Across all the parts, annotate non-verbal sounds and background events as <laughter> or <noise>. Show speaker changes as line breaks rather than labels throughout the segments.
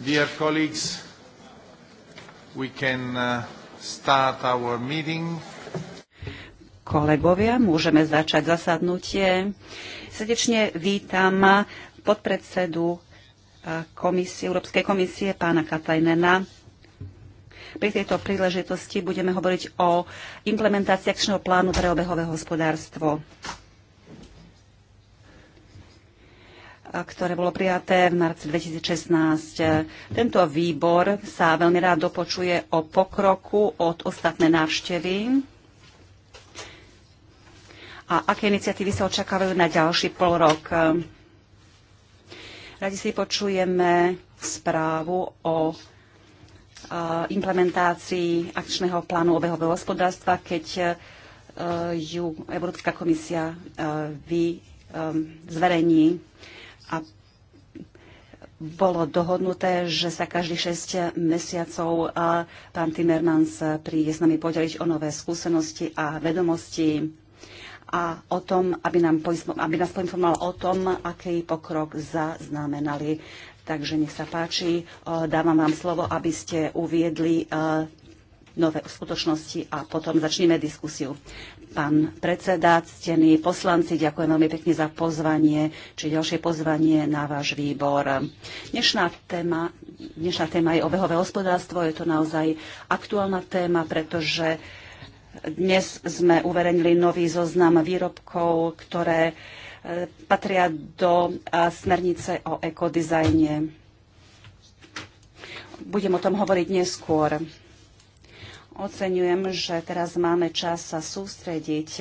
Dear colleagues, we can uh, start our meeting.
Kolegovia, môžeme začať zasadnutie. Srdečne vítam podpredsedu uh, komisie, Európskej komisie pána Katajnena. Pri tejto príležitosti budeme hovoriť o implementácii akčného plánu pre obehové hospodárstvo. ktoré bolo prijaté v marci 2016. Tento výbor sa veľmi rád dopočuje o pokroku od ostatné návštevy a aké iniciatívy sa očakávajú na ďalší pol rok. Radi si počujeme správu o implementácii akčného plánu obehového hospodárstva, keď ju Európska komisia vy zverejní a bolo dohodnuté, že sa každých 6 mesiacov pán Timmermans príde s nami podeliť o nové skúsenosti a vedomosti a o tom, aby, nám, aby nás poinformoval o tom, aký pokrok zaznamenali. Takže nech sa páči, dávam vám slovo, aby ste uviedli e, nové skutočnosti a potom začneme diskusiu pán predseda, ctení poslanci, ďakujem veľmi pekne za pozvanie, či ďalšie pozvanie na váš výbor. Dnešná téma, dnešná téma je obehové hospodárstvo, je to naozaj aktuálna téma, pretože dnes sme uverejnili nový zoznam výrobkov, ktoré e, patria do e, smernice o ekodizajne. Budem o tom hovoriť neskôr. Oceňujem, že teraz máme čas sa sústrediť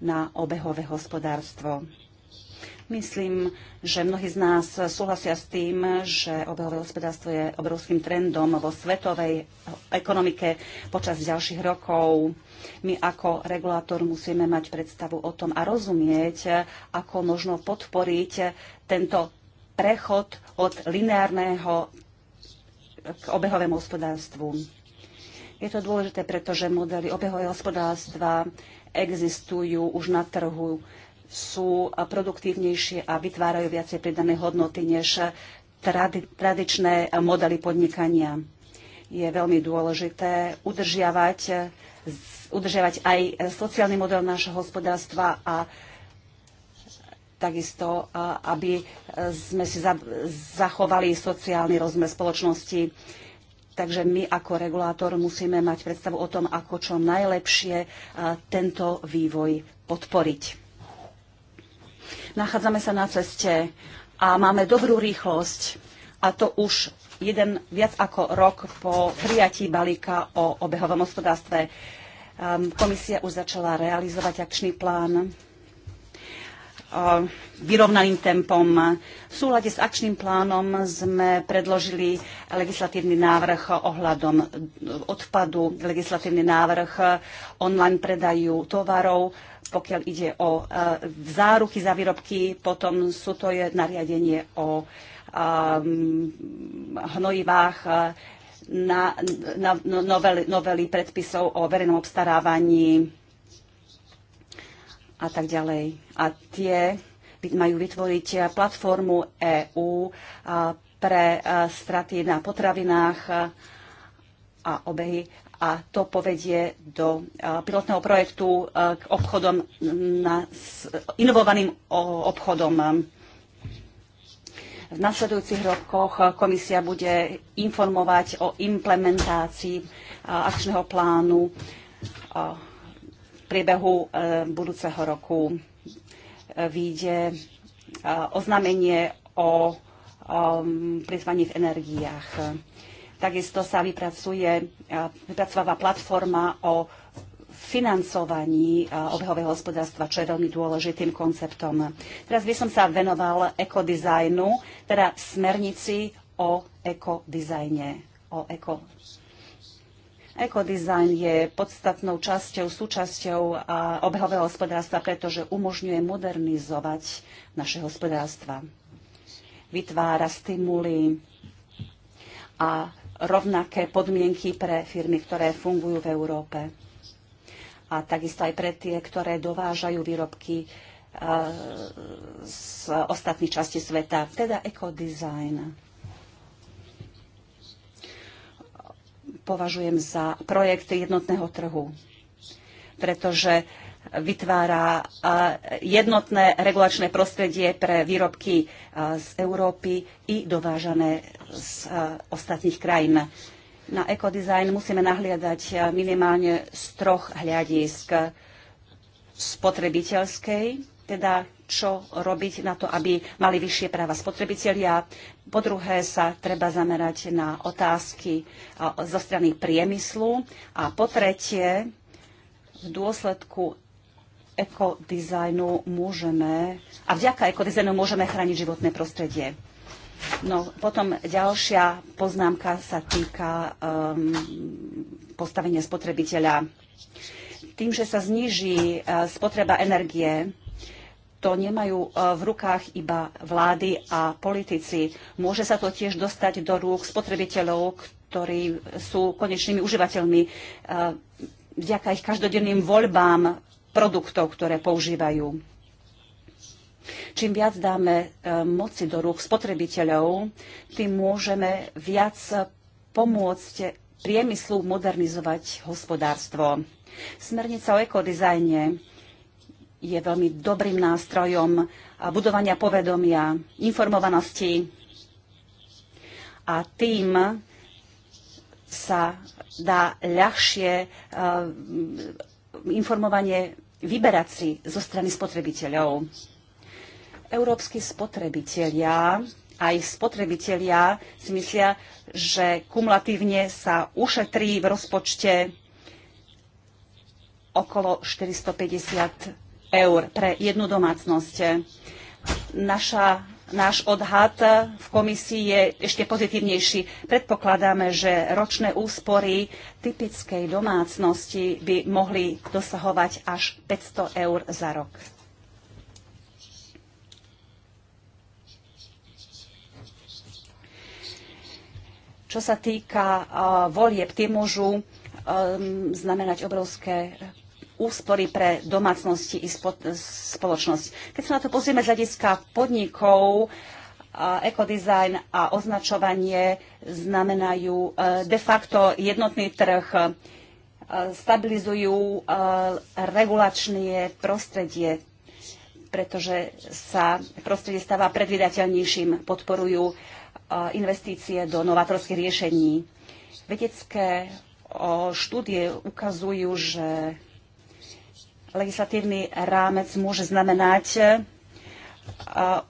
na obehové hospodárstvo. Myslím, že mnohí z nás súhlasia s tým, že obehové hospodárstvo je obrovským trendom vo svetovej ekonomike počas ďalších rokov. My ako regulátor musíme mať predstavu o tom a rozumieť, ako možno podporiť tento prechod od lineárneho k obehovému hospodárstvu. Je to dôležité, pretože modely obehového hospodárstva existujú už na trhu, sú produktívnejšie a vytvárajú viacej pridané hodnoty než tradi tradičné modely podnikania. Je veľmi dôležité udržiavať, udržiavať aj sociálny model nášho hospodárstva a takisto, aby sme si zachovali sociálny rozmer spoločnosti Takže my ako regulátor musíme mať predstavu o tom, ako čo najlepšie tento vývoj podporiť. Nachádzame sa na ceste a máme dobrú rýchlosť a to už jeden viac ako rok po prijatí balíka o obehovom hospodárstve. Ehm, komisia už začala realizovať akčný plán Eh, vyrovnaným tempom. V súlade s akčným plánom sme predložili legislatívny návrh ohľadom odpadu, legislatívny návrh online predaju tovarov, pokiaľ ide o eh, záruky za výrobky, potom sú to je nariadenie o eh, hnojivách, na, na novely, novely predpisov o verejnom obstarávaní a tak ďalej. A tie majú vytvoriť eh, platformu EÚ eh, pre eh, straty na potravinách a obehy a to povedie do pilotného projektu k obchodom na, s inovovaným obchodom. V nasledujúcich rokoch komisia bude informovať o implementácii akčného plánu priebehu e, budúceho roku e, vyjde e, oznámenie o prizvaní v energiách. Takisto sa vypracuje, vypracováva platforma o financovaní obehového hospodárstva, čo je veľmi dôležitým konceptom. Teraz by som sa venoval ekodizajnu, teda smernici o ekodizajne, o eko Ekodizajn je podstatnou časťou, súčasťou obehového hospodárstva, pretože umožňuje modernizovať naše hospodárstva. Vytvára stimuly a rovnaké podmienky pre firmy, ktoré fungujú v Európe. A takisto aj pre tie, ktoré dovážajú výrobky e, z ostatných častí sveta, teda ekodizajn považujem za projekt jednotného trhu, pretože vytvára jednotné regulačné prostredie pre výrobky z Európy i dovážané z ostatných krajín. Na ekodizajn musíme nahliadať minimálne z troch hľadisk spotrebiteľskej, teda čo robiť na to, aby mali vyššie práva spotrebitelia. Po druhé sa treba zamerať na otázky zo strany priemyslu. A po tretie, v dôsledku ekodizajnu môžeme, a vďaka ekodizajnu môžeme chrániť životné prostredie. No, potom ďalšia poznámka sa týka um, postavenia spotrebiteľa. Tým, že sa zniží uh, spotreba energie, to nemajú e, v rukách iba vlády a politici. Môže sa to tiež dostať do rúk spotrebiteľov, ktorí sú konečnými užívateľmi e, vďaka ich každodenným voľbám produktov, ktoré používajú. Čím viac dáme e, moci do rúk spotrebiteľov, tým môžeme viac pomôcť priemyslu modernizovať hospodárstvo. Smernica o ekodizajne je veľmi dobrým nástrojom budovania povedomia, informovanosti a tým sa dá ľahšie eh, informovanie vyberať si zo strany spotrebiteľov. Európsky spotrebitelia aj spotrebitelia si myslia, že kumulatívne sa ušetrí v rozpočte okolo 450 eur pre jednu domácnosť. Naša, náš odhad v komisii je ešte pozitívnejší. Predpokladáme, že ročné úspory typickej domácnosti by mohli dosahovať až 500 eur za rok. Čo sa týka volieb, tie môžu um, znamenať obrovské úspory pre domácnosti i spoločnosť. Keď sa na to pozrieme z hľadiska podnikov, ekodizajn a označovanie znamenajú e, de facto jednotný trh, e, stabilizujú e, regulačné prostredie, pretože sa prostredie stáva predvydateľnejším, podporujú investície do novatorských riešení. Vedecké štúdie ukazujú, že legislatívny rámec môže znamenať e,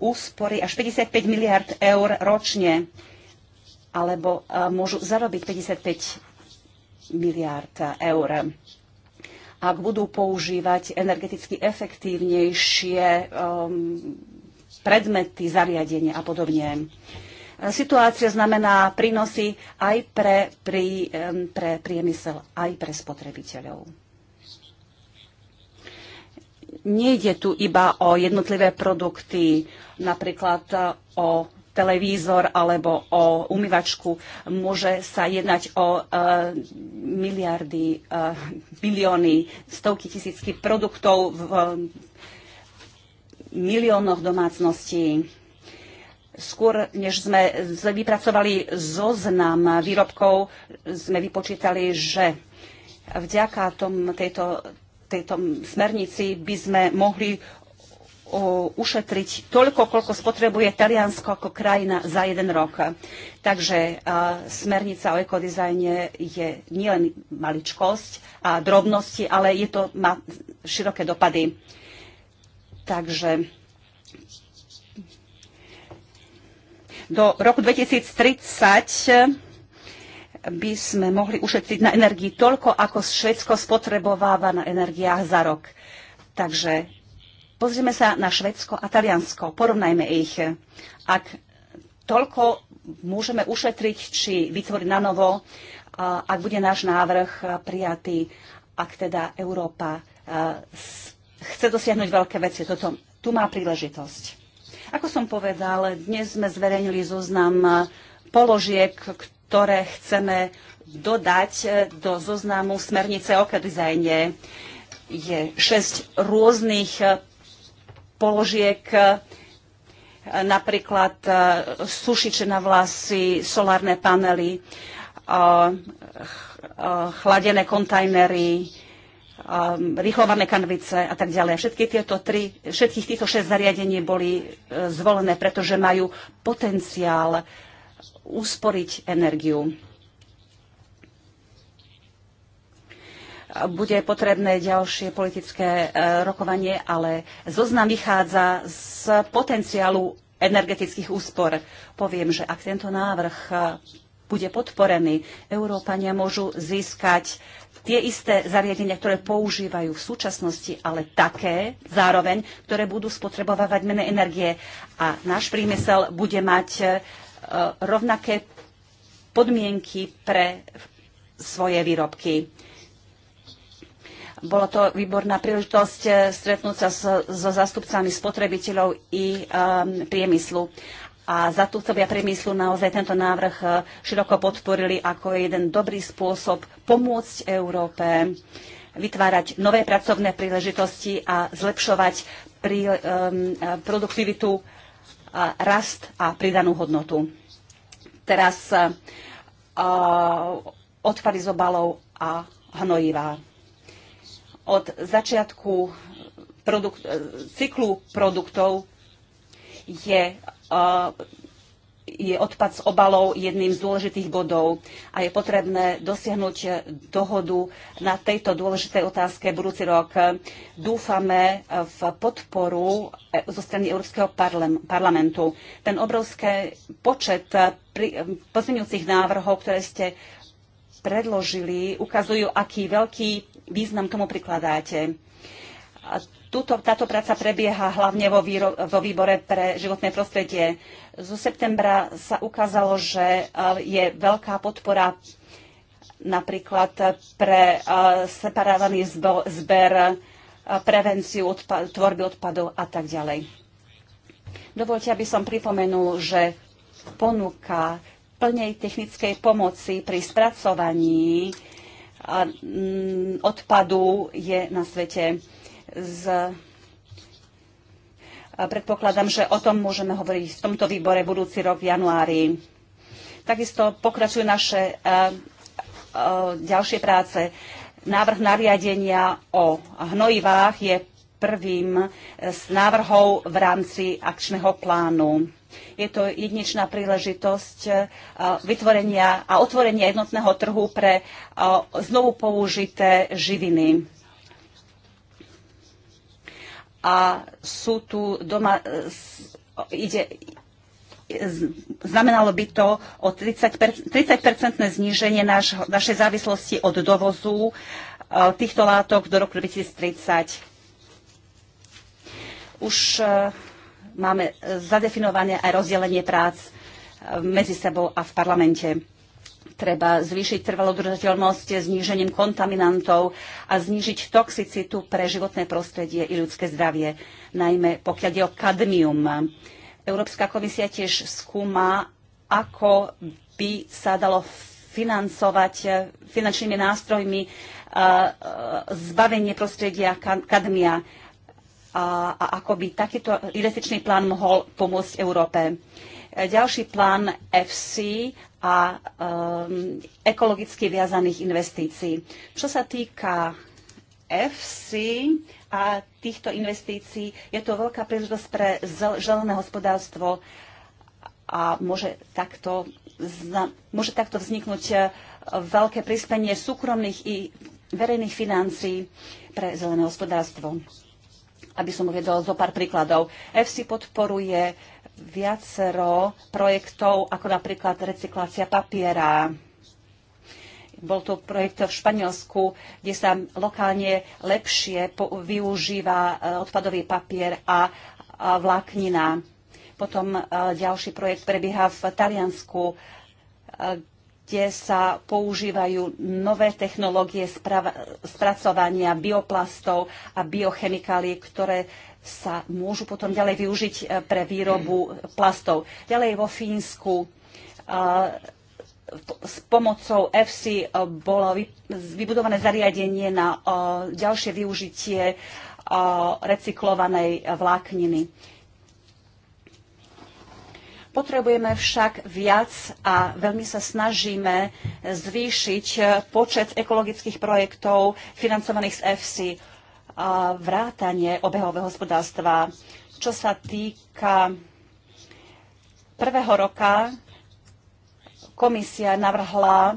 úspory až 55 miliard eur ročne, alebo e, môžu zarobiť 55 miliard eur. Ak budú používať energeticky efektívnejšie e, predmety, zariadenie a podobne. Situácia znamená prínosy aj pre, pri, pre priemysel, aj pre spotrebiteľov. Nejde tu iba o jednotlivé produkty, napríklad e, o televízor alebo o umývačku. Môže sa jednať o e, miliardy, e, bilióny, stovky tisícky produktov v e, miliónoch domácností skôr než sme vypracovali zoznam výrobkov, sme vypočítali, že vďaka tom, tejto tejto smernici by sme mohli ušetriť toľko, koľko spotrebuje Taliansko ako krajina za jeden rok. Takže smernica o ekodizajne je nielen maličkosť a drobnosti, ale je to, má široké dopady. Takže do roku 2030 by sme mohli ušetriť na energii toľko, ako Švedsko spotrebováva na energiách za rok. Takže pozrieme sa na Švedsko a Taliansko, porovnajme ich. Ak toľko môžeme ušetriť či vytvoriť na novo, ak bude náš návrh prijatý, ak teda Európa chce dosiahnuť veľké veci. Toto, tu má príležitosť. Ako som povedal, dnes sme zverejnili zoznam položiek, ktoré chceme dodať e, do zoznamu smernice o kadizajne. Je šesť rôznych e, položiek, e, napríklad sušiče na vlasy, solárne panely, chladené kontajnery, rýchlované kanvice a tak ďalej. Všetky tieto tri, všetkých týchto šesť zariadení boli zvolené, pretože majú potenciál usporiť energiu. Bude potrebné ďalšie politické e, rokovanie, ale zoznam vychádza z potenciálu energetických úspor. Poviem, že ak tento návrh e, bude podporený, Európania môžu získať tie isté zariadenia, ktoré používajú v súčasnosti, ale také zároveň, ktoré budú spotrebovávať menej energie. A náš prímysel bude mať e, Eh, rovnaké podmienky pre svoje výrobky. Bolo to výborná príležitosť eh, stretnúť sa so, so zastupcami spotrebiteľov i um, priemyslu. A zastupcovia priemyslu naozaj tento návrh široko podporili ako jeden dobrý spôsob pomôcť Európe vytvárať nové pracovné príležitosti a zlepšovať um, produktivitu rast a pridanú hodnotu. Teraz e, e, odpady z obalov a hnojivá. Od začiatku e, cyklu produktov je je odpad z obalov jedným z dôležitých bodov a je potrebné dosiahnuť dohodu na tejto dôležitej otázke budúci rok. Dúfame v podporu zo strany Európskeho parlamentu. Ten obrovský počet pozmeňujúcich návrhov, ktoré ste predložili, ukazujú, aký veľký význam tomu prikladáte. Tuto, táto práca prebieha hlavne vo, výro, vo výbore pre životné prostredie. Zo septembra sa ukázalo, že je veľká podpora napríklad pre separovaný zber, prevenciu odpa- tvorby odpadov a tak ďalej. Dovolte, aby som pripomenul, že ponuka plnej technickej pomoci pri spracovaní odpadu je na svete z predpokladám, že o tom môžeme hovoriť v tomto výbore budúci rok v januári. Takisto pokračujú naše e, e, ďalšie práce. Návrh nariadenia o hnojivách je prvým z návrhov v rámci akčného plánu. Je to jedinečná príležitosť e, vytvorenia a otvorenia jednotného trhu pre znovu použité živiny a sú tu doma, e, ide, e, znamenalo by to o 30, 30 zníženie naš, našej závislosti od dovozu e, týchto látok do roku 2030. Už máme zadefinované aj rozdelenie prác medzi sebou a v parlamente treba zvýšiť trvalodržateľnosť znížením kontaminantov a znížiť toxicitu pre životné prostredie i ľudské zdravie, najmä pokiaľ je o kadmium. Európska komisia tiež skúma, ako by sa dalo financovať finančnými nástrojmi zbavenie prostredia kadmia a, a ako by takýto investičný plán mohol pomôcť Európe. Ďalší plán FC a um, ekologicky viazaných investícií. Čo sa týka FC a týchto investícií, je to veľká príležitosť pre zelené hospodárstvo a môže takto, môže takto vzniknúť e, veľké prispenie súkromných i verejných financií pre zelené hospodárstvo. Aby som uvedol zo pár príkladov. FC podporuje viacero projektov, ako napríklad recyklácia papiera. Bol to projekt v Španielsku, kde sa lokálne lepšie využíva e, odpadový papier a vláknina. Potom e, ďalší projekt prebieha v Taliansku, e, kde sa používajú nové technológie spracovania bioplastov a biochemikálie, ktoré sa môžu potom ďalej využiť eh, pre výrobu plastov. Ďalej vo Fínsku eh, s pomocou EFSI eh, bolo vybudované zariadenie na ďalšie využitie recyklovanej vlákniny. Potrebujeme však viac a veľmi sa snažíme zvýšiť eh, počet ekologických projektov financovaných z EFSI eh, a vrátanie obehového hospodárstva. Čo sa týka prvého roka, komisia navrhla eh,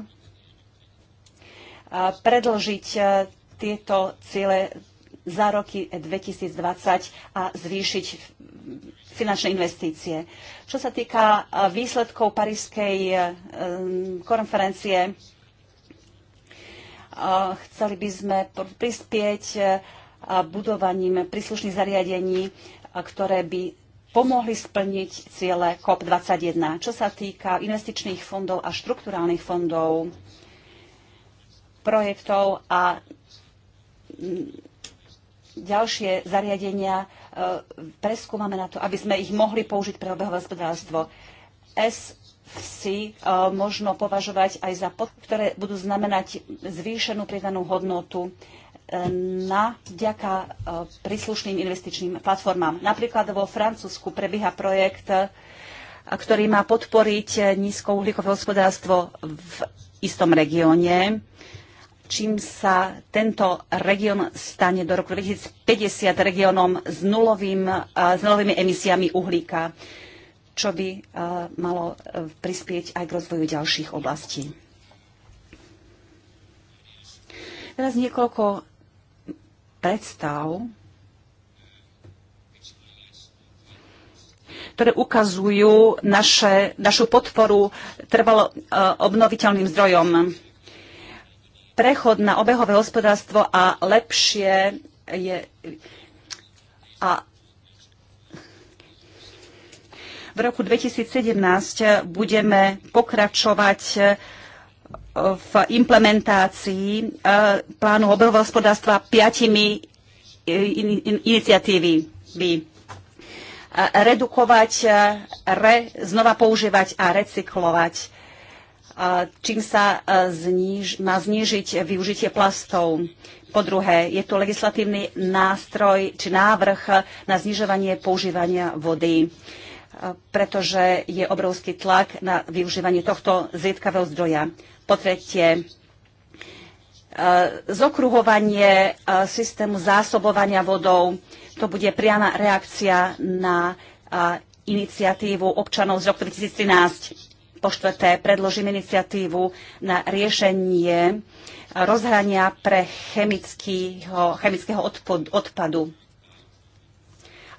predlžiť tieto ciele za roky 2020 a zvýšiť finančné investície. Čo sa týka eh, výsledkov parískej eh, mm, konferencie, eh, chceli by sme prispieť budovaním príslušných zariadení, ktoré by pomohli splniť ciele COP21. Čo sa týka investičných fondov a štrukturálnych fondov, projektov a mm, ďalšie zariadenia e, preskúmame na to, aby sme ich mohli použiť pre obehové hospodárstvo. SFC e, možno považovať aj za pod, ktoré budú znamenať zvýšenú pridanú hodnotu e, na vďaka príslušným investičným platformám. Napríklad vo Francúzsku prebieha projekt, ktorý má podporiť nízkouhlíkové hospodárstvo v istom regióne čím sa tento región stane do roku 2050 regiónom s, nulovým, s nulovými emisiami uhlíka, čo by malo e, prispieť aj k rozvoju ďalších oblastí. Teraz niekoľko predstav, ktoré ukazujú naše, našu podporu trvalo e, obnoviteľným zdrojom prechod na obehové hospodárstvo a lepšie je... A v roku 2017 budeme pokračovať e, v implementácii e, plánu obehového hospodárstva piatimi e, iniciatívy. Redukovať, re, znova používať a recyklovať čím sa e, zniž, má znížiť využitie plastov. Po druhé, je tu legislatívny nástroj či návrh na znižovanie používania vody e, pretože je obrovský tlak na využívanie tohto zriedkavého zdroja. Po tretie, e, zokruhovanie systému zásobovania vodou. To bude priama reakcia na iniciatívu občanov z roku 2013. Po štvrté, predložím iniciatívu na riešenie rozhrania pre chemického, chemického odpod, odpadu.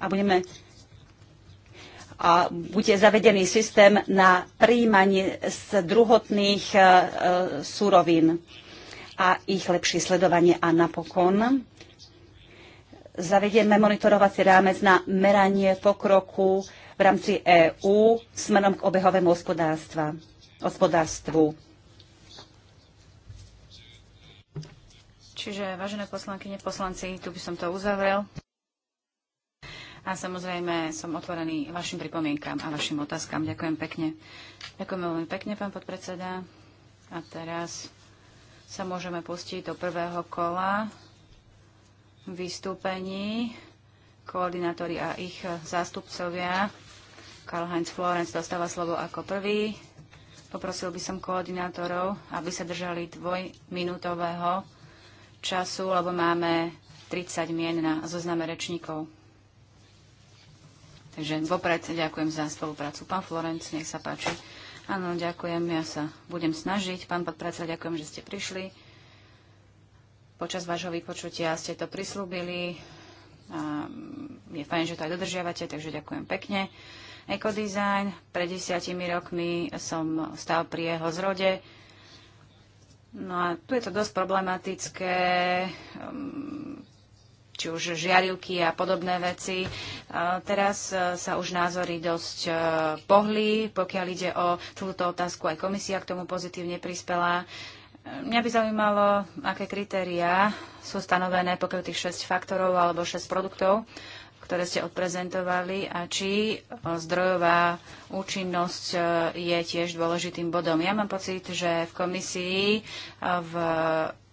A budeme a bude zavedený systém na príjmanie z druhotných e, súrovín a ich lepšie sledovanie. A napokon zavedieme monitorovací rámec na meranie pokroku v rámci EÚ smerom k obehovému hospodárstvu.
Čiže, vážené poslankyne, poslanci, tu by som to uzavrel. A samozrejme som otvorený vašim pripomienkám a vašim otázkam. Ďakujem pekne. Ďakujem veľmi pekne, pán podpredseda. A teraz sa môžeme pustiť do prvého kola vystúpení koordinátori a ich zástupcovia. Karl-Heinz Florenc dostáva slovo ako prvý. Poprosil by som koordinátorov, aby sa držali dvojminútového času, lebo máme 30 mien na zozname rečníkov. Takže vopred ďakujem za spoluprácu. Pán Florenc, nech sa páči. Áno, ďakujem, ja sa budem snažiť. Pán podpredseda, ďakujem, že ste prišli. Počas vášho vypočutia ste to prislúbili. A mm, je fajn, že to aj dodržiavate, takže ďakujem pekne. Ecodesign. Pred desiatimi rokmi som stal pri jeho zrode. No a tu je to dosť problematické, mm, či už žiarivky a podobné veci. Teraz e, sa už názory dosť e, pohli, pokiaľ ide o túto otázku. Aj komisia k tomu pozitívne prispela. Mňa by zaujímalo, aké kritériá sú stanovené pokiaľ tých 6 faktorov alebo 6 produktov, ktoré ste odprezentovali a či e, zdrojová účinnosť e, je tiež dôležitým bodom. Ja mám pocit, že v komisii e, v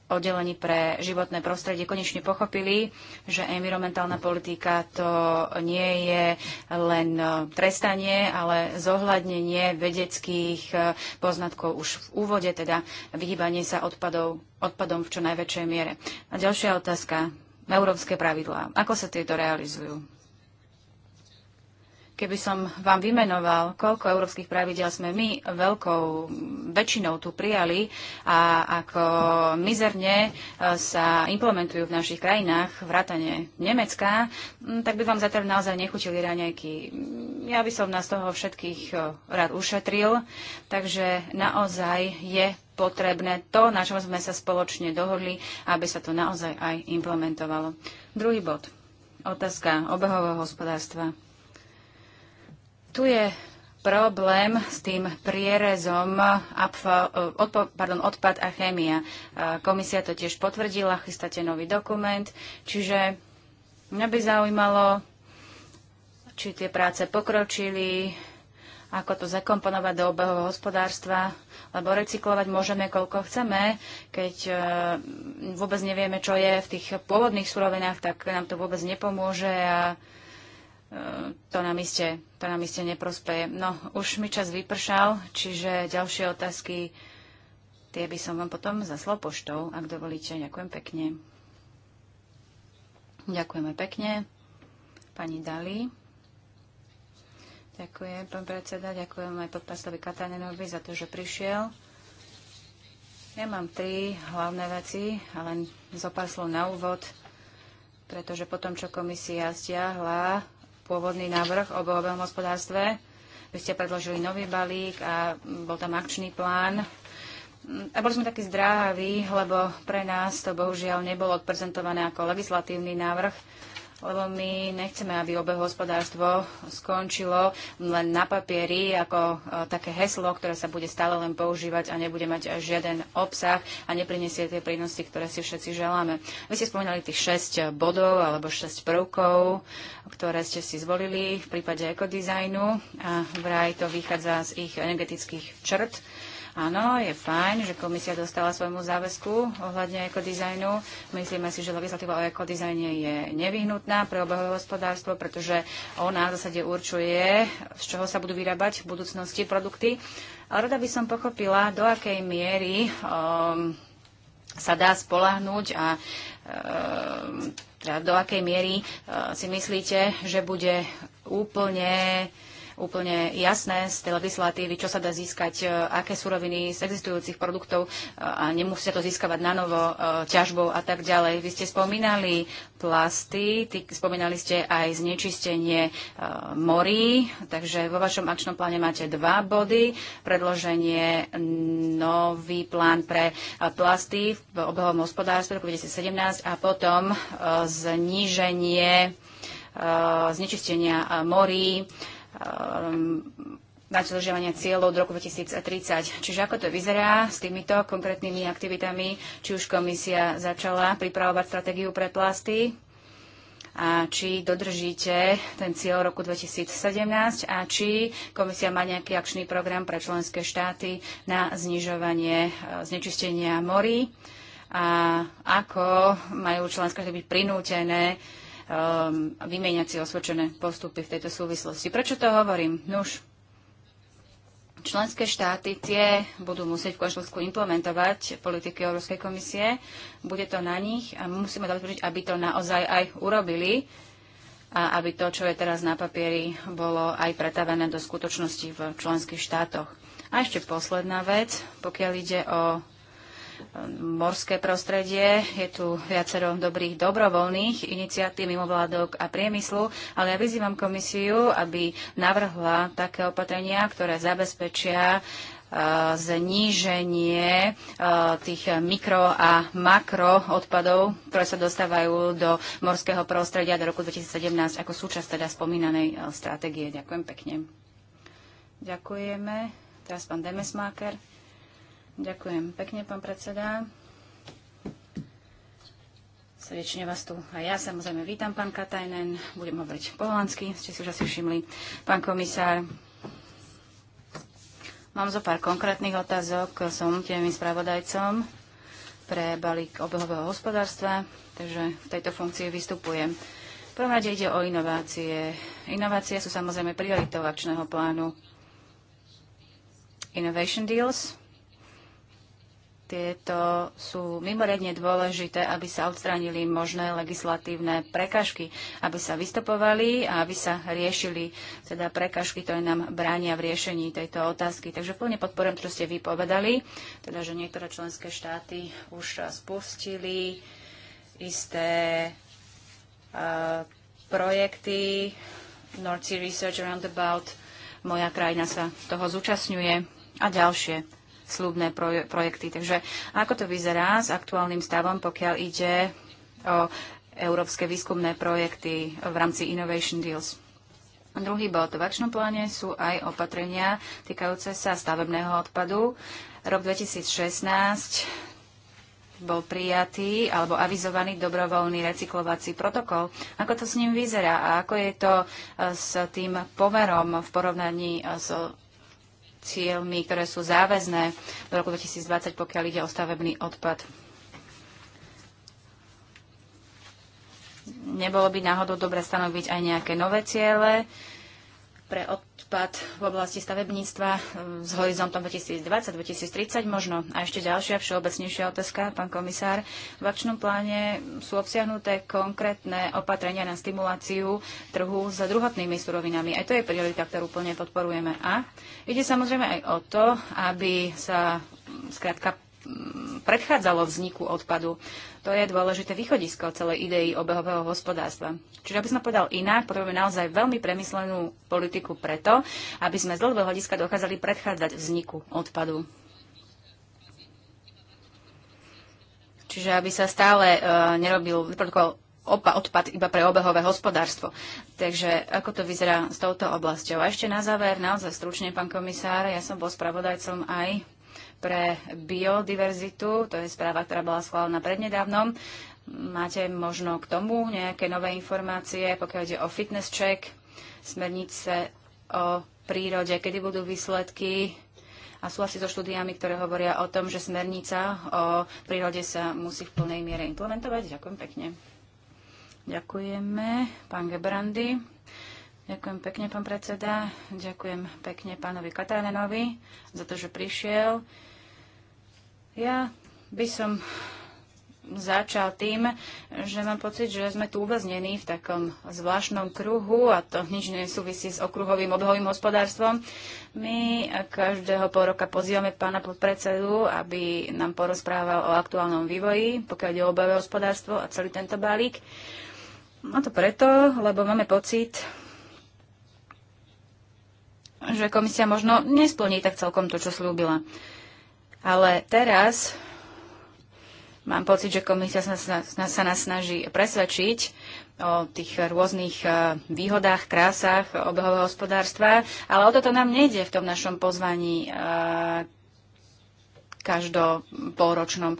oddelení pre životné prostredie konečne pochopili, že environmentálna politika to nie je len e, trestanie, ale zohľadnenie vedeckých e, poznatkov už v úvode, teda vyhýbanie sa odpadov, odpadom v čo najväčšej miere. A ďalšia otázka. Európske pravidlá. Ako sa tieto realizujú? Keby som vám vymenoval, koľko európskych pravidel sme my veľkou väčšinou tu prijali a ako mizerne e, sa implementujú v našich krajinách, vrátane Nemecka, tak by vám zatiaľ naozaj nechutili raňajky. Ja by som nás toho všetkých e, rád ušetril, takže naozaj je potrebné to, na čom sme sa spoločne dohodli, aby sa to naozaj aj implementovalo. Druhý bod. Otázka obehového hospodárstva. Tu je problém s tým prierezom odpad a chémia. Komisia to tiež potvrdila, chystáte nový dokument, čiže mňa by zaujímalo, či tie práce pokročili, ako to zakomponovať do obehového hospodárstva, lebo recyklovať môžeme koľko chceme, keď e, vôbec nevieme, čo je v tých pôvodných surovinách, tak nám to vôbec nepomôže a to na iste, to na iste neprospeje. No, už mi čas vypršal, čiže ďalšie otázky, tie by som vám potom zaslal poštou, ak dovolíte. Ďakujem pekne. Ďakujeme pekne. Pani Dali. Ďakujem, pán predseda. Ďakujem aj podpastovi Katanenovi za to, že prišiel. Ja mám tri hlavné veci, ale zopár slov na úvod, pretože potom, čo komisia stiahla pôvodný návrh o obehovom hospodárstve. Vy ste predložili nový balík a bol tam akčný plán. A boli sme takí zdráhaví, lebo pre nás to bohužiaľ nebolo odprezentované ako legislatívny návrh lebo my nechceme, aby obehospodárstvo skončilo len na papieri ako e, také heslo, ktoré sa bude stále len používať a nebude mať žiaden obsah a neprinesie tie prínosy, ktoré si všetci želáme. Vy ste spomínali tých 6 bodov alebo 6 prvkov, ktoré ste si zvolili v prípade ekodizajnu a vraj to vychádza z ich energetických črt Áno, je fajn, že komisia dostala svojmu záväzku ohľadne ekodizajnu. Myslíme si, že legislatíva o ekodizajne je nevyhnutná pre obehové hospodárstvo, pretože ona v zásade určuje, z čoho sa budú vyrábať v budúcnosti produkty. Ale rada by som pochopila, do akej miery um, sa dá spolahnuť a um, teda do akej miery uh, si myslíte, že bude úplne uh, úplne jasné z tej legislatívy, čo sa dá získať, e, aké suroviny z existujúcich produktov e, a nemusia to získavať na novo e, ťažbou a tak ďalej. Vy ste spomínali plasty, spomínali ste aj znečistenie morí, takže vo vašom akčnom pláne máte dva body. Predloženie nový plán pre plasty v obehovom hospodárstve roku 2017 a potom zníženie znečistenia morí Um, na dodržiavanie cieľov do roku 2030. Čiže ako to vyzerá s týmito konkrétnymi aktivitami? Či už komisia začala pripravovať stratégiu pre plasty? A či dodržíte ten cieľ roku 2017 a či komisia má nejaký akčný program pre členské štáty na znižovanie e, znečistenia morí a ako majú členské štáty byť prinútené uh, um, vymieňať si osvedčené postupy v tejto súvislosti. Prečo to hovorím? Nuž, členské štáty tie budú musieť v konštitúciu implementovať politiky Európskej komisie. Bude to na nich a musíme zabezpečiť, aby to naozaj aj urobili a aby to, čo je teraz na papieri, bolo aj pretavené do skutočnosti v členských štátoch. A ešte posledná vec, pokiaľ ide o morské prostredie. Je tu viacero dobrých dobrovoľných iniciatív mimovládok a priemyslu, ale ja vyzývam komisiu, aby navrhla také opatrenia, ktoré zabezpečia e, zníženie e, tých mikro a makro odpadov, ktoré sa dostávajú do morského prostredia do roku 2017 ako súčasť teda spomínanej e, stratégie. Ďakujem pekne. Ďakujeme. Teraz pán Demesmáker. Ďakujem pekne, pán predseda. Srdečne vás tu a ja samozrejme vítam, pán Katajnen. Budem hovoriť po holandsky, ste si už asi všimli. Pán komisár, mám zo pár konkrétnych otázok. Som tým spravodajcom pre balík obehového hospodárstva, takže v tejto funkcii vystupujem. Prvom rade ide o inovácie. Inovácie sú samozrejme prioritou akčného plánu Innovation Deals, tieto sú mimoriadne dôležité, aby sa odstránili možné legislatívne prekažky, aby sa vystupovali a aby sa riešili teda prekažky, ktoré nám bránia v riešení tejto otázky. Takže plne podporujem, čo ste vypovedali, teda že niektoré členské štáty už spustili isté uh, projekty North Sea Research Roundabout. Moja krajina sa toho zúčastňuje a ďalšie slúbne projekty. Takže ako to vyzerá s aktuálnym stavom, pokiaľ ide o európske výskumné projekty v rámci Innovation Deals? Druhý bod. V akčnom pláne sú aj opatrenia týkajúce sa stavebného odpadu. Rok 2016 bol prijatý alebo avizovaný dobrovoľný recyklovací protokol. Ako to s ním vyzerá a ako je to eh, s tým pomerom v porovnaní s eh, so cieľmi, ktoré sú záväzné do roku 2020, pokiaľ ide o stavebný odpad. Nebolo by náhodou dobre stanoviť aj nejaké nové ciele, pre odpad v oblasti stavebníctva e, s horizontom 2020-2030 možno. A ešte ďalšia všeobecnejšia otázka, pán komisár. V akčnom pláne sú obsiahnuté konkrétne opatrenia na stimuláciu trhu s druhotnými surovinami. Aj to je priorita, ktorú plne podporujeme. A ide samozrejme aj o to, aby sa skrátka Mm, predchádzalo vzniku odpadu. To je dôležité východisko celej idei obehového hospodárstva. Čiže aby sme povedal inak, potrebujeme naozaj veľmi premyslenú politiku preto, aby sme z dlhého hľadiska dokázali predchádzať vzniku odpadu. Čiže aby sa stále uh, nerobil opa, odpad iba pre obehové hospodárstvo. Takže ako to vyzerá s touto oblasťou? A ešte na záver, naozaj stručne, pán komisár, ja som bol spravodajcom aj pre biodiverzitu. To je správa, ktorá bola schválená prednedávnom. Máte možno k tomu nejaké nové informácie, pokiaľ ide o fitness check, smernice o prírode, kedy budú výsledky a asi so štúdiami, ktoré hovoria o tom, že smernica o prírode sa musí v plnej miere implementovať. Ďakujem pekne. Ďakujeme, pán Gebrandy. Ďakujem pekne, pán predseda. Ďakujem pekne pánovi Katajnenovi za to, že prišiel. Ja by som začal tým, že mám pocit, že sme tu uväznení v takom zvláštnom kruhu a to nič nesúvisí s okruhovým obhovým hospodárstvom. My každého pol roka pozývame pána podpredsedu, aby nám porozprával o aktuálnom vývoji, pokiaľ ide o obhové hospodárstvo a celý tento balík. A to preto, lebo máme pocit, že komisia možno nesplní tak celkom to, čo slúbila. Ale teraz mám pocit, že komisia sa, sa nás snaží presvedčiť o tých rôznych e, výhodách, krásach obehového hospodárstva, ale o toto nám nejde v tom našom pozvaní e, každopolročnom. E,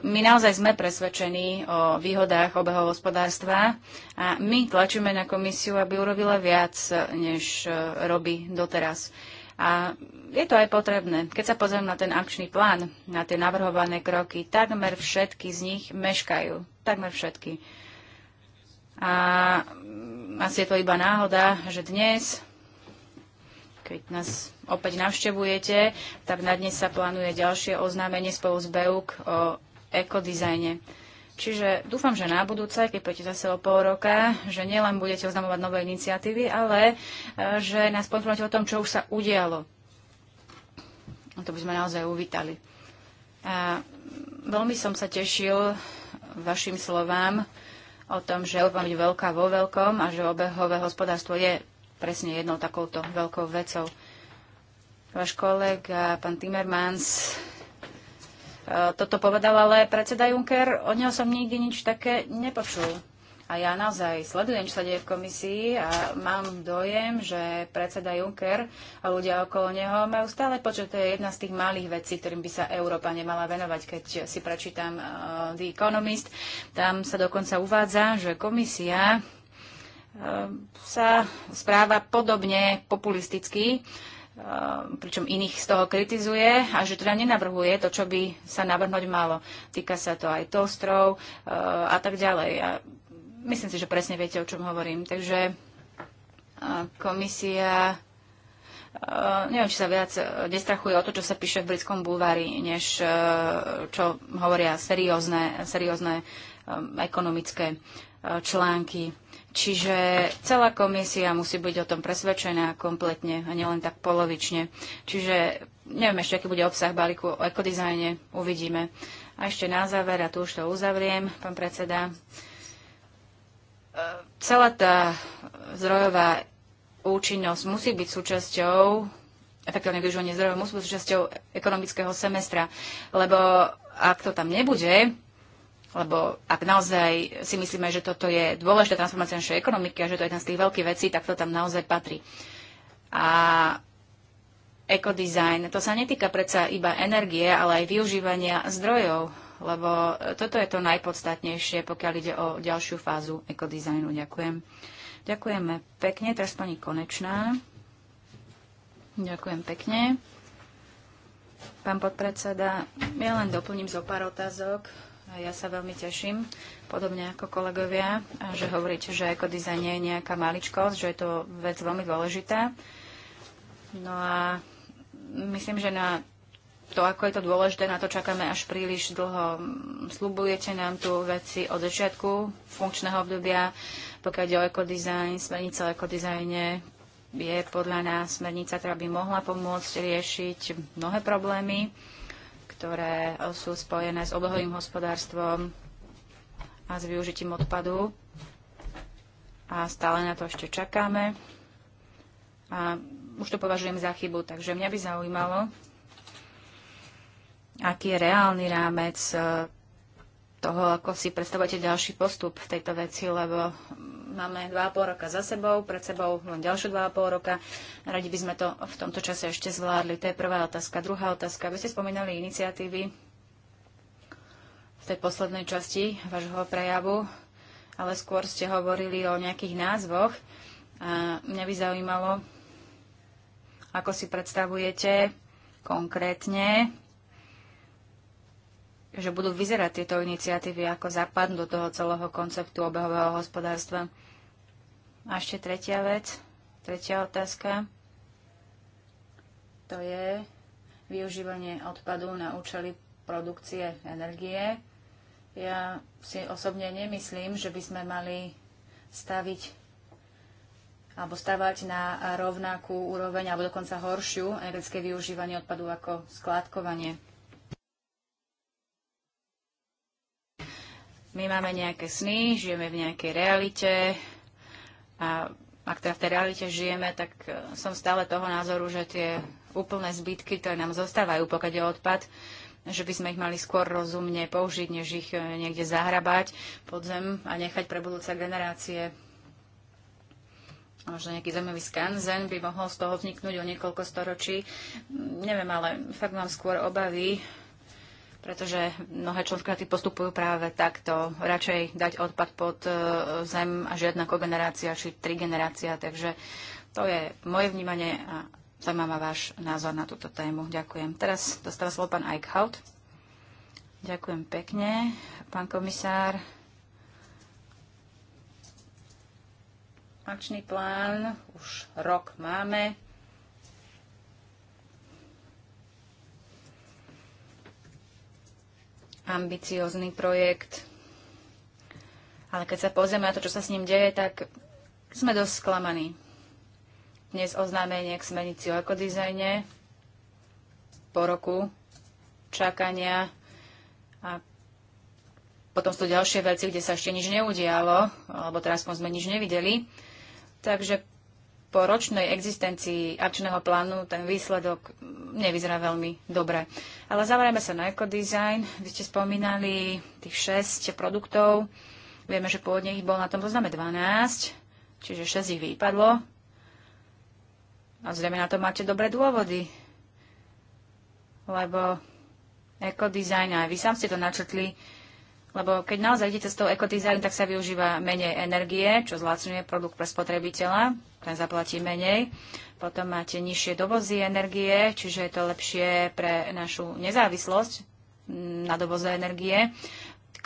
my naozaj sme presvedčení o výhodách obehového hospodárstva a my tlačíme na komisiu, aby urobila viac, než robí doteraz. A je to aj potrebné. Keď sa pozriem na ten akčný plán, na tie navrhované kroky, takmer všetky z nich meškajú. Takmer všetky. A asi je to iba náhoda, že dnes, keď nás opäť navštevujete, tak na dnes sa plánuje ďalšie oznámenie spolu s BEUK o ekodizajne. Čiže dúfam, že na budúce, keď pôjdete zase o pol roka, že nielen budete oznamovať nové iniciatívy, ale eh, že nás poinformujete o tom, čo už sa udialo No to by sme naozaj uvítali. A veľmi som sa tešil vašim slovám o tom, že Európa byť veľká vo veľkom a že obehové hospodárstvo je presne jednou takouto veľkou vecou. Váš kolega, pán Timmermans, e, toto povedal, ale predseda Juncker, od neho som nikdy nič také nepočul. A ja naozaj sledujem, čo sa deje v komisii a mám dojem, že predseda Juncker a ľudia okolo neho majú stále počet, to je jedna z tých malých vecí, ktorým by sa Európa nemala venovať. Keď si prečítam uh, The Economist, tam sa dokonca uvádza, že komisia uh, sa správa podobne populisticky, uh, pričom iných z toho kritizuje a že teda nenavrhuje to, čo by sa navrhnúť malo. Týka sa to aj tostrov a tak ďalej. A Myslím si, že presne viete, o čom hovorím. Takže komisia neviem, či sa viac destrachuje e, o to, čo sa píše v britskom bulvári, než e, čo hovoria seriózne, seriózne um, ekonomické e, články. Čiže celá komisia musí byť o tom presvedčená kompletne a nielen tak polovične. Čiže neviem ešte, aký bude obsah balíku o ekodizajne, uvidíme. A ešte na záver, a tu už to uzavriem, pán predseda, celá tá zdrojová účinnosť musí byť súčasťou efektívne využívanie zdrojov musí byť súčasťou ekonomického semestra, lebo ak to tam nebude, lebo ak naozaj si myslíme, že toto je dôležitá transformácia našej ekonomiky a že to je jedna z tých veľkých vecí, tak to tam naozaj patrí. A ekodizajn, to sa netýka predsa iba energie, ale aj využívania zdrojov lebo toto je to najpodstatnejšie, pokiaľ ide o ďalšiu fázu ekodizajnu. Ďakujem. Ďakujeme pekne. Teraz pani Konečná. Ďakujem pekne. Pán podpredseda, ja len doplním zo pár otázok. Ja sa veľmi teším, podobne ako kolegovia, že hovoríte, že ekodizajn nie je nejaká maličkosť, že je to vec veľmi dôležitá. No a myslím, že na to, ako je to dôležité, na to čakáme až príliš dlho. Slubujete nám tu veci od začiatku funkčného obdobia, pokiaľ ide o ekodizajn, smernica o ekodizajne, je podľa nás smernica, ktorá by mohla pomôcť riešiť mnohé problémy, ktoré sú spojené s oblohovým hospodárstvom a s využitím odpadu. A stále na to ešte čakáme. A už to považujem za chybu, takže mňa by zaujímalo, aký je reálny rámec e, toho, ako si predstavujete ďalší postup v tejto veci, lebo máme 2,5 roka za sebou, pred sebou len ďalšie 2,5 roka. Radi by sme to v tomto čase ešte zvládli. To je prvá otázka. Druhá otázka. Vy ste spomínali iniciatívy v tej poslednej časti vášho prejavu, ale skôr ste hovorili o nejakých názvoch. A mňa by zaujímalo, ako si predstavujete konkrétne že budú vyzerať tieto iniciatívy, ako zapadnú do toho celého konceptu obehového hospodárstva. A ešte tretia vec, tretia otázka, to je využívanie odpadu na účely produkcie energie. Ja si osobne nemyslím, že by sme mali staviť alebo stavať na rovnakú úroveň alebo dokonca horšiu energetické využívanie odpadu ako skládkovanie. My máme nejaké sny, žijeme v nejakej realite a ak teda v tej realite žijeme, tak e, som stále toho názoru, že tie úplné zbytky, ktoré nám zostávajú, pokiaľ je odpad, že by sme ich mali skôr rozumne použiť, než ich e, niekde zahrabať pod zem a nechať pre budúce generácie. Možno nejaký zemový skanzen by mohol z toho vzniknúť o niekoľko storočí. Neviem, ale fakt mám skôr obavy, pretože mnohé členské štáty postupujú práve takto. Radšej dať odpad pod e, zem a žiadna kogenerácia či tri generácia. Takže to je moje vnímanie a zaujímavá váš názor na túto tému. Ďakujem. Teraz dostáva slovo pán Eichhout. Ďakujem pekne, pán komisár. Akčný plán už rok máme. ambiciózny projekt, ale keď sa pozrieme na to, čo sa s ním deje, tak sme dosť sklamaní. Dnes oznámenie k smernici o ekodizajne po roku čakania a potom sú to ďalšie veci, kde sa ešte nič neudialo, alebo teraz sme nič nevideli. Takže po ročnej existencii akčného plánu ten výsledok nevyzerá veľmi dobre. Ale zamerajme sa na ekodizajn. Vy ste spomínali tých 6 produktov. Vieme, že pôvodne ich bol na tom zozname 12, čiže 6 ich vypadlo. A zrejme na to máte dobré dôvody. Lebo ekodizajn, aj vy sám ste to načetli, lebo keď naozaj idete s tou ekodizajn, tak sa využíva menej energie, čo zlacňuje produkt pre spotrebiteľa, ten zaplatí menej. Potom máte nižšie dovozy energie, čiže je to lepšie pre našu nezávislosť mm, na dovoze energie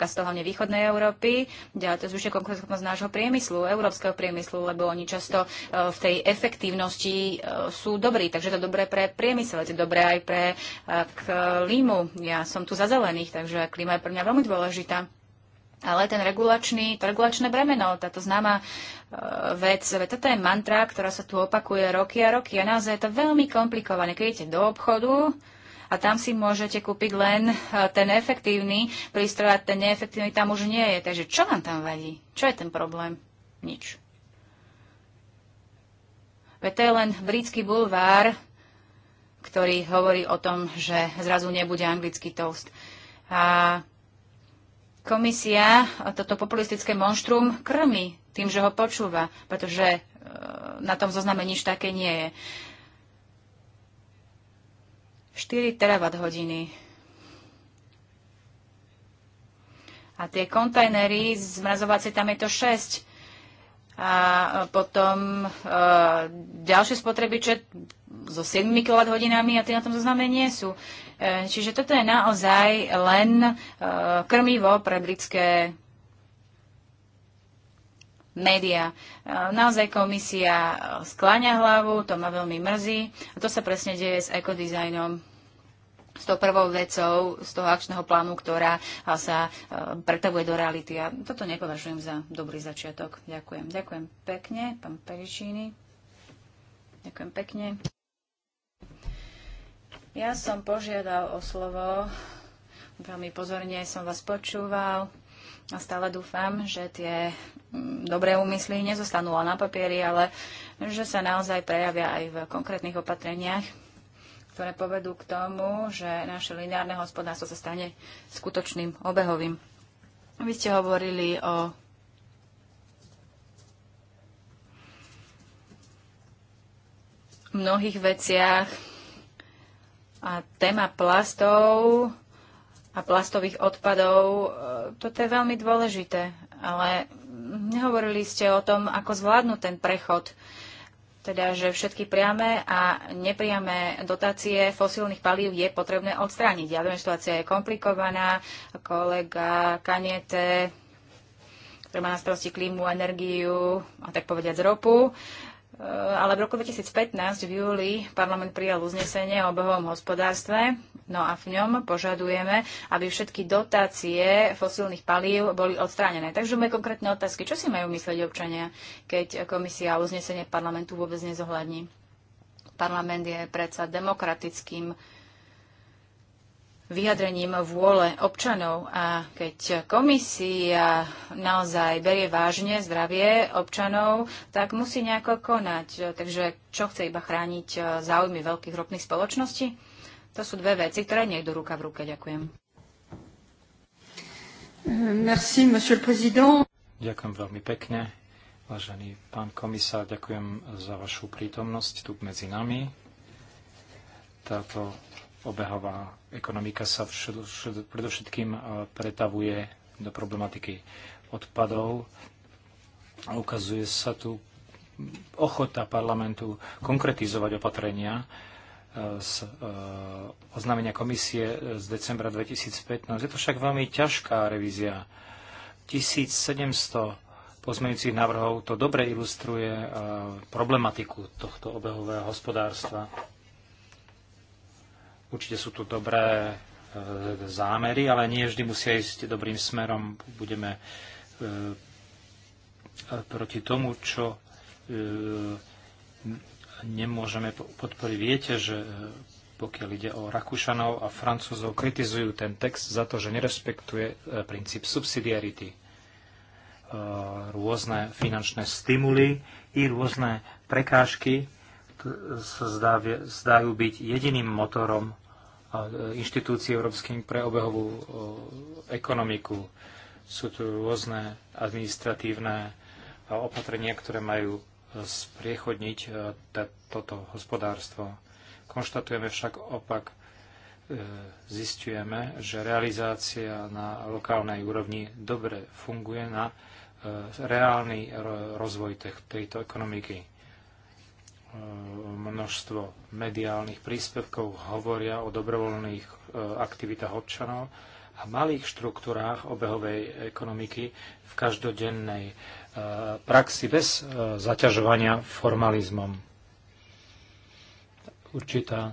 týka hlavne východnej Európy, ďalej to zvyšuje konkurenceschopnosť nášho priemyslu, európskeho priemyslu, lebo oni často e, v tej efektívnosti e, sú dobrí, takže to dobré pre priemysel, je to dobré aj pre e, klímu. Ja som tu za zelených, takže klíma je pre mňa veľmi dôležitá. Ale ten regulačný, to regulačné bremeno, táto známa vec, toto je mantra, ktorá sa tu opakuje roky a roky a naozaj je to veľmi komplikované. Keď idete do obchodu, a tam si môžete kúpiť len e, ten efektívny prístroj a ten neefektívny tam už nie je. Takže čo vám tam vadí? Čo je ten problém? Nič. Veď to je len britský bulvár, ktorý hovorí o tom, že zrazu nebude anglický toast. A komisia toto populistické monštrum krmi tým, že ho počúva, pretože e, na tom zozname nič také nie je. 4 terawatt hodiny. A tie kontajnery zmrazovacie, tam je to 6. A e, potom e, ďalšie spotrebiče so 7 kWh a tie na tom zozname nie sú. E, čiže toto je naozaj len e, krmivo pre britské médiá. Naozaj komisia skláňa hlavu, to ma veľmi mrzí. A to sa presne deje s ekodizajnom s tou prvou vecou z toho akčného plánu, ktorá sa e, pretavuje do reality. A toto nepovažujem za dobrý začiatok. Ďakujem. Ďakujem pekne, pán Peričíny. Ďakujem pekne. Ja som požiadal o slovo. Veľmi pozorne som vás počúval. A stále dúfam, že tie mm, dobré úmysly nezostanú len na papieri, ale že sa naozaj prejavia aj v konkrétnych opatreniach, ktoré povedú k tomu, že naše lineárne hospodárstvo sa stane skutočným obehovým. Vy ste hovorili o mnohých veciach a téma plastov a plastových odpadov. E, toto je veľmi dôležité, ale nehovorili ste o tom, ako zvládnuť ten prechod teda, že všetky priame a nepriame dotácie fosílnych palív je potrebné odstrániť. Ja viem, že situácia je komplikovaná. Kolega Kaniete ktorý má na starosti klímu, energiu a tak povediať z ropu, Eh, ale v roku 2015 v júli parlament prijal uznesenie o obehovom hospodárstve, no a v ňom požadujeme, aby všetky dotácie fosílnych palív boli odstránené. Takže moje konkrétne otázky, čo si majú myslieť občania, keď komisia uznesenie parlamentu vôbec nezohľadní? Parlament je predsa demokratickým vyjadrením vôle občanov. A keď komisia naozaj berie vážne zdravie občanov, tak musí nejako konať. Takže čo chce iba chrániť eh, záujmy veľkých ropných spoločností? To sú dve veci, ktoré nejdu ruka v ruke. Ďakujem.
Euh, merci, monsieur le président.
Ďakujem veľmi pekne. Vážený pán komisár, ďakujem za vašu prítomnosť tu medzi nami. Táto Obehová ekonomika sa všel, všel, predovšetkým e, pretavuje do problematiky odpadov a ukazuje sa tu ochota parlamentu konkretizovať opatrenia, e, z e, oznámenia komisie z decembra 2015. Je to však veľmi ťažká revízia. 1700 pozmeňujúcich návrhov to dobre ilustruje problematiku tohto obehového hospodárstva. Určite sú tu dobré e, zámery, ale nie vždy musia ísť dobrým smerom. Budeme e, e, proti tomu, čo nemôžeme podporiť. Viete, že pokiaľ ide o Rakúšanov a Francúzov, kritizujú ten text za to, že nerespektuje princíp subsidiarity. Rôzne finančné stimuly i rôzne prekážky sa zdá, zdajú byť jediným motorom e, inštitúcií európskym pre obehovú e, ekonomiku. Sú tu rôzne administratívne e, opatrenia, ktoré majú spriechodniť toto hospodárstvo. Konštatujeme však opak, zistujeme, že realizácia na lokálnej úrovni dobre funguje na reálny rozvoj tejto ekonomiky E, množstvo mediálnych príspevkov hovoria o dobrovoľných e, aktivitách občanov a malých štruktúrách obehovej ekonomiky v každodennej e, praxi bez zaťažovania formalizmom. Určitá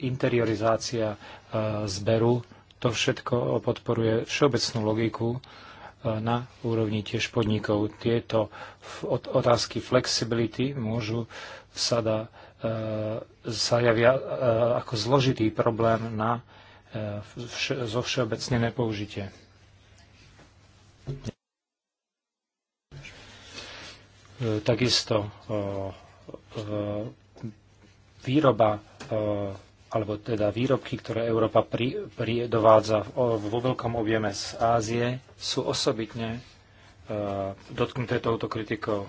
interiorizácia zberu, to všetko podporuje všeobecnú logiku na úrovni tiež podnikov. Tieto otázky flexibility môžu sa, da, e, sa javia e, ako zložitý problém na e, zo všeobecne nepoužitie. Takisto výroba alebo teda výrobky, ktoré Európa pri, pri, dovádza vo veľkom objeme z Ázie, sú osobitne uh, dotknuté touto kritikou.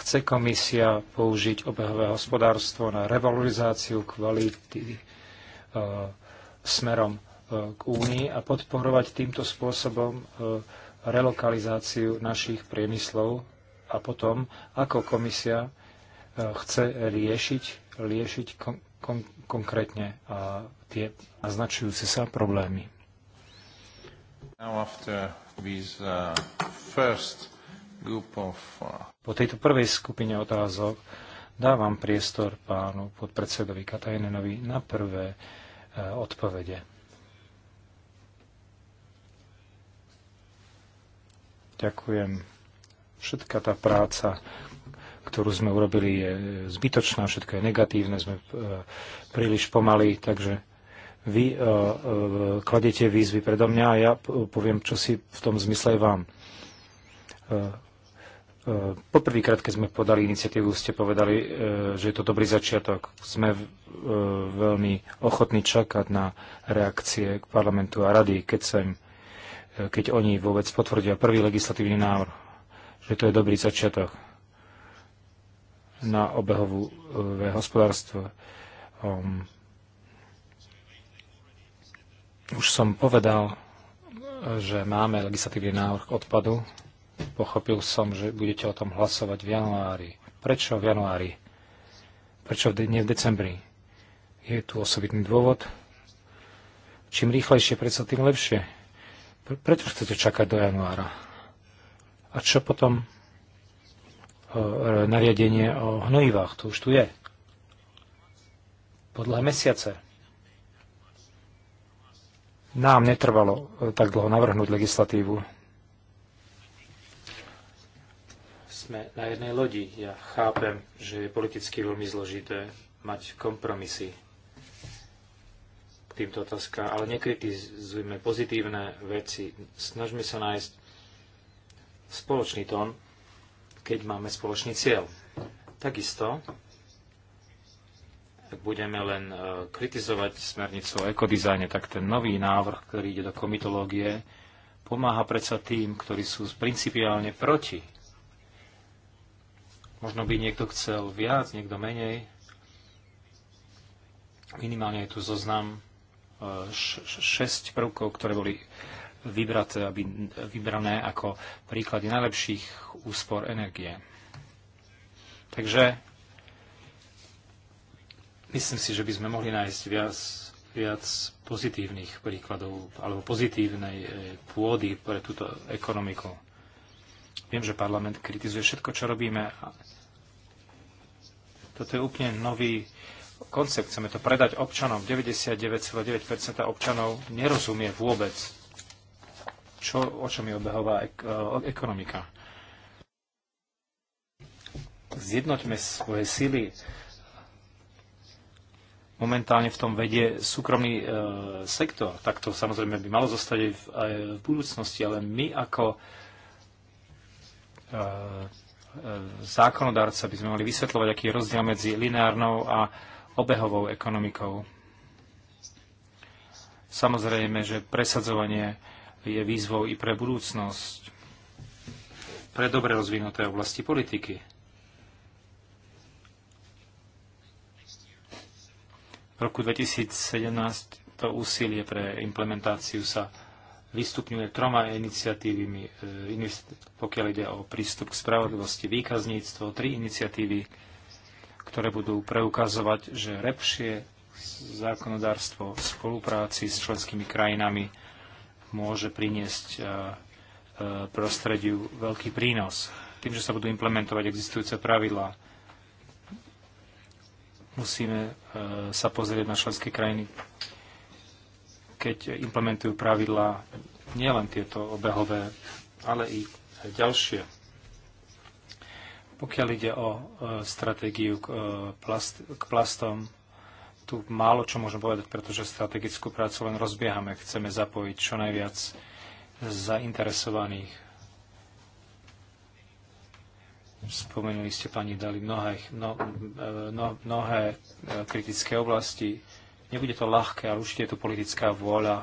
Chce komisia použiť obehové hospodárstvo na revalorizáciu kvality uh, smerom uh, k Únii a podporovať týmto spôsobom uh, relokalizáciu našich priemyslov a potom, ako komisia chce riešiť, riešiť kon, kon, konkrétne tie naznačujúce sa problémy.
Uh, uh,
po tejto prvej skupine otázok dávam priestor pánu podpredsedovi Katajnenovi na prvé e, odpovede. Ďakujem. Všetka tá práca, ktorú sme urobili, je zbytočná, všetko je negatívne, sme e, príliš pomalí, takže vy e, e, kladete výzvy predo mňa a ja poviem, čo si v tom zmysle vám. Poprvýkrát, keď sme podali iniciatívu, ste povedali, že je to dobrý začiatok. Sme veľmi ochotní čakať na reakcie k parlamentu a rady, keď, sa im, keď oni vôbec potvrdia prvý legislatívny návrh, že to je dobrý začiatok na obehové eh, hospodárstvo. Um, už som povedal, že máme legislatívny návrh odpadu. Pochopil som, že budete o tom hlasovať v januári. Prečo v januári? Prečo nie v decembri? Je tu osobitný dôvod. Čím rýchlejšie, predsa tým lepšie. Prečo chcete čakať do januára? A čo potom E, nariadenie o hnojivách. To už tu je. Podľa mesiace. Nám netrvalo e, tak dlho navrhnúť legislatívu. Sme na jednej lodi. Ja chápem, že je politicky veľmi zložité mať kompromisy k týmto otázkám, ale nekritizujme pozitívne veci. Snažme sa nájsť spoločný tón keď máme spoločný cieľ. Takisto, ak budeme len e, kritizovať smernicu o ekodizajne, tak ten nový návrh, ktorý ide do komitológie, pomáha predsa tým, ktorí sú principiálne proti. Možno by niekto chcel viac, niekto menej. Minimálne je tu zoznam 6 e, prvkov, ktoré boli vybraté, aby, vybrané ako príklady najlepších úspor energie. Takže myslím si, že by sme mohli nájsť viac, viac pozitívnych príkladov alebo pozitívnej e, pôdy pre túto ekonomiku. Viem, že parlament kritizuje všetko, čo robíme. Toto je úplne nový koncept. Chceme to predať občanom. 99,9% občanov nerozumie vôbec čo, o čom je obehová ek- e, ekonomika. Zjednoťme svoje sily. Momentálne v tom vedie súkromný e, sektor. Tak to samozrejme by malo zostať aj v, aj v budúcnosti, ale my ako e, e, zákonodárca by sme mali vysvetľovať, aký je rozdiel medzi lineárnou a obehovou ekonomikou. Samozrejme, že presadzovanie je výzvou i pre budúcnosť, pre dobre rozvinuté oblasti politiky. V roku 2017 to úsilie pre implementáciu sa vystupňuje troma iniciatívami, e, pokiaľ ide o prístup k spravodlivosti, výkazníctvo, tri iniciatívy, ktoré budú preukazovať, že lepšie zákonodárstvo v spolupráci s členskými krajinami môže priniesť e, e, prostrediu veľký prínos. Tým, že sa budú implementovať existujúce pravidlá, musíme e, sa pozrieť na členské krajiny, keď implementujú pravidlá nielen tieto obehové, ale i ďalšie. Pokiaľ ide o stratégiu k, k plastom, tu málo čo môžem povedať, pretože strategickú prácu len rozbiehame. Chceme zapojiť čo najviac zainteresovaných. Spomenuli ste, pani Dali, mnohé, no, e, no, mnohé e, kritické oblasti. Nebude to ľahké, ale určite je tu politická vôľa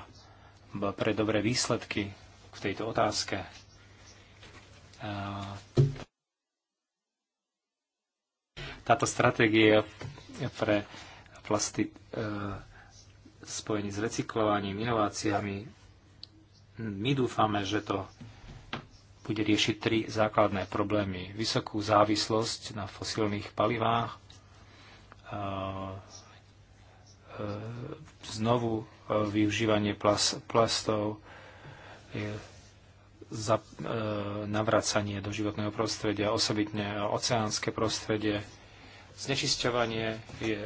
pre dobré výsledky v tejto otázke. Táto stratégia pre plasty e, spojení s recyklovaním, inováciami. My dúfame, že to bude riešiť tri základné problémy. Vysokú závislosť na fosílnych palivách, e, znovu e, využívanie plastov, navracanie do životného prostredia, osobitne oceánske prostredie, Znečisťovanie je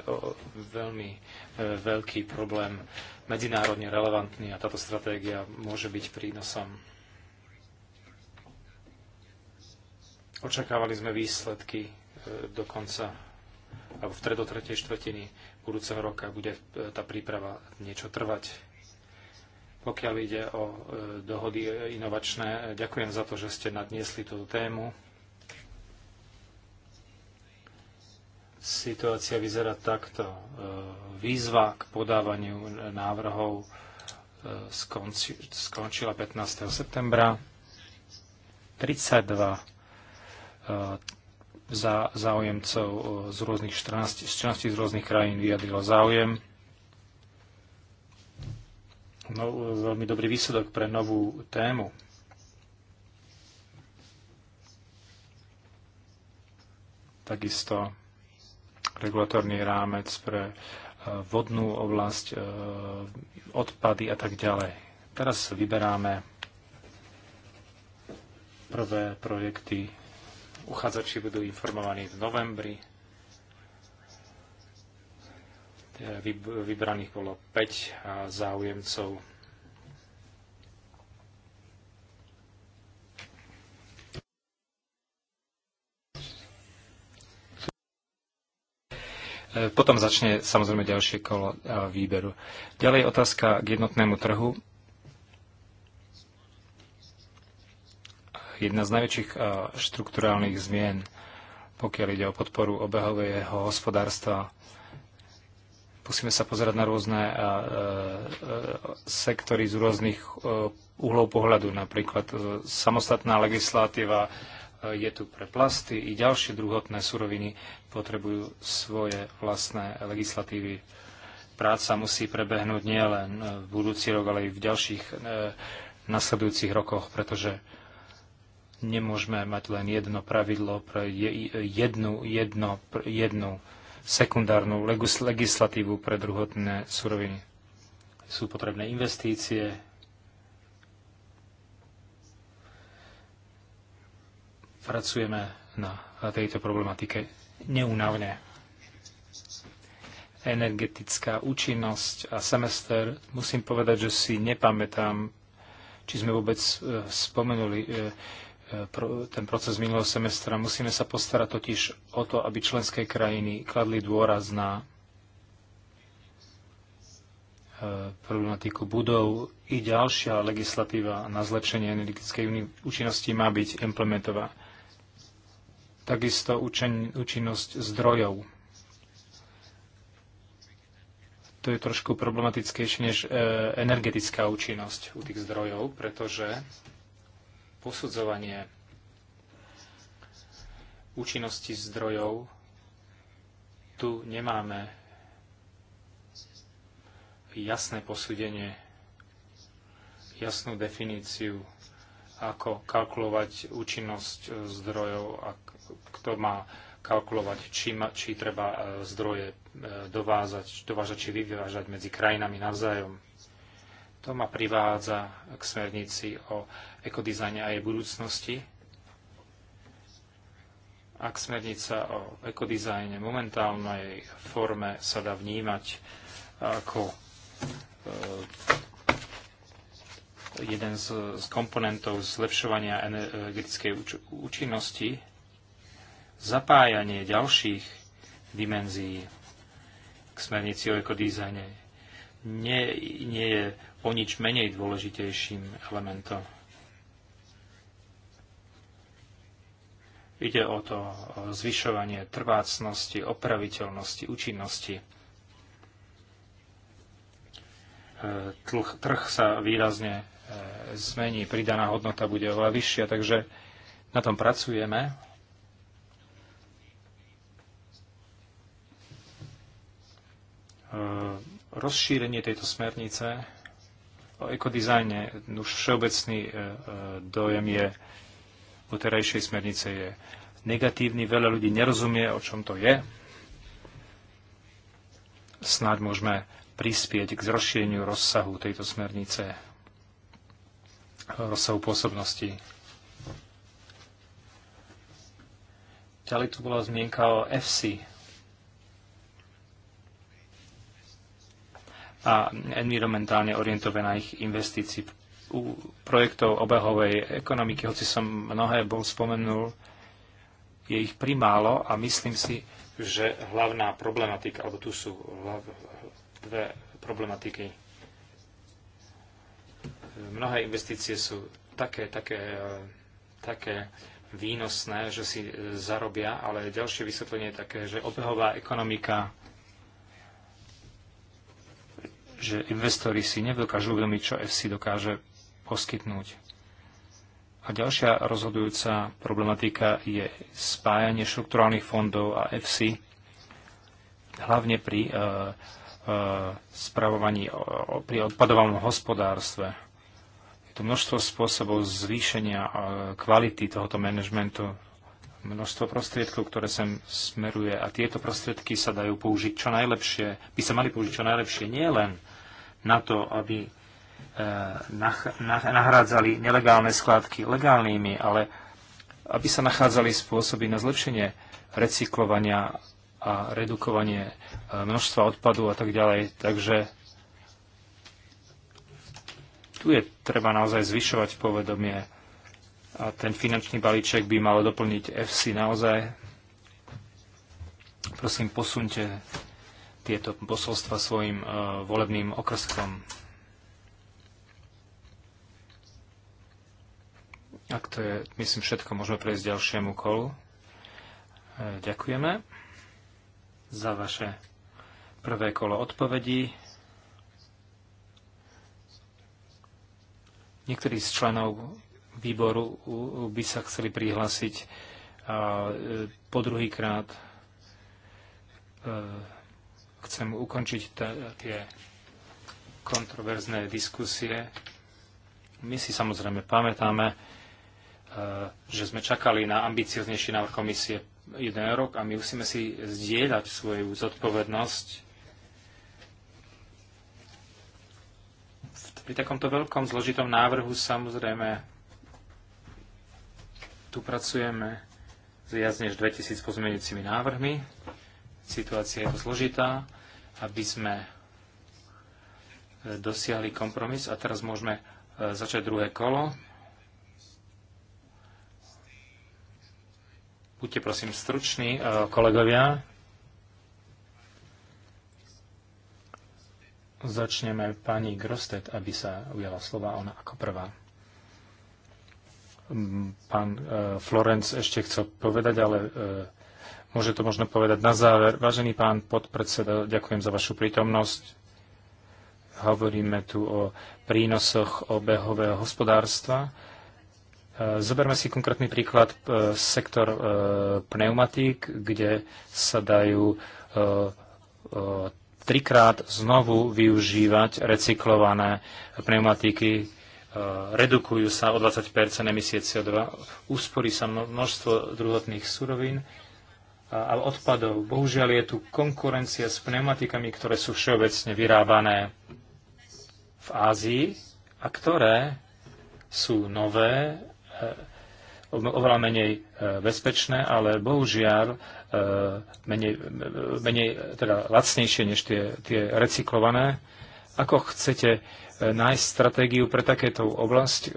veľmi e, veľký problém, medzinárodne relevantný a táto stratégia môže byť prínosom. Očakávali sme výsledky e, do konca, alebo v do tretej štvrtiny budúceho roka bude e, tá príprava niečo trvať. Pokiaľ ide o dohody inovačné, ďakujem za to, že ste nadniesli túto tému. Situácia vyzerá takto. E, výzva k podávaniu návrhov e, skončila 15. septembra. 32 e, za záujemcov z rôznych 14, z 14 z rôznych krajín vyjadrilo záujem. No, veľmi dobrý výsledok pre novú tému. Takisto regulatórny rámec pre e, vodnú oblasť, e, odpady a tak ďalej. Teraz vyberáme prvé projekty. Uchádzači budú informovaní v novembri. E, vybraných bolo 5 záujemcov E, potom začne samozrejme ďalšie kolo e, výberu. Ďalej otázka k jednotnému trhu. Jedna z najväčších e, štruktúrálnych zmien, pokiaľ ide o podporu obehového hospodárstva, musíme sa pozerať na rôzne sektory z rôznych uhlov pohľadu, napríklad samostatná legislatíva, E, je tu pre plasty i ďalšie druhotné suroviny potrebujú svoje vlastné legislatívy. Práca musí prebehnúť nielen e, v budúci rok, ale i v ďalších e, nasledujúcich rokoch, pretože nemôžeme mať len jedno pravidlo pre jednu, jedno, jednu sekundárnu legislatívu pre druhotné suroviny. Sú potrebné investície, pracujeme na tejto problematike neúnavne. Energetická účinnosť a semester, musím povedať, že si nepamätám, či sme vôbec e, spomenuli e, e, ten proces minulého semestra. Musíme sa postarať totiž o to, aby členské krajiny kladli dôraz na problematiku budov i ďalšia legislatíva na zlepšenie energetickej účinnosti má byť implementovaná takisto účinnosť zdrojov. To je trošku problematickejšie než e, energetická účinnosť u tých zdrojov, pretože posudzovanie účinnosti zdrojov tu nemáme jasné posúdenie, jasnú definíciu ako kalkulovať účinnosť e, zdrojov a kto má kalkulovať, či, ma, či treba e, zdroje e, dovázať, dovážať či vyvážať medzi krajinami navzájom. To ma privádza k smernici o ekodizajne a jej budúcnosti. Ak smernica o ekodizajne momentálnej forme sa dá vnímať ako jeden z, z komponentov zlepšovania energetickej úč- účinnosti, zapájanie ďalších dimenzií k smernici o ekodizajne nie, nie je o nič menej dôležitejším elementom. Ide o to o zvyšovanie trvácnosti, opraviteľnosti, účinnosti. E, Tlh, trh sa výrazne E, zmení. Pridaná hodnota bude oveľa vyššia, takže na tom pracujeme. E, rozšírenie tejto smernice o ekodizajne, už všeobecný e, dojem je, v terajšej smernice je negatívny, veľa ľudí nerozumie, o čom to je. Snáď môžeme prispieť k zrošieniu rozsahu tejto smernice rozsahu pôsobnosti. Ďalej tu bola zmienka o FC a environmentálne orientovaných investícií u projektov obehovej ekonomiky, hoci som mnohé bol spomenul, je ich primálo a myslím si, že hlavná problematika, alebo tu sú dve problematiky Mnohé investície sú také, také, eh, také výnosné, že si eh, zarobia, ale ďalšie vysvetlenie je také, že obehová ekonomika, že investori si nedokážu uvedomiť, čo FC dokáže poskytnúť. A ďalšia rozhodujúca problematika je spájanie štrukturálnych fondov a FC, hlavne pri uh, uh, spravovaní, uh, pri odpadovom hospodárstve tu množstvo spôsobov zvýšenia e, kvality tohoto manažmentu, množstvo prostriedkov, ktoré sem smeruje a tieto prostriedky sa dajú použiť čo najlepšie, by sa mali použiť čo najlepšie, nie len na to, aby e, nahrádzali nelegálne skládky legálnymi, ale aby sa nachádzali spôsoby na zlepšenie recyklovania a redukovanie e, množstva odpadu a tak ďalej. Takže tu je treba naozaj zvyšovať povedomie a ten finančný balíček by mal doplniť FC naozaj. Prosím, posunte tieto posolstva svojim uh, volebným okrskom. Ak to je, myslím, všetko, môžeme prejsť ďalšiemu kolu. E, ďakujeme za vaše prvé kolo odpovedí. Niektorí z členov výboru by sa chceli prihlásiť e, po druhýkrát. E, chcem ukončiť tie kontroverzné diskusie. My si samozrejme pamätáme, e, že sme čakali na ambicioznejší návrh komisie jeden rok a my musíme si zdieľať svoju zodpovednosť Pri takomto veľkom zložitom návrhu samozrejme tu pracujeme s viac než 2000 pozmeňujúcimi návrhmi. Situácia je to zložitá, aby sme e, dosiahli kompromis a teraz môžeme e, začať druhé kolo. Buďte prosím struční, e, kolegovia. Začneme pani Grostet, aby sa ujala slova ona ako prvá. Mm, pán e, Florenc ešte chcel povedať, ale e, môže to možno povedať na záver. Vážený pán podpredseda, ďakujem za vašu prítomnosť. Hovoríme tu o prínosoch obehového hospodárstva. E, zoberme si konkrétny príklad sektor pneumatík, kde sa dajú trikrát znovu využívať recyklované pneumatiky, e, redukujú sa o 20 emisie CO2, úspory sa množstvo druhotných surovín a odpadov. Bohužiaľ je tu konkurencia s pneumatikami, ktoré sú všeobecne vyrábané v Ázii a ktoré sú nové, e, oveľa menej e, bezpečné, ale bohužiaľ E, menej, e, menej e, teda lacnejšie než tie, tie recyklované. Ako chcete nájsť stratégiu pre takéto oblasť?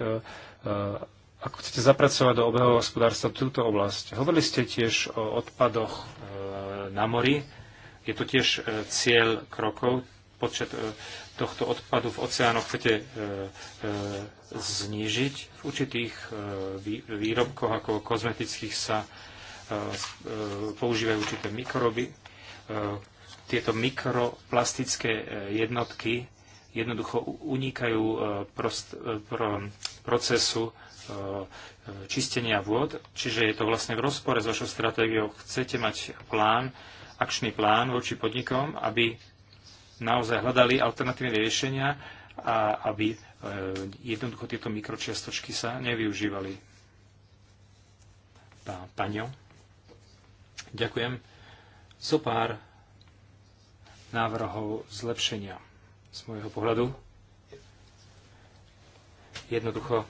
Ako chcete zapracovať do obehového hospodárstva túto oblasť? Hovorili ste tiež o odpadoch na mori. Je to tiež cieľ krokov. Počet tohto odpadu v oceánoch chcete znížiť. V určitých výrobkoch ako kozmetických sa používajú určité mikroby. Tieto mikroplastické e, jednotky jednoducho unikajú e, prost, e, pro, procesu čistenia vôd, čiže je to vlastne v rozpore s vašou stratégiou. Chcete mať plán, akčný plán voči podnikom, aby naozaj hľadali alternatívne riešenia a aby jednoducho tieto mikročiastočky sa nevyužívali. Pán Paňo. Ďakujem. So pár návrhov zlepšenia z môjho pohľadu. Jednoducho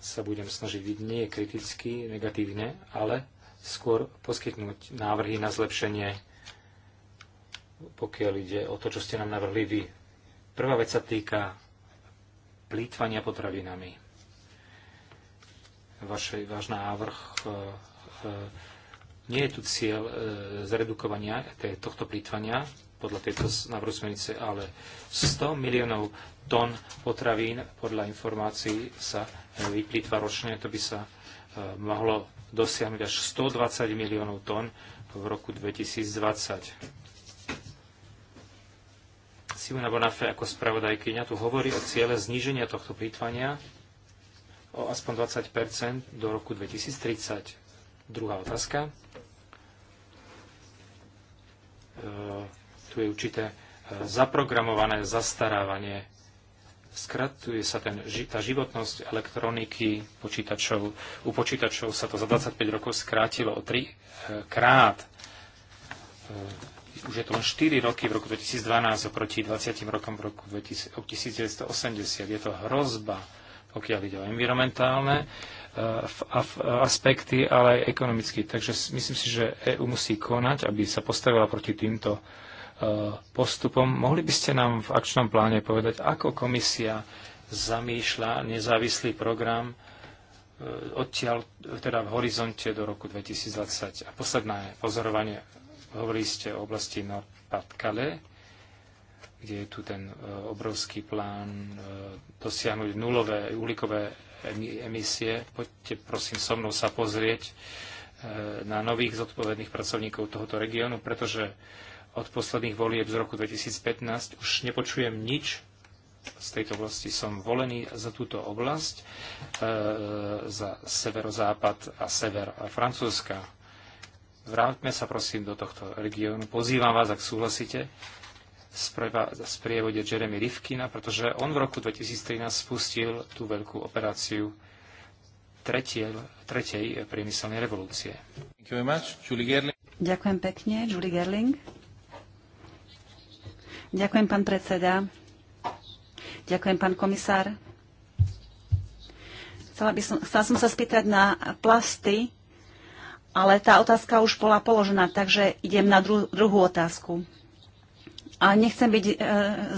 sa budem snažiť byť nie kriticky, negatívne, ale skôr poskytnúť návrhy na zlepšenie, pokiaľ ide o to, čo ste nám navrhli vy. Prvá vec sa týka plýtvania potravinami. Vaš, váš návrh e, e, nie je tu cieľ e, zredukovania tohto plýtvania podľa tejto návrhu smernice, ale 100 miliónov tón potravín podľa informácií sa e, vyplýtva ročne. To by sa e, mohlo dosiahnuť až 120 miliónov tón v roku 2020. Simona Bonafé ako spravodajkyňa tu hovorí o ciele zníženia tohto plýtvania o aspoň 20 do roku 2030. Druhá otázka tu je určité e, zaprogramované zastarávanie. Skratuje sa ten, tá životnosť elektroniky počítačov. U počítačov sa to za 25 rokov skrátilo o 3 e, krát. E, už je to len 4 roky v roku 2012 oproti 20 rokom v roku 1980. Je to hrozba, pokiaľ ide o environmentálne aspekty, ale aj ekonomicky. Takže myslím si, že EÚ musí konať, aby sa postavila proti týmto e, postupom. Mohli by ste nám v akčnom pláne povedať, ako komisia zamýšľa nezávislý program e, odtiaľ, teda v horizonte do roku 2020. A posledné pozorovanie, hovorili ste o oblasti nordpad kde je tu ten e, obrovský plán dosiahnuť nulové uhlíkové emisie. Poďte prosím so mnou sa pozrieť e, na nových zodpovedných pracovníkov tohoto regiónu, pretože od posledných volieb z roku 2015 už nepočujem nič z tejto oblasti. Som volený za túto oblasť, e, za severozápad a sever a Francúzska. Vráťme sa prosím do tohto regiónu. Pozývam vás, ak súhlasíte, v sprievode Jeremy Rifkina, pretože on v roku 2013 spustil tú veľkú operáciu tretiej, tretej priemyselnej revolúcie.
Ďakujem pekne, Julie Gerling. Ďakujem, pán predseda. Ďakujem, pán komisár. Chcela, by som, chcela som sa spýtať na plasty, ale tá otázka už bola položená, takže idem na dru, druhú otázku. A nechcem byť e,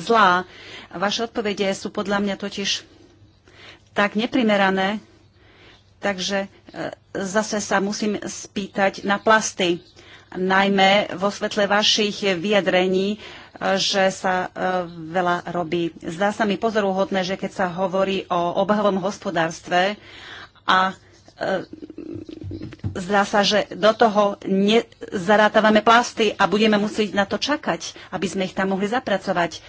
zlá. Vaše odpovede sú podľa mňa totiž tak neprimerané, takže e, zase sa musím spýtať na plasty. Najmä vo svetle vašich vyjadrení, e, že sa e, veľa robí. Zdá sa mi pozoruhodné, že keď sa hovorí o obahovom hospodárstve a e, zdá sa, že do toho nezarátavame plasty a budeme musieť na to čakať, aby sme ich tam mohli zapracovať.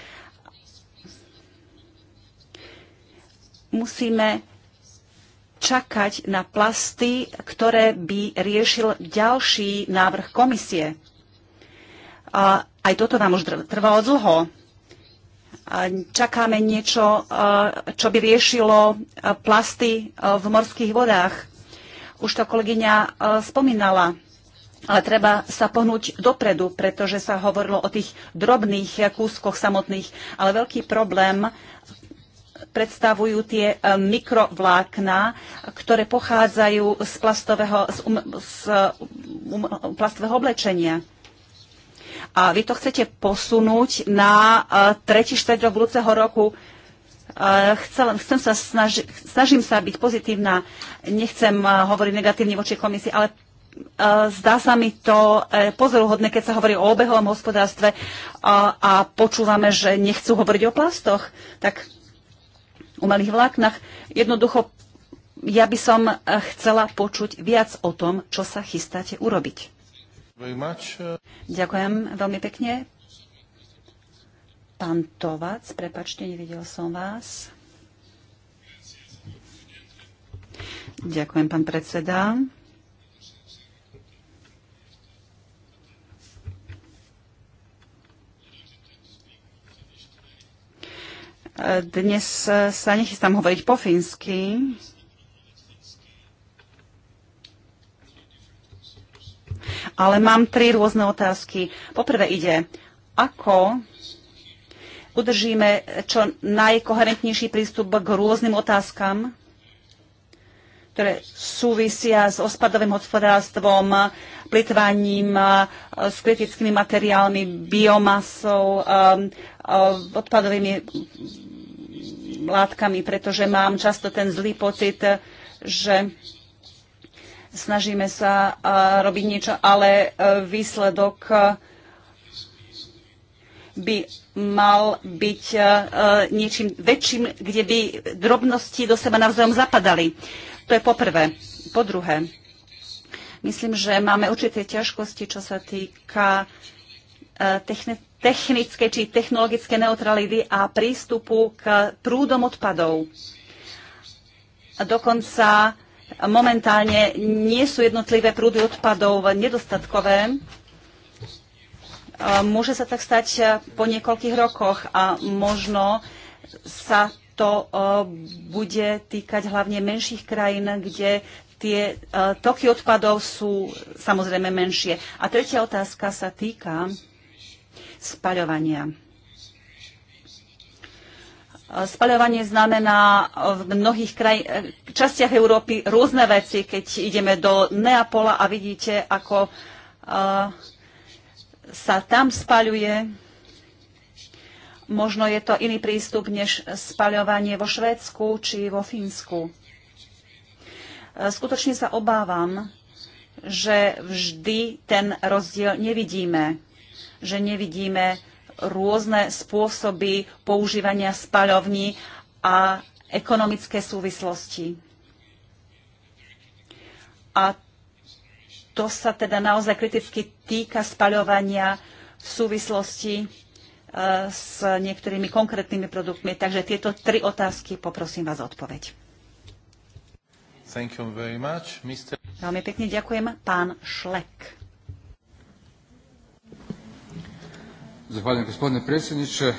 Musíme čakať na plasty, ktoré by riešil ďalší návrh komisie. A aj toto nám už trvalo dlho. A čakáme niečo, čo by riešilo plasty v morských vodách už to kolegyňa e, spomínala. Ale treba sa pohnúť dopredu, pretože sa hovorilo o tých drobných kúskoch samotných. Ale veľký problém predstavujú tie e, mikrovlákna, ktoré pochádzajú z plastového, z um, z um, plastového oblečenia. A vy to chcete posunúť na e, tretí štvrť budúceho roku. Eh, Chcel, chcem sa snaži, snažím sa byť pozitívna, nechcem eh, hovoriť negatívne voči komisii, ale eh, zdá sa mi to pozoruhodné, keď sa hovorí o obehovom hospodárstve a, a počúvame, že nechcú hovoriť o plastoch, tak umelých vláknach. Jednoducho, ja by som chcela počuť viac o tom, čo sa chystáte urobiť. Ďakujem veľmi pekne. Pán Tovac, prepačte, nevidel som vás. Ďakujem, pán predseda. Dnes sa nechystám hovoriť po fínsky. Ale mám tri rôzne otázky. Poprvé ide, ako udržíme čo najkoherentnejší prístup k rôznym otázkam, ktoré súvisia s ospadovým hospodárstvom, plitvaním s kritickými materiálmi, biomasou, odpadovými látkami, pretože mám často ten zlý pocit, že snažíme sa robiť niečo, ale e, výsledok by mal byť e, e, niečím väčším, kde by drobnosti do seba navzájom zapadali. To je poprvé. Po druhé, myslím, že máme určité ťažkosti, čo sa týka e, technickej či technologické neutrality a prístupu k prúdom odpadov. Dokonca momentálne nie sú jednotlivé prúdy odpadov nedostatkové, Ehm, môže sa tak stať eh, po niekoľkých rokoch a možno sa to eh, bude týkať hlavne menších krajín, kde tie eh, toky odpadov sú samozrejme menšie. A tretia otázka sa týka spaľovania. Spaľovanie znamená v mnohých kraj- častiach Európy rôzne veci, keď ideme do Neapola a vidíte, ako uh, sa tam spaľuje. Možno je to iný prístup než spaľovanie vo Švédsku či vo Fínsku. E, skutočne sa obávam, že vždy ten rozdiel nevidíme. Že nevidíme rôzne spôsoby používania spaľovní a ekonomické súvislosti. A to sa teda naozaj kriticky týka spaľovania v súvislosti e, s niektorými konkrétnymi produktmi. Takže tieto tri otázky poprosím vás o odpoveď.
Thank you very much, Mr.
Veľmi pekne ďakujem. Pán Šlek.
Zahvaljujem gospodine predsjedniče,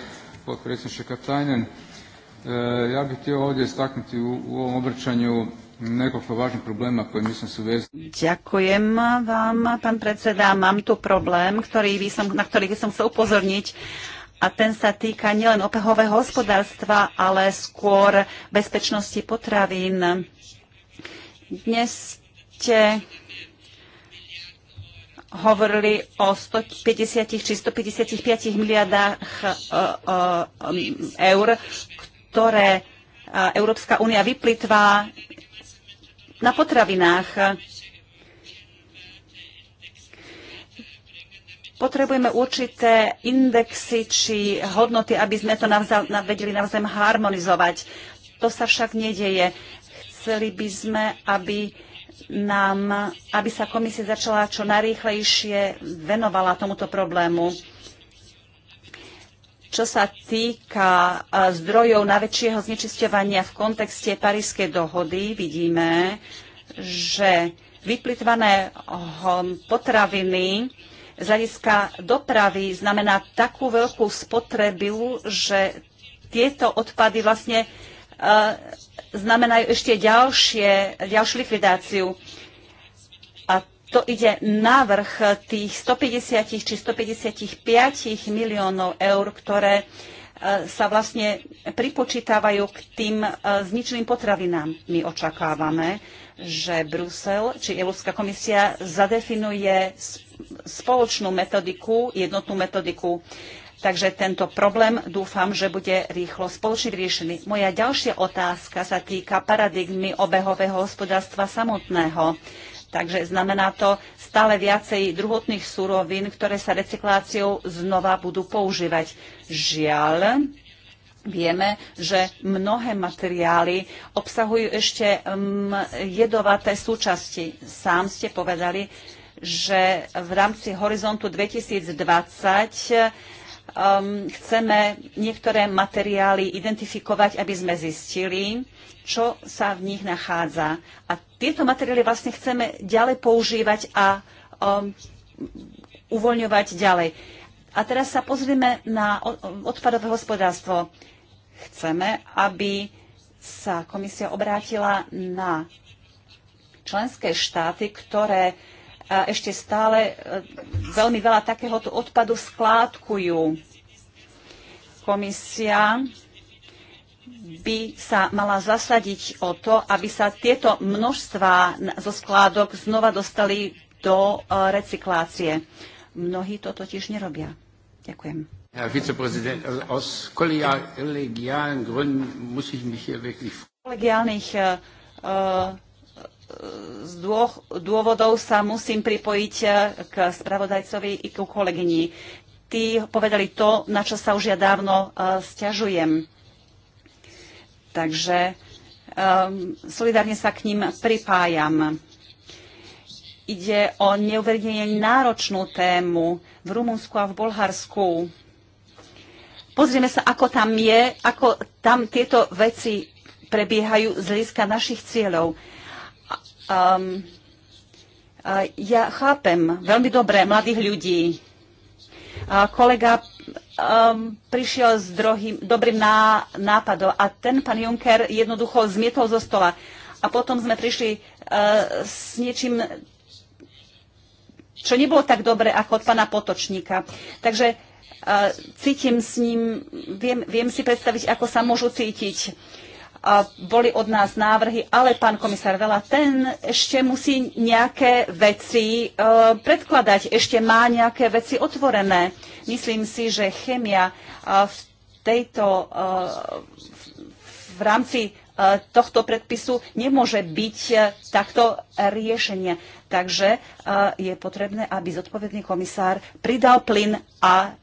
podpredsjedniče Katajnen. E, ja bih htio ovdje istaknuti u, u ovom obraćanju nekoľko vážnych problémov, ktoré myslím sú
Ďakujem vám, pán predseda. Mám tu problém, ktorý by som, na ktorý by som chcel upozorniť. A ten sa týka nielen opehového hospodárstva, ale skôr bezpečnosti potravín. Dnes ste hovorili o 150 či 155 miliardách e, e, e, eur, ktoré Európska únia vyplitvá na potravinách. Potrebujeme určité indexy či hodnoty, aby sme to vedeli navzájem harmonizovať. To sa však nedeje. Chceli by sme, aby nám, aby sa komisia začala čo najrýchlejšie venovala tomuto problému. Čo sa týka e, zdrojov najväčšieho znečisťovania v kontexte Parískej dohody, vidíme, že vyplitvané potraviny z hľadiska dopravy znamená takú veľkú spotrebu, že tieto odpady vlastne e, znamenajú ešte ďalšie, ďalšiu likvidáciu to ide na vrch tých 150 či 155 miliónov eur, ktoré e, sa vlastne pripočítavajú k tým e, zničeným potravinám. My očakávame, že Brusel či Európska komisia zadefinuje spoločnú metodiku, jednotnú metodiku. Takže tento problém dúfam, že bude rýchlo spoločne vyriešený. Moja ďalšia otázka sa týka paradigmy obehového hospodárstva samotného. Takže znamená to stále viacej druhotných súrovín, ktoré sa recykláciou znova budú používať. Žiaľ, Vieme, že mnohé materiály obsahujú ešte mm, jedovaté súčasti. Sám ste povedali, že v rámci horizontu 2020 um, mm, chceme niektoré materiály identifikovať, aby sme zistili, čo sa v nich nachádza. A tieto materiály vlastne chceme ďalej používať a um, uvoľňovať ďalej. A teraz sa pozrieme na odpadové hospodárstvo. Chceme, aby sa komisia obrátila na členské štáty, ktoré e, ešte stále e, veľmi veľa takéhoto odpadu skládkujú. Komisia by sa mala zasadiť o to, aby sa tieto množstva zo skládok znova dostali do e, recyklácie. Mnohí to totiž nerobia. Ďakujem.
Herr Vizepräsident, aus
kollegialen Gründen muss ich mich hier wirklich...
Kolegiálnych uh, e, e, z dôch, dôvodov sa musím pripojiť k spravodajcovi i ku kolegyni. Tí povedali to, na čo sa už ja dávno uh, stiažujem Takže um, solidárne sa k ním pripájam. Ide o neuverne náročnú tému v Rumunsku a v Bulharsku. Pozrieme sa, ako tam je, ako tam tieto veci prebiehajú z hľadiska našich cieľov. Um, ja chápem veľmi dobre mladých ľudí. Kolega um, prišiel s drohým, dobrým ná, nápadom a ten pán Juncker jednoducho zmietol zo stola. A potom sme prišli uh, s niečím, čo nebolo tak dobre ako od pána Potočníka. Takže uh, cítim s ním, viem, viem si predstaviť, ako sa môžu cítiť. Uh, a boli od nás návrhy, ale pán komisár Vela, ten ešte musí nejaké veci e, predkladať, ešte má nejaké veci otvorené. Myslím si, že chemia e, v tejto, e, v, v rámci e, tohto predpisu nemôže byť e, takto riešenie. Takže e, je potrebné, aby zodpovedný komisár pridal plyn a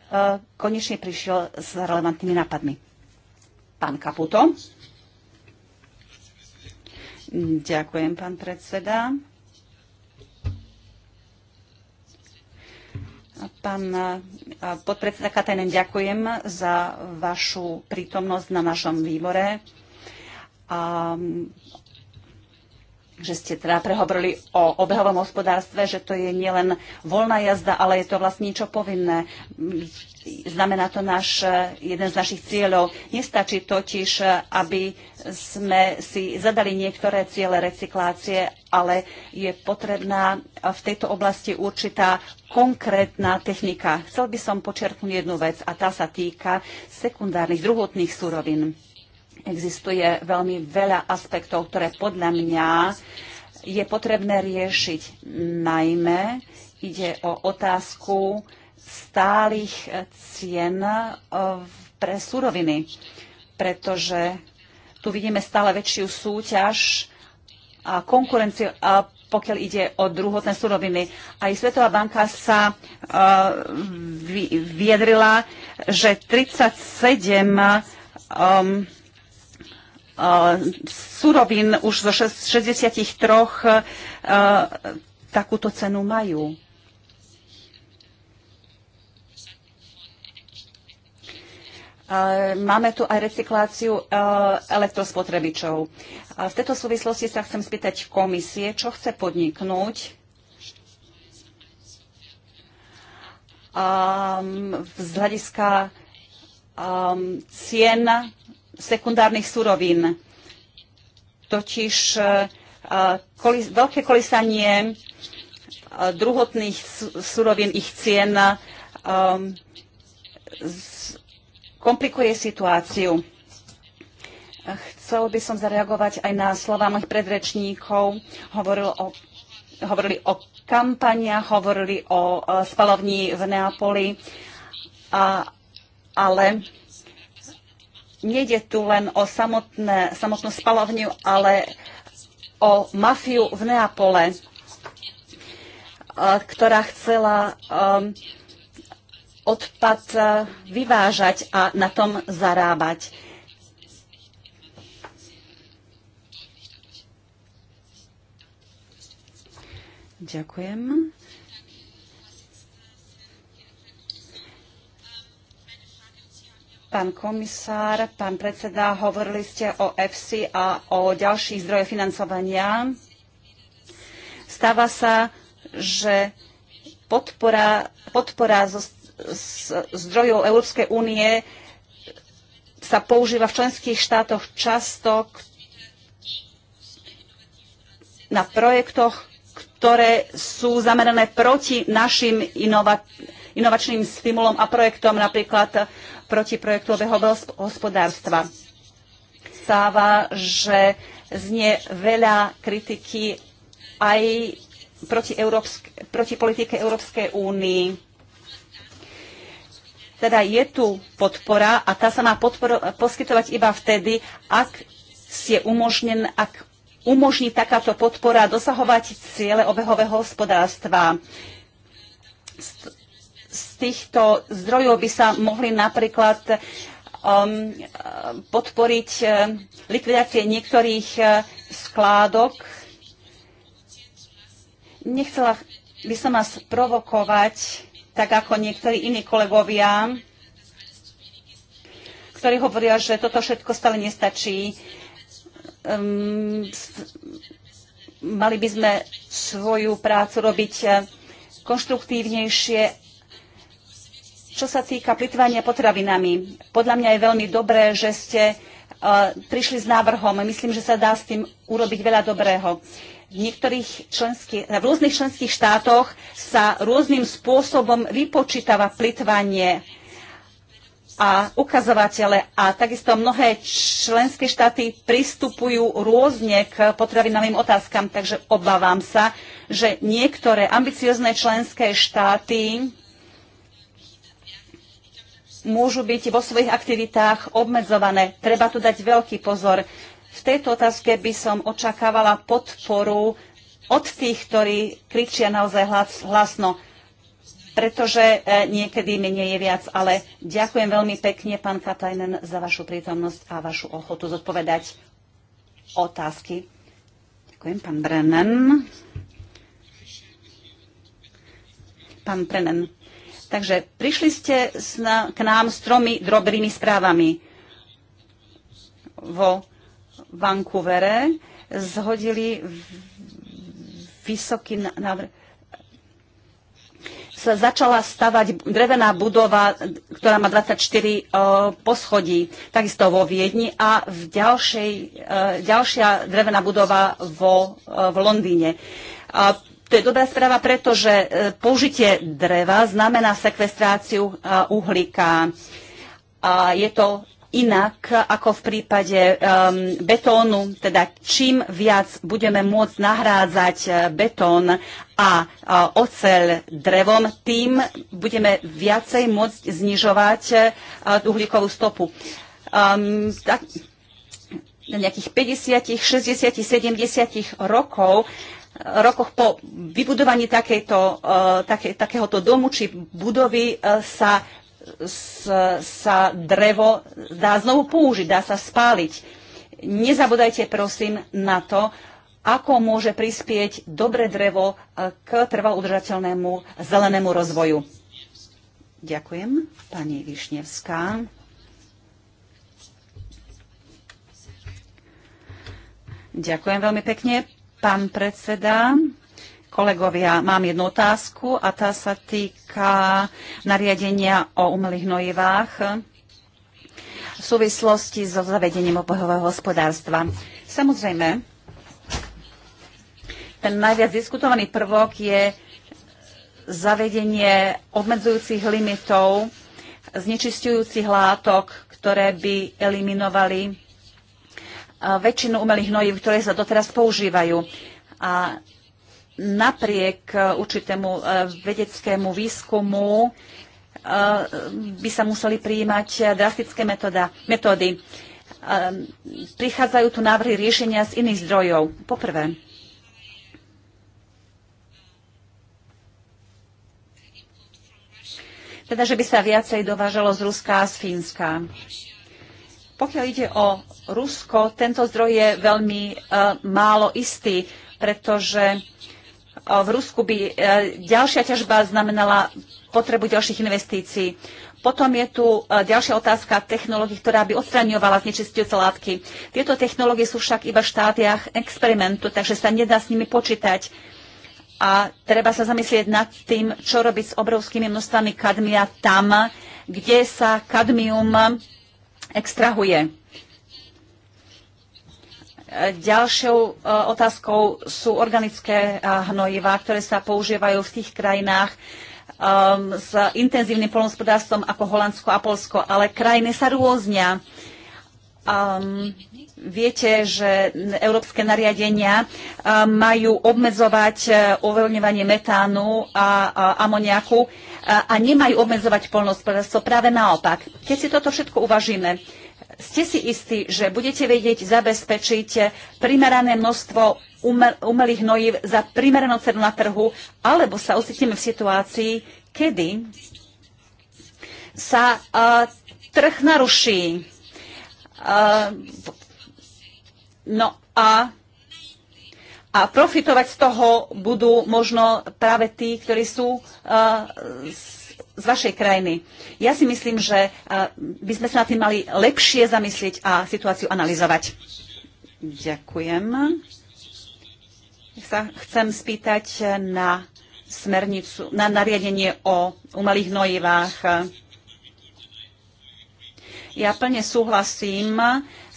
konečne prišiel s relevantnými nápadmi. Pán Kaputo. Ďakujem, pán predseda. Pán podpredseda Katajnen, ďakujem za vašu prítomnosť na našom výbore. A že ste teda prehovorili o obehovom hospodárstve, že to je nielen voľná jazda, ale je to vlastne niečo povinné. Znamená to náš, jeden z našich cieľov. Nestačí totiž, aby sme si zadali niektoré ciele recyklácie, ale je potrebná v tejto oblasti určitá konkrétna technika. Chcel by som počerknúť jednu vec a tá sa týka sekundárnych, druhotných surovín Existuje veľmi veľa aspektov, ktoré podľa mňa je potrebné riešiť. Najmä ide o otázku stálych cien e, pre suroviny, pretože tu vidíme stále väčšiu súťaž a konkurenciu, a pokiaľ ide o druhotné suroviny. Aj Svetová banka sa e, vyjadrila, že 37 um, surovín už zo 63 e, takúto cenu majú. E, máme tu aj recykláciu e, elektrospotrebičov. V tejto súvislosti sa chcem spýtať komisie, čo chce podniknúť z hľadiska cien sekundárnych surovín. Totiž e, veľké kolísanie e, druhotných surovín, ich cien e, komplikuje situáciu. Chcel by som zareagovať aj na slova mojich predrečníkov. Hovoril o, hovorili o kampaniach, hovorili o spalovni v Neapoli, a, ale nejde tu len o samotné, samotnú spalovňu, ale o mafiu v Neapole, ktorá chcela um, odpad uh, vyvážať a na tom zarábať. Ďakujem. Pán komisár, pán predseda, hovorili ste o EFSI a o ďalších zdrojech financovania. Stáva sa, že podpora, podpora zo, z, zdrojov Európskej únie sa používa v členských štátoch často na projektoch, ktoré sú zamerané proti našim inova, inovačným stimulom a projektom, napríklad proti projektu obehového hospodárstva. Stáva, že znie veľa kritiky aj proti, európske, proti politike Európskej únii. Teda je tu podpora a tá sa má podporo, poskytovať iba vtedy, ak je umožnen, ak umožní takáto podpora dosahovať ciele obehového hospodárstva týchto zdrojov by sa mohli napríklad um, podporiť eh, likvidácie niektorých eh, skládok. Nechcela by som vás provokovať, tak ako niektorí iní kolegovia, ktorí hovoria, že toto všetko stále nestačí. Um, mali by sme svoju prácu robiť eh, konštruktívnejšie čo sa týka plitvania potravinami, podľa mňa je veľmi dobré, že ste e, prišli s návrhom. Myslím, že sa dá s tým urobiť veľa dobrého. V, niektorých členských, v rôznych členských štátoch sa rôznym spôsobom vypočítava plitvanie a ukazovatele a takisto mnohé členské štáty pristupujú rôzne k potravinovým otázkam, takže obávam sa, že niektoré ambiciozne členské štáty môžu byť vo svojich aktivitách obmedzované. Treba tu dať veľký pozor. V tejto otázke by som očakávala podporu od tých, ktorí kričia naozaj hlas, hlasno, pretože e, niekedy menej je viac. Ale ďakujem veľmi pekne, pán Katajnen, za vašu prítomnosť a vašu ochotu zodpovedať otázky. Ďakujem, pán Brennan. Pán Brennan, Takže prišli ste k nám s tromi dobrými správami. Vo Vancouvere zhodili vysoký návrh sa začala stavať drevená budova, ktorá má 24 e, poschodí, takisto vo Viedni a v ďalšej, e, ďalšia drevená budova vo, e, v Londýne. To je dobrá správa, pretože e, použitie dreva znamená sekvestráciu e, uhlíka. A je to inak ako v prípade um, betónu, teda čím viac budeme môcť nahrádzať betón a uh, oceľ drevom, tým budeme viacej môcť znižovať uh, uhlíkovú stopu. Um, tak, nejakých 50, 60, 70 rokov rokoch po vybudovaní takejto, e, take, takéhoto domu či budovy e, sa, sa drevo dá znovu použiť, dá sa spáliť. Nezabudajte prosím na to, ako môže prispieť dobré drevo e, k trvalúdržateľnému zelenému rozvoju. Ďakujem, pani Višnevská. Ďakujem veľmi pekne, Pán predseda, kolegovia, mám jednu otázku a tá sa týka nariadenia o umelých hnojivách v súvislosti so zavedením obehového hospodárstva. Samozrejme, ten najviac diskutovaný prvok je zavedenie obmedzujúcich limitov znečistujúcich látok, ktoré by eliminovali väčšinu umelých hnojív, ktoré sa doteraz používajú. A napriek e, určitému e, vedeckému výskumu e, by sa museli prijímať drastické metóda, metódy. Prichádzajú tu návrhy riešenia z iných zdrojov. Poprvé, teda, že by sa viacej dovážalo z Ruska a z Fínska. Pokiaľ ide o Rusko, tento zdroj je veľmi uh, málo istý, pretože uh, v Rusku by uh, ďalšia ťažba znamenala potrebu ďalších investícií. Potom je tu ďalšia otázka technológií, ktorá by odstraňovala znečistujúce látky. Tieto technológie sú však iba v štádiách experimentu, takže sa nedá s nimi počítať. A treba sa zamyslieť nad tým, čo robiť s obrovskými množstvami kadmia tam, kde sa kadmium extrahuje. Ďalšou e, otázkou sú organické e, hnojivá, ktoré sa používajú v tých krajinách um, s intenzívnym polnospodárstvom ako Holandsko a Polsko, ale krajiny sa rôznia. Um, viete, že európske nariadenia e, majú obmedzovať e, uvoľňovanie metánu a amoniaku e, a nemajú obmedzovať poľnohospodárstvo. Práve naopak. Keď si toto všetko uvažíme, ste si istí, že budete vedieť zabezpečiť primerané množstvo umelých hnojív za primeranú cenu na trhu, alebo sa ocitneme v situácii, kedy sa uh, trh naruší. Uh, No a, a profitovať z toho budú možno práve tí, ktorí sú uh, z, z vašej krajiny. Ja si myslím, že uh, by sme sa nad tým mali lepšie zamyslieť a situáciu analyzovať. Ďakujem. Sa chcem spýtať na smernicu, na nariadenie o umelých hnojivách. Ja plne súhlasím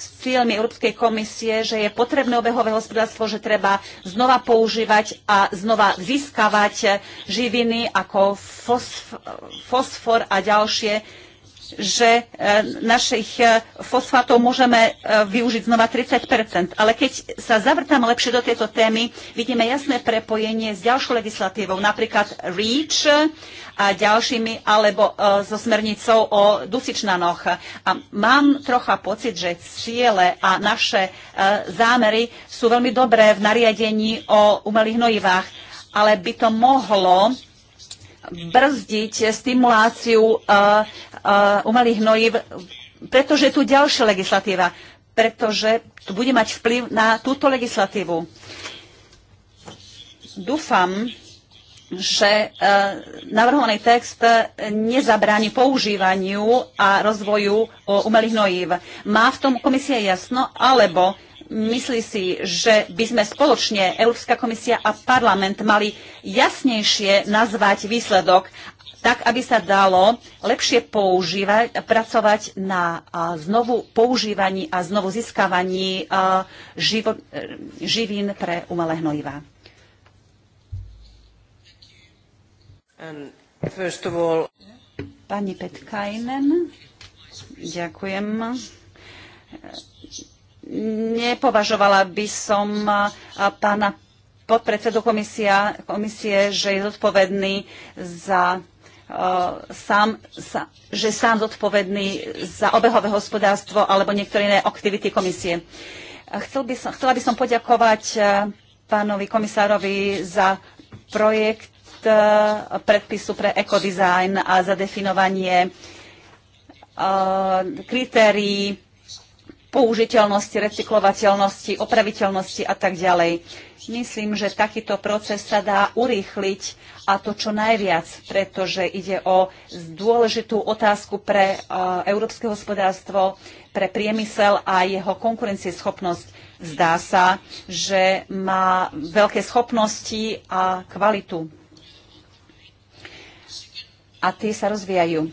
filmy Európskej komisie, že je potrebné obehové hospodárstvo, že treba znova používať a znova získavať živiny ako fosfor a ďalšie, že e, našich e, fosfátov môžeme e, využiť znova 30 Ale keď sa zavrtáme lepšie do tejto témy, vidíme jasné prepojenie s ďalšou legislatívou, napríklad REACH, a ďalšími, alebo e, so smernicou o dusičnanoch. A mám trocha pocit, že ciele a naše e, zámery sú veľmi dobré v nariadení o umelých hnojivách, ale by to mohlo brzdiť stimuláciu e, umelých hnojiv, pretože je tu ďalšia legislatíva, pretože tu bude mať vplyv na túto legislatívu. Dúfam, že e, navrhovaný text nezabráni používaniu a rozvoju e, umelých hnojív. Má v tom komisia jasno, alebo myslí si, že by sme spoločne, Európska komisia a parlament, mali jasnejšie nazvať výsledok, tak aby sa dalo lepšie používať, pracovať na znovu používaní a znovu získavaní e, živín pre umelé hnojivá. Pani Petkajnen, ďakujem. Nepovažovala by som pána podpredsedu komisia, komisie, že je zodpovedný za sám, sa, že sám zodpovedný za obehové hospodárstvo alebo niektoré iné aktivity komisie. Chcel by som, chcela by som poďakovať pánovi komisárovi za projekt E, predpisu pre ekodizajn a zadefinovanie e, kritérií použiteľnosti, recyklovateľnosti, opraviteľnosti a tak ďalej. Myslím, že takýto proces sa dá urýchliť a to čo najviac, pretože ide o dôležitú otázku pre e, európske hospodárstvo, pre priemysel a jeho konkurencieschopnosť. Zdá sa, že má veľké schopnosti a kvalitu a tie sa rozvíjajú.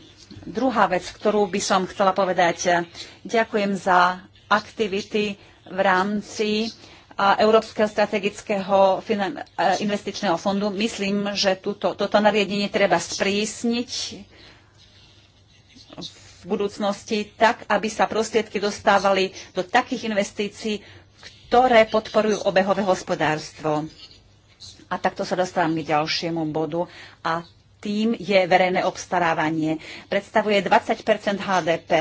Druhá vec, ktorú by som chcela povedať, ďakujem za aktivity v rámci Európskeho strategického e, investičného fondu. Myslím, že túto, toto nariadenie treba sprísniť v budúcnosti tak, aby sa prostriedky dostávali do takých investícií, ktoré podporujú obehové hospodárstvo. A takto sa dostávam k ďalšiemu bodu a tým je verejné obstarávanie. Predstavuje 20 HDP.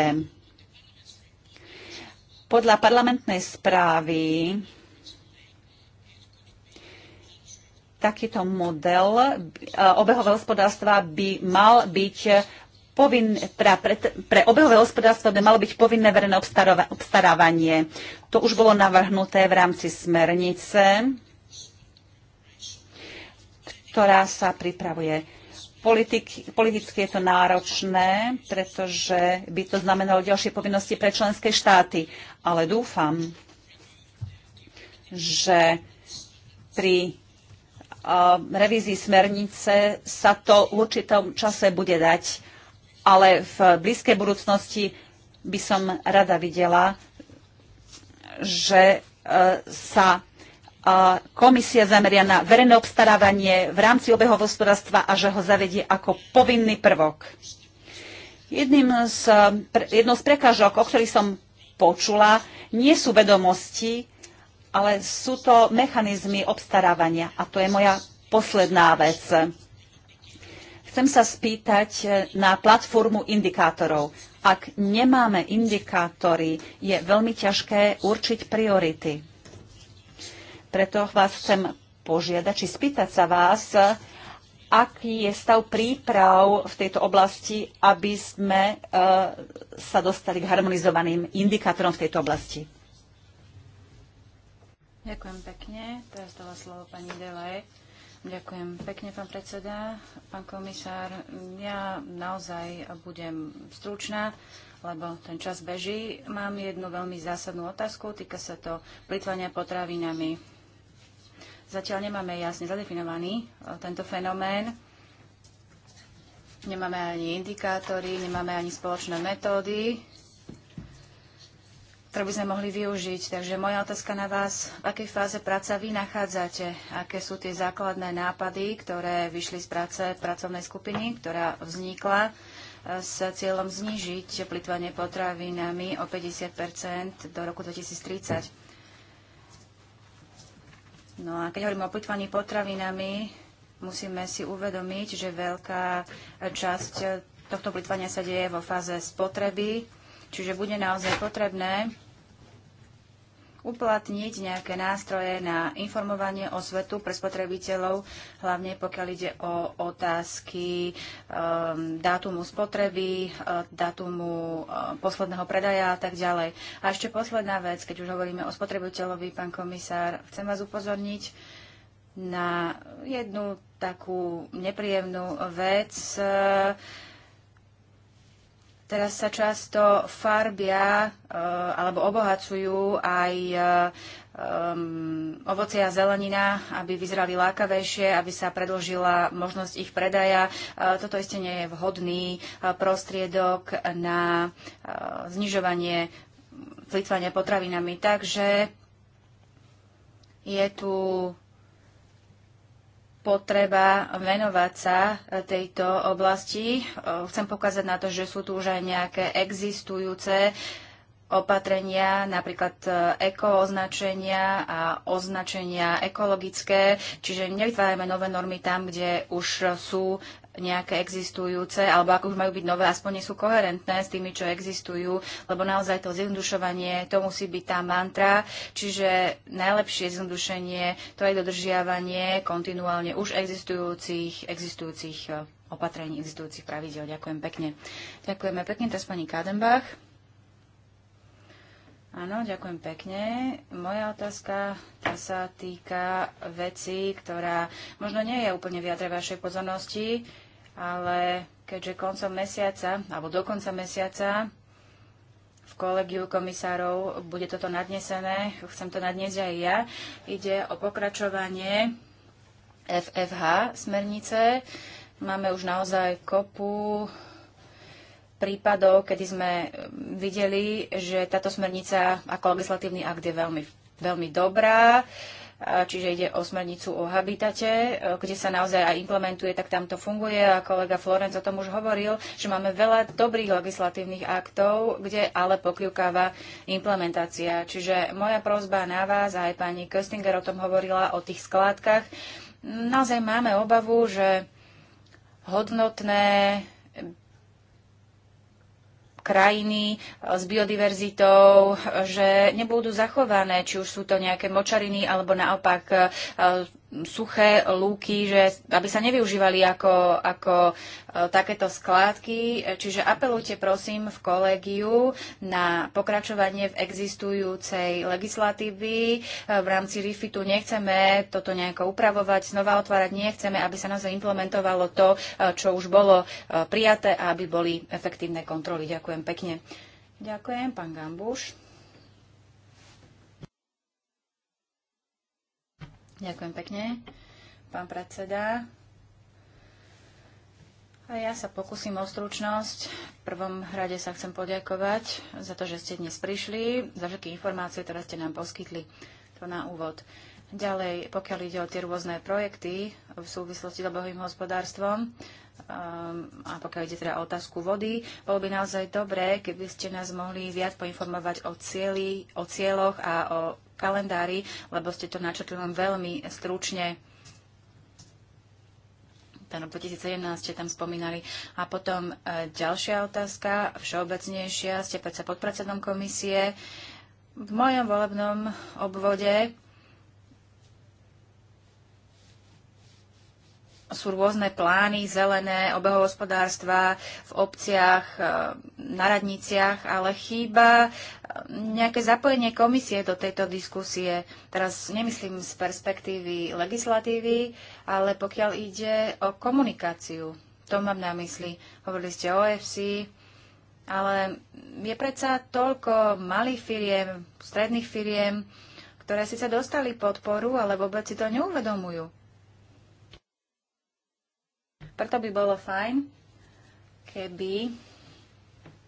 Podľa parlamentnej správy takýto model e, obehového hospodárstva by mal byť povin, teda pre, pre obehové hospodárstvo by malo byť povinné verejné obstarávanie. To už bolo navrhnuté v rámci smernice, ktorá sa pripravuje politik, politicky je to náročné, pretože by to znamenalo ďalšie povinnosti pre členské štáty. Ale dúfam, že pri uh, revízii smernice sa to v určitom čase bude dať, ale v blízkej budúcnosti by som rada videla, že uh, sa komisia zameria na verejné obstarávanie v rámci obeho hospodárstva a že ho zavedie ako povinný prvok. Jedným z, jednou z prekážok, o ktorých som počula, nie sú vedomosti, ale sú to mechanizmy obstarávania. A to je moja posledná vec. Chcem sa spýtať na platformu indikátorov. Ak nemáme indikátory, je veľmi ťažké určiť priority preto vás chcem požiadať, či spýtať sa vás, aký je stav príprav v tejto oblasti, aby sme e, sa dostali k harmonizovaným indikátorom v tejto oblasti.
Ďakujem pekne. Teraz dala slovo pani Delej. Ďakujem pekne, pán predseda. Pán komisár, ja naozaj budem stručná, lebo ten čas beží. Mám jednu veľmi zásadnú otázku, týka sa to plitvania potravinami. Zatiaľ nemáme jasne zadefinovaný e, tento fenomén. Nemáme ani indikátory, nemáme ani spoločné metódy, ktoré by sme mohli využiť. Takže moja otázka na vás, v akej fáze práca vy nachádzate? Aké sú tie základné nápady, ktoré vyšli z práce pracovnej skupiny, ktorá vznikla e, s cieľom znížiť plitvanie potravinami o 50 do roku 2030? No a keď hovoríme o plýtvaní potravinami, musíme si uvedomiť, že veľká časť tohto plýtvania sa deje vo fáze spotreby, čiže bude naozaj potrebné uplatniť nejaké nástroje na informovanie o svetu pre spotrebiteľov, hlavne pokiaľ ide o otázky um, dátumu spotreby, eh, dátumu eh, posledného predaja a tak ďalej. A ešte posledná vec, keď už hovoríme o spotrebiteľovi, pán komisár, chcem vás upozorniť na jednu takú nepríjemnú vec. Uh, Teraz sa často farbia e, alebo obohacujú aj e, ovoce a zelenina, aby vyzerali lákavejšie, aby sa predlžila možnosť ich predaja. E, toto isté nie je vhodný prostriedok na znižovanie plýtvania potravinami. Takže je tu potreba venovať sa e, tejto oblasti. E, chcem pokázať na to, že sú tu už aj nejaké existujúce opatrenia, napríklad e, ekooznačenia a označenia ekologické, čiže nevytvárajme nové normy tam, kde už sú nejaké existujúce, alebo ako už majú byť nové, aspoň nie sú koherentné s tými, čo existujú, lebo naozaj to zjednodušovanie, to musí byť tá mantra, čiže najlepšie zjednodušenie, to je dodržiavanie kontinuálne už existujúcich, existujúcich e, opatrení, existujúcich pravidel. Ďakujem pekne. Ďakujeme pekne, teraz pani Kadenbach. Áno, ďakujem pekne. Moja otázka tá sa týka veci, ktorá možno nie je úplne vyjadre vašej pozornosti ale keďže koncom mesiaca, alebo do konca mesiaca v kolegiu komisárov bude toto nadnesené, chcem to nadniesť aj ja, ide o pokračovanie FFH smernice. Máme už naozaj kopu prípadov, kedy sme videli, že táto smernica ako legislatívny akt je veľmi, veľmi dobrá. Uh, čiže ide o smernicu o habitate, e, kde sa naozaj aj implementuje, tak tam to funguje a kolega Florenc o tom už hovoril, že máme veľa dobrých legislatívnych aktov, kde ale pokľukáva implementácia. Čiže moja prozba na vás, aj pani Köstinger o tom hovorila, o tých skládkach, naozaj máme obavu, že hodnotné krajiny e, s biodiverzitou, e, že nebudú zachované, či už sú to nejaké močariny alebo naopak e, suché lúky, že aby sa nevyužívali ako, ako e, takéto skládky. Čiže apelujte prosím v kolegiu na pokračovanie v existujúcej legislatívy. E, v rámci RIFITu nechceme toto nejako upravovať, znova otvárať nechceme, aby sa naozaj implementovalo to, e, čo už bolo prijaté a aby boli efektívne kontroly. Ďakujem pekne. Ďakujem, pán Gambuš. Ďakujem pekne, pán predseda. A ja sa pokúsim o stručnosť. V prvom rade sa chcem poďakovať za to, že ste dnes prišli, za všetky informácie, ktoré ste nám poskytli. To na úvod. Ďalej, pokiaľ ide o tie rôzne projekty v súvislosti s obohým hospodárstvom, um, a pokiaľ ide teda o otázku vody, bolo by naozaj dobré, keby ste nás mohli viac poinformovať o, cieli, o cieľoch a o kalendári, lebo ste to načrtli len veľmi stručne. Ten rok 2017 ste tam spomínali. A potom e, ďalšia otázka, všeobecnejšia. Ste predsa podpredsedom komisie. V mojom volebnom obvode sú rôzne plány, zelené, obehohospodárstva v obciach, e, na radniciach, ale chýba e, nejaké zapojenie komisie do tejto diskusie. Teraz nemyslím z perspektívy legislatívy, ale pokiaľ ide o komunikáciu, to mám na mysli. Hovorili ste o EFC, ale je predsa toľko malých firiem, stredných firiem, ktoré síce dostali podporu, ale vôbec si to neuvedomujú. Preto by bolo fajn, keby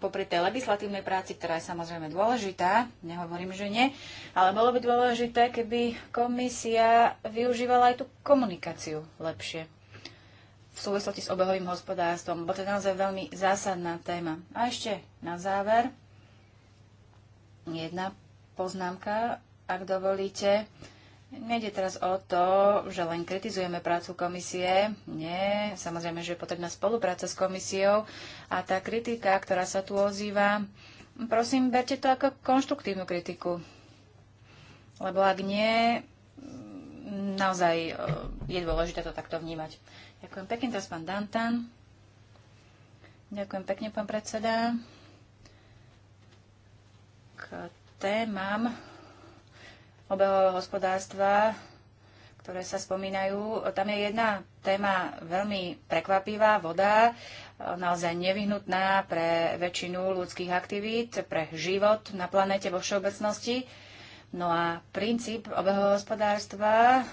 popri tej legislatívnej práci, ktorá je samozrejme dôležitá, nehovorím, že nie, ale bolo by dôležité, keby komisia využívala aj tú komunikáciu lepšie v súvislosti s obehovým hospodárstvom, bo to je naozaj veľmi zásadná téma. A ešte na záver jedna poznámka, ak dovolíte. Nejde teraz o to, že len kritizujeme prácu komisie. Nie, samozrejme, že je potrebná spolupráca s komisiou a tá kritika, ktorá sa tu ozýva, prosím, berte to ako konštruktívnu kritiku. Lebo ak nie, naozaj eh, je dôležité to takto vnímať. Ďakujem pekne, teraz pán Dantan. Ďakujem pekne, pán predseda. K témam, obehového hospodárstva, ktoré sa spomínajú. Tam je jedna téma veľmi prekvapivá, voda, naozaj nevyhnutná pre väčšinu ľudských aktivít, pre život na planete vo všeobecnosti. No a princíp obehového hospodárstva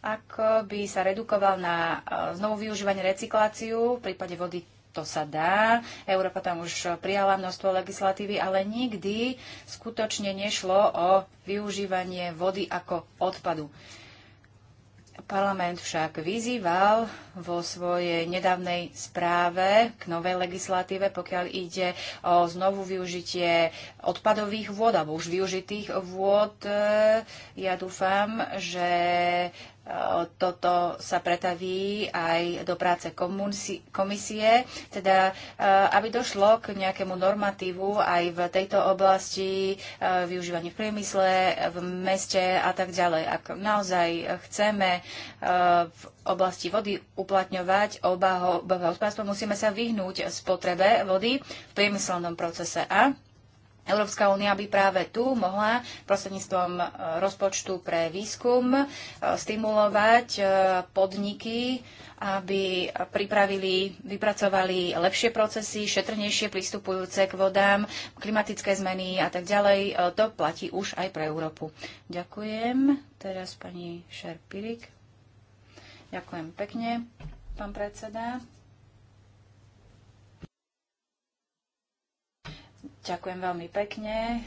ako by sa redukoval na e, znovu využívanie recykláciu, v prípade vody to sa dá. Európa tam už prijala množstvo legislatívy, ale nikdy skutočne nešlo o využívanie vody ako odpadu. Parlament však vyzýval vo svojej nedávnej správe k novej legislatíve, pokiaľ ide o znovu využitie odpadových vôd alebo už využitých vôd. E, ja dúfam, že toto sa pretaví aj do práce komisie, teda e, aby došlo k nejakému normatívu aj v tejto oblasti e, využívaní v priemysle, v meste a tak ďalej. Ak naozaj chceme e, v oblasti vody uplatňovať oba hospodárstvo, musíme sa vyhnúť spotrebe vody v priemyselnom procese. A Európska únia by práve tu mohla prostredníctvom e, rozpočtu pre výskum e, stimulovať e, podniky, aby pripravili, vypracovali lepšie procesy, šetrnejšie pristupujúce k vodám, klimatické zmeny a tak ďalej. To platí už aj pre Európu. Ďakujem. Teraz pani Šerpirik. Ďakujem pekne, pán predseda. Ďakujem veľmi pekne,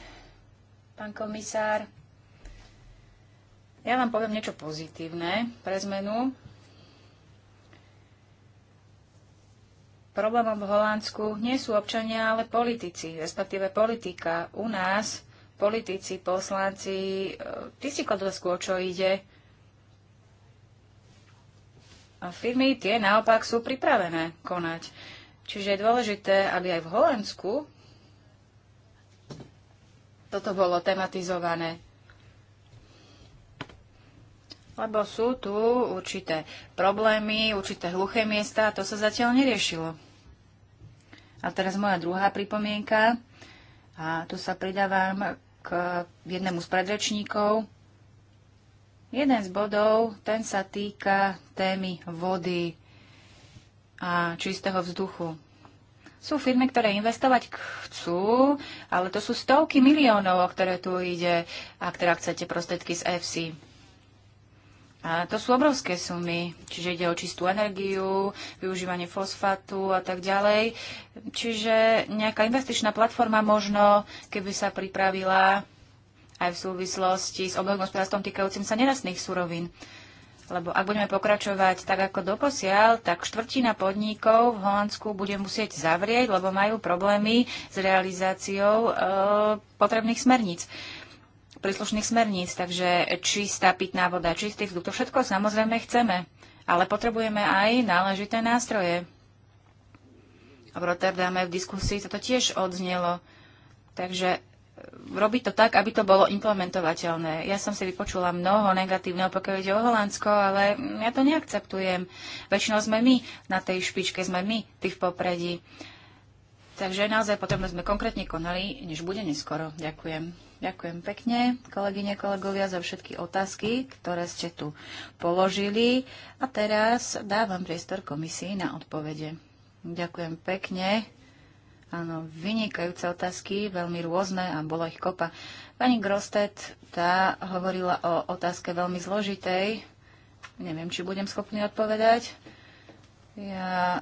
pán komisár. Ja vám poviem niečo pozitívne pre zmenu. Problémom v Holandsku nie sú občania, ale politici, respektíve politika. U nás politici, poslanci, e, ty si kodlesku, o čo ide. A firmy tie naopak sú pripravené konať. Čiže je dôležité, aby aj v Holandsku toto bolo tematizované. Lebo sú tu určité problémy, určité hluché miesta a to sa zatiaľ neriešilo. A teraz moja druhá pripomienka. A tu sa pridávam k jednému z predrečníkov. Jeden z bodov, ten sa týka témy vody a čistého vzduchu. Sú firmy, ktoré investovať chcú, ale to sú stovky miliónov, o ktoré tu ide, a teda chcete prostriedky z FC. A to sú obrovské sumy, čiže ide o čistú energiu, využívanie fosfátu a tak ďalej. Čiže nejaká investičná platforma možno, keby sa pripravila aj v súvislosti s obehovým týkajúcim sa nerastných surovín. Lebo ak budeme pokračovať tak ako doposiaľ, tak štvrtina podnikov v Holandsku bude musieť zavrieť, lebo majú problémy s realizáciou e, potrebných smerníc príslušných smerníc. Takže čistá pitná voda, čistý vzduch, to všetko samozrejme chceme. Ale potrebujeme aj náležité nástroje. V Rotterdame v diskusii toto tiež odznelo. Takže robiť to tak, aby to bolo implementovateľné. Ja som si vypočula mnoho negatívneho, pokiaľ ide o Holandsko, ale ja to neakceptujem. Väčšinou sme my na tej špičke, sme my tí v popredí. Takže naozaj potrebné sme konkrétne konali, než bude neskoro. Ďakujem. Ďakujem pekne, kolegyne, kolegovia, za všetky otázky, ktoré ste tu položili. A teraz dávam priestor komisii na odpovede. Ďakujem pekne. Áno, vynikajúce otázky, veľmi rôzne a bolo ich kopa. Pani Grostet, tá hovorila o otázke veľmi zložitej. Neviem, či budem schopný odpovedať. Ja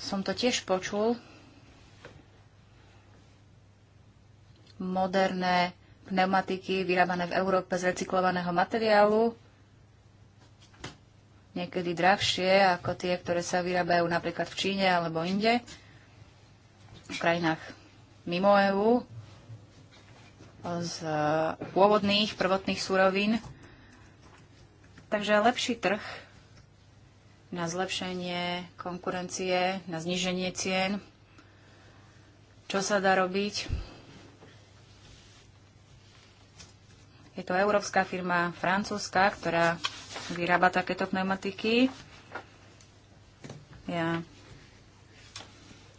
som to tiež počul. Moderné pneumatiky vyrábané v Európe z recyklovaného materiálu, niekedy drahšie ako tie, ktoré sa vyrábajú napríklad v Číne alebo inde v krajinách mimo EÚ e, z pôvodných prvotných surovín. Takže lepší trh na zlepšenie konkurencie, na zniženie cien. Čo sa dá robiť? Je to európska firma francúzska, ktorá vyrába takéto pneumatiky. Ja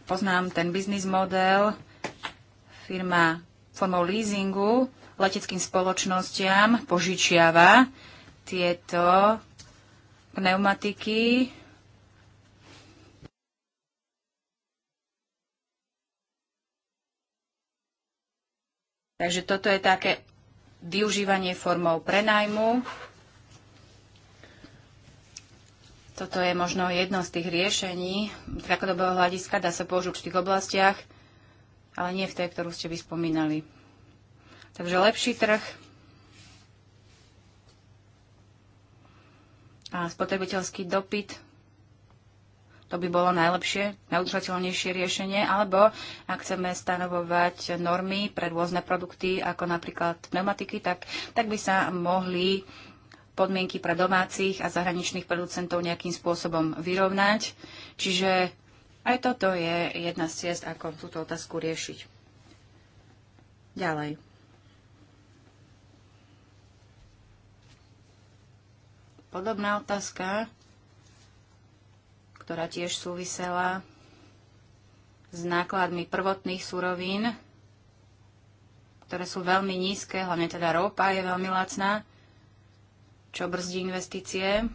poznám ten biznis model. Firma formou leasingu leteckým spoločnostiam požičiava tieto pneumatiky. Takže toto je také využívanie formou prenajmu. Toto je možno jedno z tých riešení. Z krátkodobého hľadiska dá sa použiť v určitých oblastiach, ale nie v tej, ktorú ste vyspomínali. Takže lepší trh a spotrebiteľský dopyt to by bolo najlepšie, najudržateľnejšie riešenie, alebo ak chceme stanovovať normy pre rôzne produkty, ako napríklad pneumatiky, tak, tak by sa mohli podmienky pre domácich a zahraničných producentov nejakým spôsobom vyrovnať. Čiže aj toto je jedna z ciest, ako túto otázku riešiť. Ďalej. Podobná otázka, ktorá tiež súvisela s nákladmi prvotných surovín, ktoré sú veľmi nízke, hlavne teda ropa je veľmi lacná čo brzdí investície.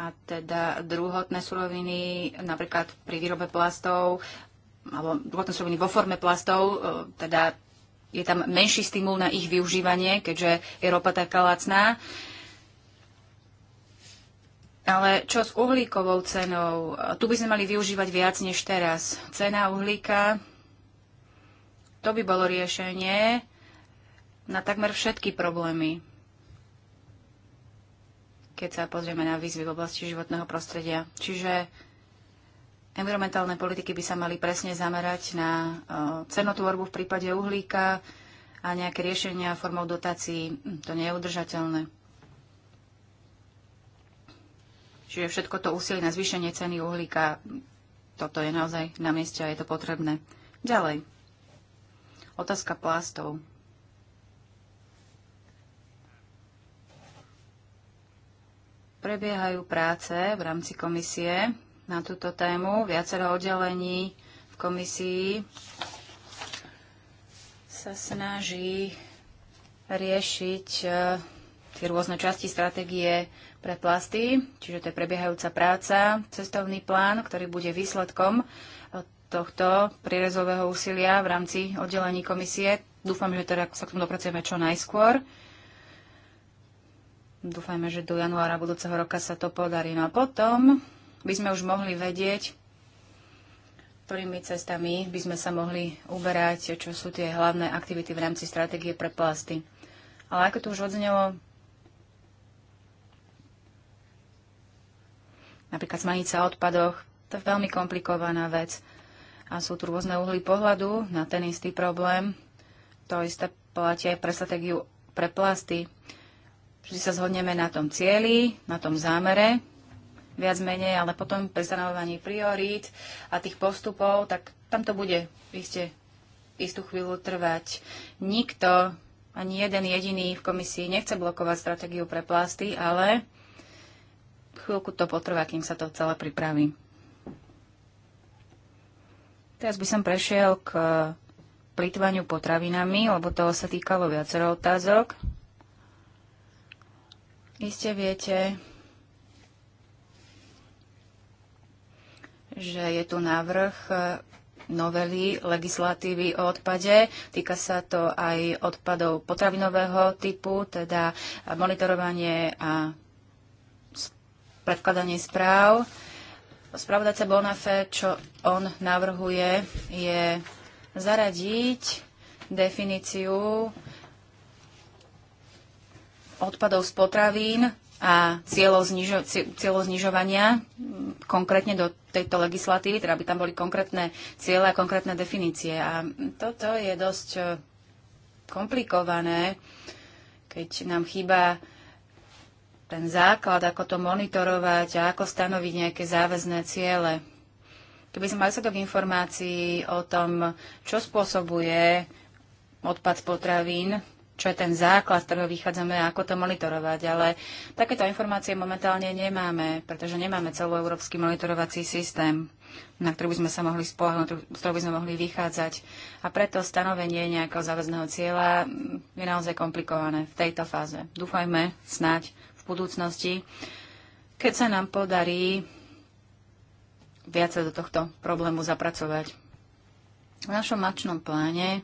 A teda druhotné suroviny, napríklad pri výrobe plastov, alebo druhotné suroviny vo forme plastov, e, teda je tam menší stimul na ich využívanie, keďže je ropa taká lacná. Ale čo s uhlíkovou cenou? Tu by sme mali využívať viac než teraz. Cena uhlíka to by bolo riešenie na takmer všetky problémy, keď sa pozrieme na výzvy v oblasti životného prostredia. Čiže environmentálne politiky by sa mali presne zamerať na e, cenotvorbu v prípade uhlíka a nejaké riešenia formou dotácií. Hm, to nie je udržateľné. Čiže všetko to úsilie na zvýšenie ceny uhlíka, toto je naozaj na mieste a je to potrebné. Ďalej. Otázka plastov. Prebiehajú práce v rámci komisie na túto tému. Viacero oddelení v komisii sa snaží riešiť e, tie rôzne časti stratégie pre plasty, čiže to je prebiehajúca práca, cestovný plán, ktorý bude výsledkom tohto prierezového úsilia v rámci oddelení komisie. Dúfam, že teda sa k tomu dopracujeme čo najskôr. Dúfajme, že do januára budúceho roka sa to podarí. No a potom by sme už mohli vedieť, ktorými cestami by sme sa mohli uberať, čo sú tie hlavné aktivity v rámci stratégie pre plasty. Ale ako to už odznelo, napríklad zmaniť sa o odpadoch, to je veľmi komplikovaná vec a sú tu rôzne uhly pohľadu na ten istý problém. To isté platí aj pre stratégiu pre plasty. Vždy sa zhodneme na tom cieli, na tom zámere, viac menej, ale potom pri stanovovaní priorít a tých postupov, tak tam to bude iste istú chvíľu trvať. Nikto, ani jeden jediný v komisii nechce blokovať stratégiu pre plasty, ale chvíľku to potrvá, kým sa to celé pripraví. Teraz by som prešiel k plýtvaniu potravinami, lebo toho sa týkalo viacero otázok. Iste viete, že je tu návrh novely legislatívy o odpade. Týka sa to aj odpadov potravinového typu, teda monitorovanie a predkladanie správ spravodajca Bonafé, čo on navrhuje, je zaradiť definíciu odpadov z potravín a cieľov, znižo, cieľov znižovania
mm,
konkrétne do tejto legislatívy, teda by tam boli konkrétne cieľe a konkrétne definície. A toto je dosť eh, komplikované, keď nám chýba ten základ, ako to monitorovať a ako stanoviť nejaké záväzné ciele. Keby sme mali sa informácií o tom, čo spôsobuje odpad potravín, čo je ten základ, z ktorého vychádzame a ako to monitorovať. Ale takéto informácie momentálne nemáme, pretože nemáme celoeurópsky monitorovací systém, na ktorý by sme sa mohli spolahnúť, z ktorého by sme mohli vychádzať. A preto stanovenie nejakého záväzného cieľa je naozaj komplikované v tejto fáze. Dúfajme, snáď, budúcnosti, keď sa nám podarí viacej do tohto problému zapracovať. V našom mačnom pláne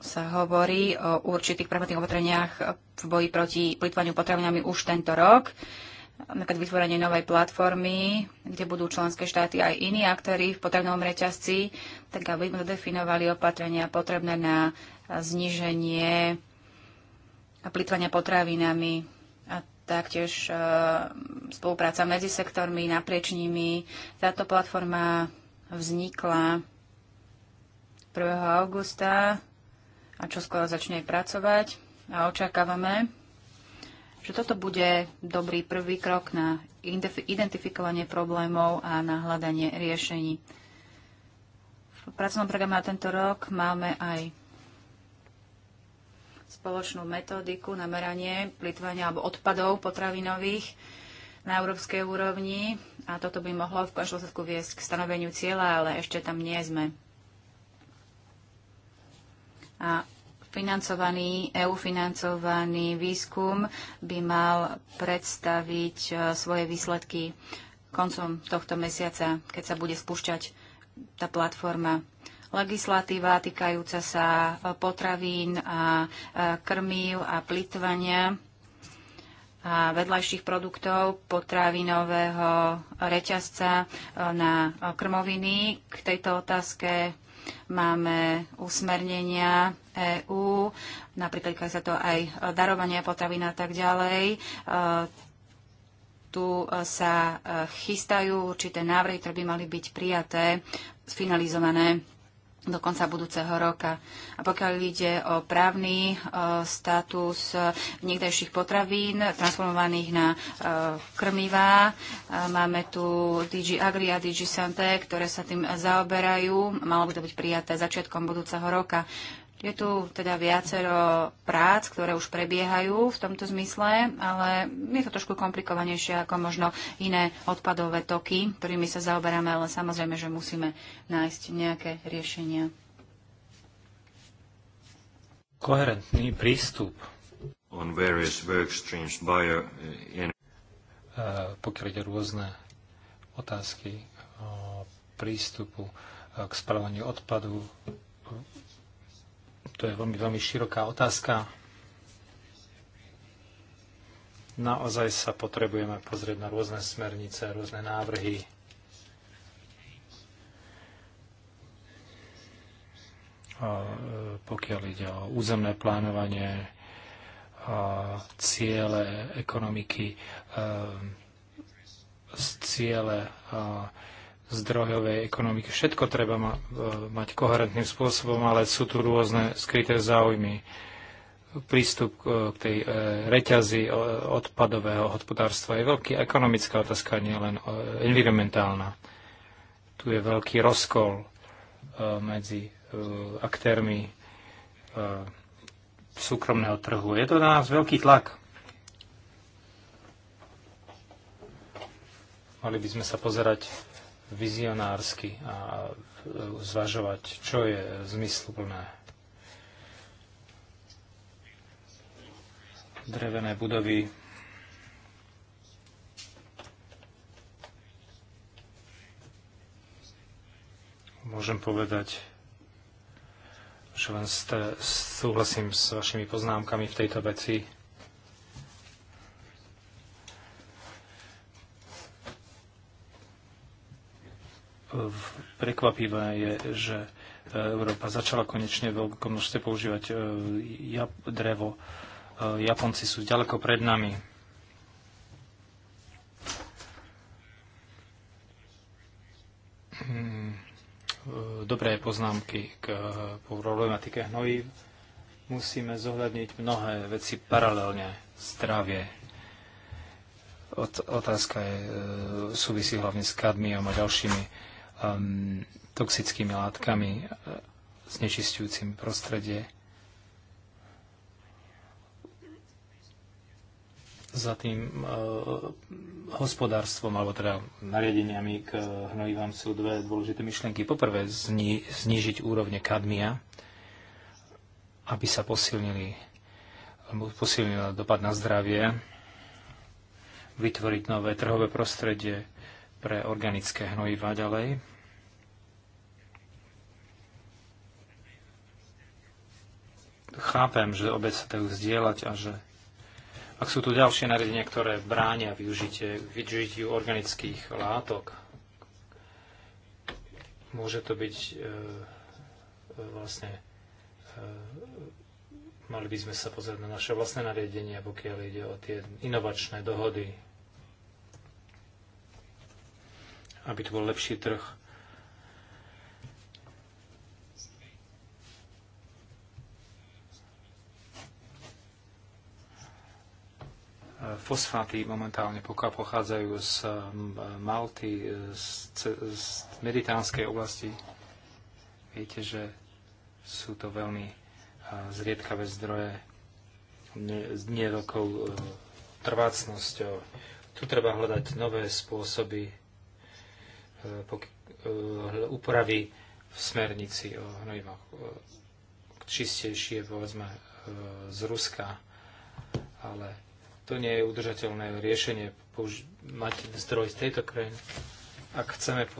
sa hovorí o určitých prvotných opatreniach v boji proti plitvaniu potravinami už tento rok napríklad vytvorenie novej platformy, kde budú členské štáty aj iní aktéry v potrebnom reťazci, tak aby sme definovali opatrenia potrebné na zniženie plýtvania potravinami a taktiež e, spolupráca medzi sektormi, naprieč nimi. Táto platforma vznikla 1. augusta a čo skoro začne pracovať a očakávame, že toto bude dobrý prvý krok na identifikovanie problémov a na hľadanie riešení. V pracovnom programe na tento rok máme aj spoločnú metodiku na meranie plitvania alebo odpadov potravinových na európskej úrovni a toto by mohlo v končnom dôsledku viesť k stanoveniu cieľa, ale ešte tam nie sme. A financovaný, EU financovaný výskum by mal predstaviť e, svoje výsledky koncom tohto mesiaca, keď sa bude spúšťať tá platforma. Legislatíva týkajúca sa e, potravín a e, krmív a plitvania a vedľajších produktov potravinového reťazca na krmoviny. K tejto otázke Máme usmernenia EÚ, napríklad keď sa to aj darovanie potravín a tak ďalej. E, tu e, sa e, chystajú určité návrhy, ktoré by mali byť prijaté, sfinalizované do konca budúceho roka. A pokiaľ ide o právny e, status e, niekdajších potravín transformovaných na e, krmivá, e, máme tu DG Agri a DG Santé, ktoré sa tým zaoberajú. Malo by to byť prijaté začiatkom budúceho roka. Je tu teda viacero prác, ktoré už prebiehajú v tomto zmysle, ale je to trošku komplikovanejšie ako možno iné odpadové toky, ktorými sa zaoberáme, ale samozrejme, že musíme nájsť nejaké riešenia.
Koherentný prístup. On various work streams bio, eh, in... Eh, pokiaľ ide rôzne otázky prístupu eh, k spravovaniu odpadu, to je veľmi, veľmi široká otázka. Naozaj sa potrebujeme pozrieť na rôzne smernice, rôzne návrhy. A e, pokiaľ ide o územné plánovanie, ciele ekonomiky, e, ciele zdrojovej ekonomiky. Všetko treba ma, e, mať koherentným spôsobom, ale sú tu rôzne skryté záujmy. Prístup e, k tej e, reťazi odpadového hospodárstva je veľký ekonomická otázka, nie len environmentálna. Tu je veľký rozkol medzi aktérmi súkromného trhu. Je to na nás veľký tlak. Mali by sme sa pozerať vizionársky a zvažovať, čo je zmysluplné. Drevené budovy môžem povedať, že len súhlasím s vašimi poznámkami v tejto veci. prekvapivé je, že e, Európa začala konečne v veľkom množstve používať e, drevo. E, Japonci sú ďaleko pred nami. Hmm. Dobré poznámky k problematike hnojív. Musíme zohľadniť mnohé veci paralelne. Zdravie. Otázka je, súvisí hlavne s kadmiom a ďalšími um, toxickými látkami, znečistujúcim uh, prostredie. za tým e, hospodárstvom, alebo teda nariadeniami k hnojivám sú dve dôležité myšlienky. Poprvé, zni, znížiť úrovne kadmia, aby sa posilnili, posilnila dopad na zdravie, vytvoriť nové trhové prostredie pre organické hnojiva ďalej, chápem, že obec sa dajú vzdielať a že ak sú tu ďalšie nariadenia, ktoré bránia využitie, využitiu organických látok, môže to byť e, e vlastne e, mali by sme sa pozrieť na naše vlastné nariadenia, pokiaľ ide o tie inovačné dohody, aby to bol lepší trh fosfáty momentálne pochádzajú z Malty, z, z meditánskej oblasti. Viete, že sú to veľmi zriedkavé zdroje s nierokou e, trvácnosťou. Tu treba hľadať nové spôsoby e, e, úpravy v smernici o hnojivách. čistejšie, povedzme, z Ruska, ale to nie je udržateľné riešenie použ- mať zdroj z tejto krajiny. Ak chceme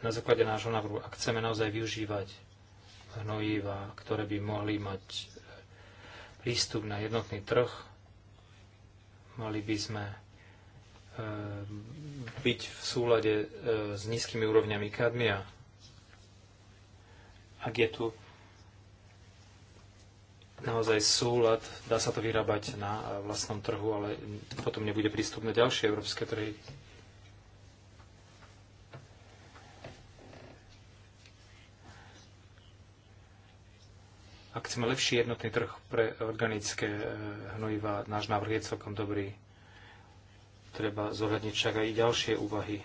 na základe nášho návrhu, ak chceme naozaj využívať hnojiva, ktoré by mohli mať e, prístup na jednotný trh, mali by sme e, byť v súlade e, s nízkymi úrovňami kadmia. Ak je tu naozaj súlad, dá sa to vyrábať na e, vlastnom trhu, ale potom nebude prístupné ďalšie európske trhy. Ak chceme lepší jednotný trh pre organické e, hnojiva, náš návrh je celkom dobrý. Treba zohľadniť však aj ďalšie úvahy.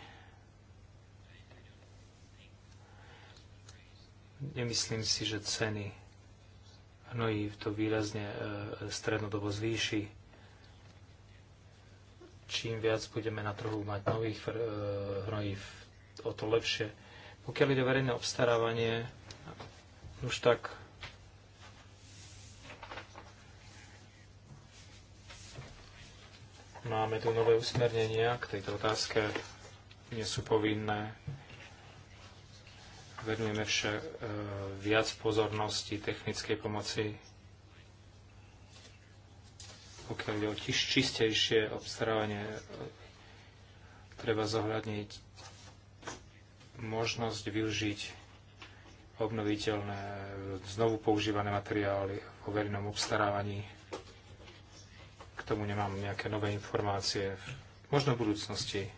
Nemyslím si, že ceny hnojív to výrazne e, strednodobo zvýši. Čím viac budeme na trhu mať nových e, hnojív, o to lepšie. Pokiaľ ide o verejné obstarávanie, už tak máme tu nové usmernenia k tejto otázke. Nie sú povinné Venujeme však e, viac pozornosti technickej pomoci, pokiaľ je o tiež čistejšie obstarávanie, e, treba zohľadniť možnosť využiť obnoviteľné, znovu používané materiály o verejnom obstarávaní. K tomu nemám nejaké nové informácie. Možno v budúcnosti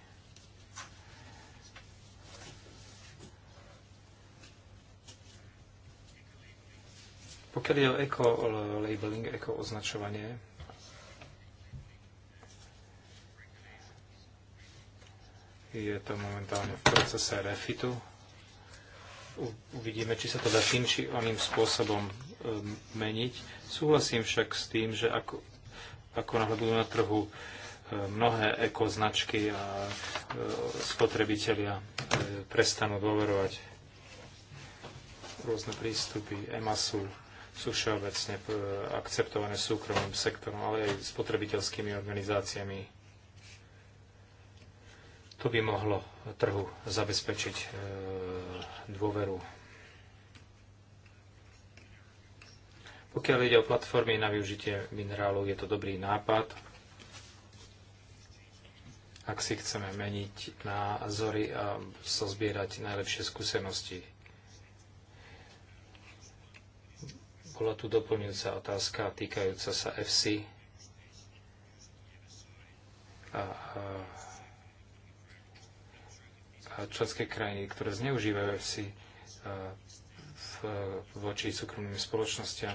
Pokiaľ je o eco-labeling, eco-označovanie, je to momentálne v procese refitu. Uvidíme, či sa to dá tým či oným spôsobom um, meniť. Súhlasím však s tým, že ako, ako náhle budú na trhu um, mnohé ekoznačky a uh, spotrebitelia uh, prestanú dôverovať rôzne prístupy EMASu sú všeobecne e, akceptované súkromným sektorom, ale aj spotrebiteľskými organizáciami. To by mohlo trhu zabezpečiť e, dôveru. Pokiaľ ide o platformy na využitie minerálov, je to dobrý nápad. Ak si chceme meniť názory a zozbierať najlepšie skúsenosti Bola tu doplňujúca otázka týkajúca sa FC a, a, a členské krajiny, ktoré zneužívajú FC voči súkromným spoločnosťam.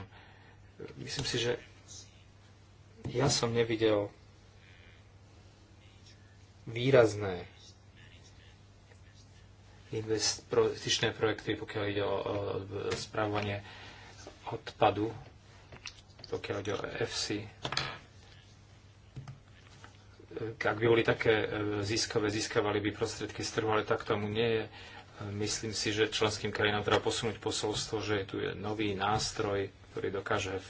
Myslím si, že ja som nevidel výrazné investičné projekty, pokiaľ ide o, o správanie odpadu, pokiaľ ide o FC, ak by boli také e, ziskové, získavali by prostriedky z trhu, ale tak tomu nie je. E, myslím si, že členským krajinám treba posunúť posolstvo, že tu je nový nástroj, ktorý dokáže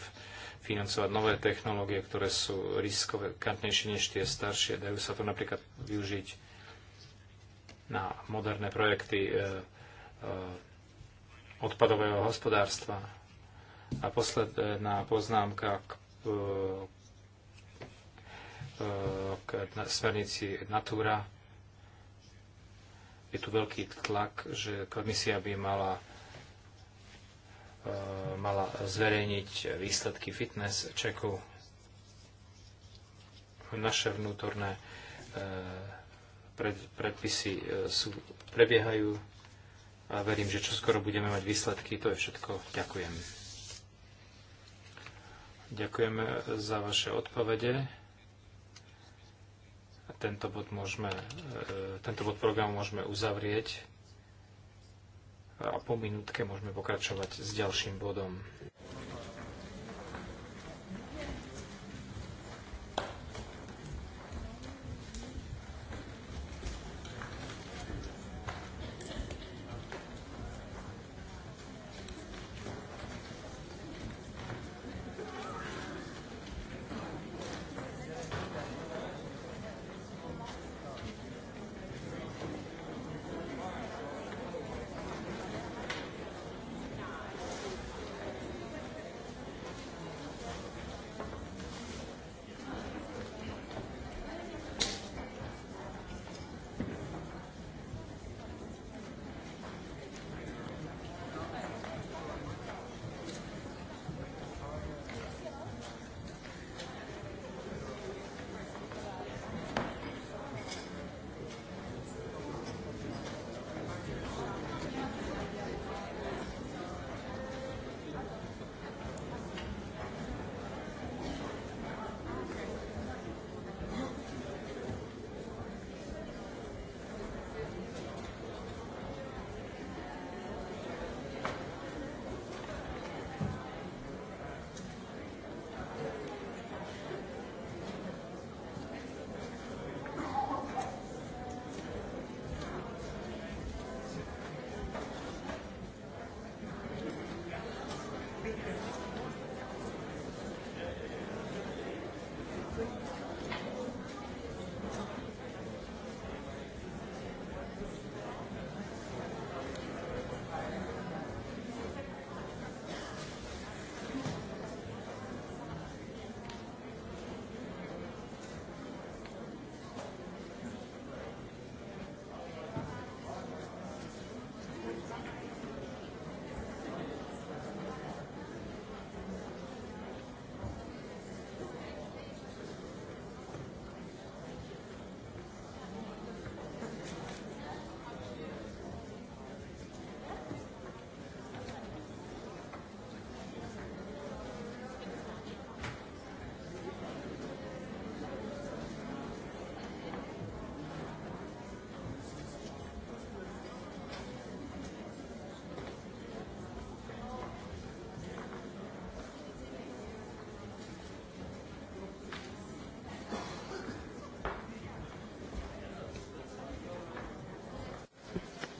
financovať nové technológie, ktoré sú riskové, kantnejšie než tie staršie. Dajú sa to napríklad využiť na moderné projekty e, odpadového hospodárstva, a posledná poznámka k, e, k smernici Natura. Je tu veľký tlak, že komisia by mala e, mala zverejniť výsledky fitness checku. Naše vnútorné e, predpisy sú, prebiehajú a verím, že čoskoro budeme mať výsledky. To je všetko. Ďakujem. Ďakujeme za vaše odpovede. Tento bod, môžeme, e, tento bod programu môžeme uzavrieť a po minútke môžeme pokračovať s ďalším bodom.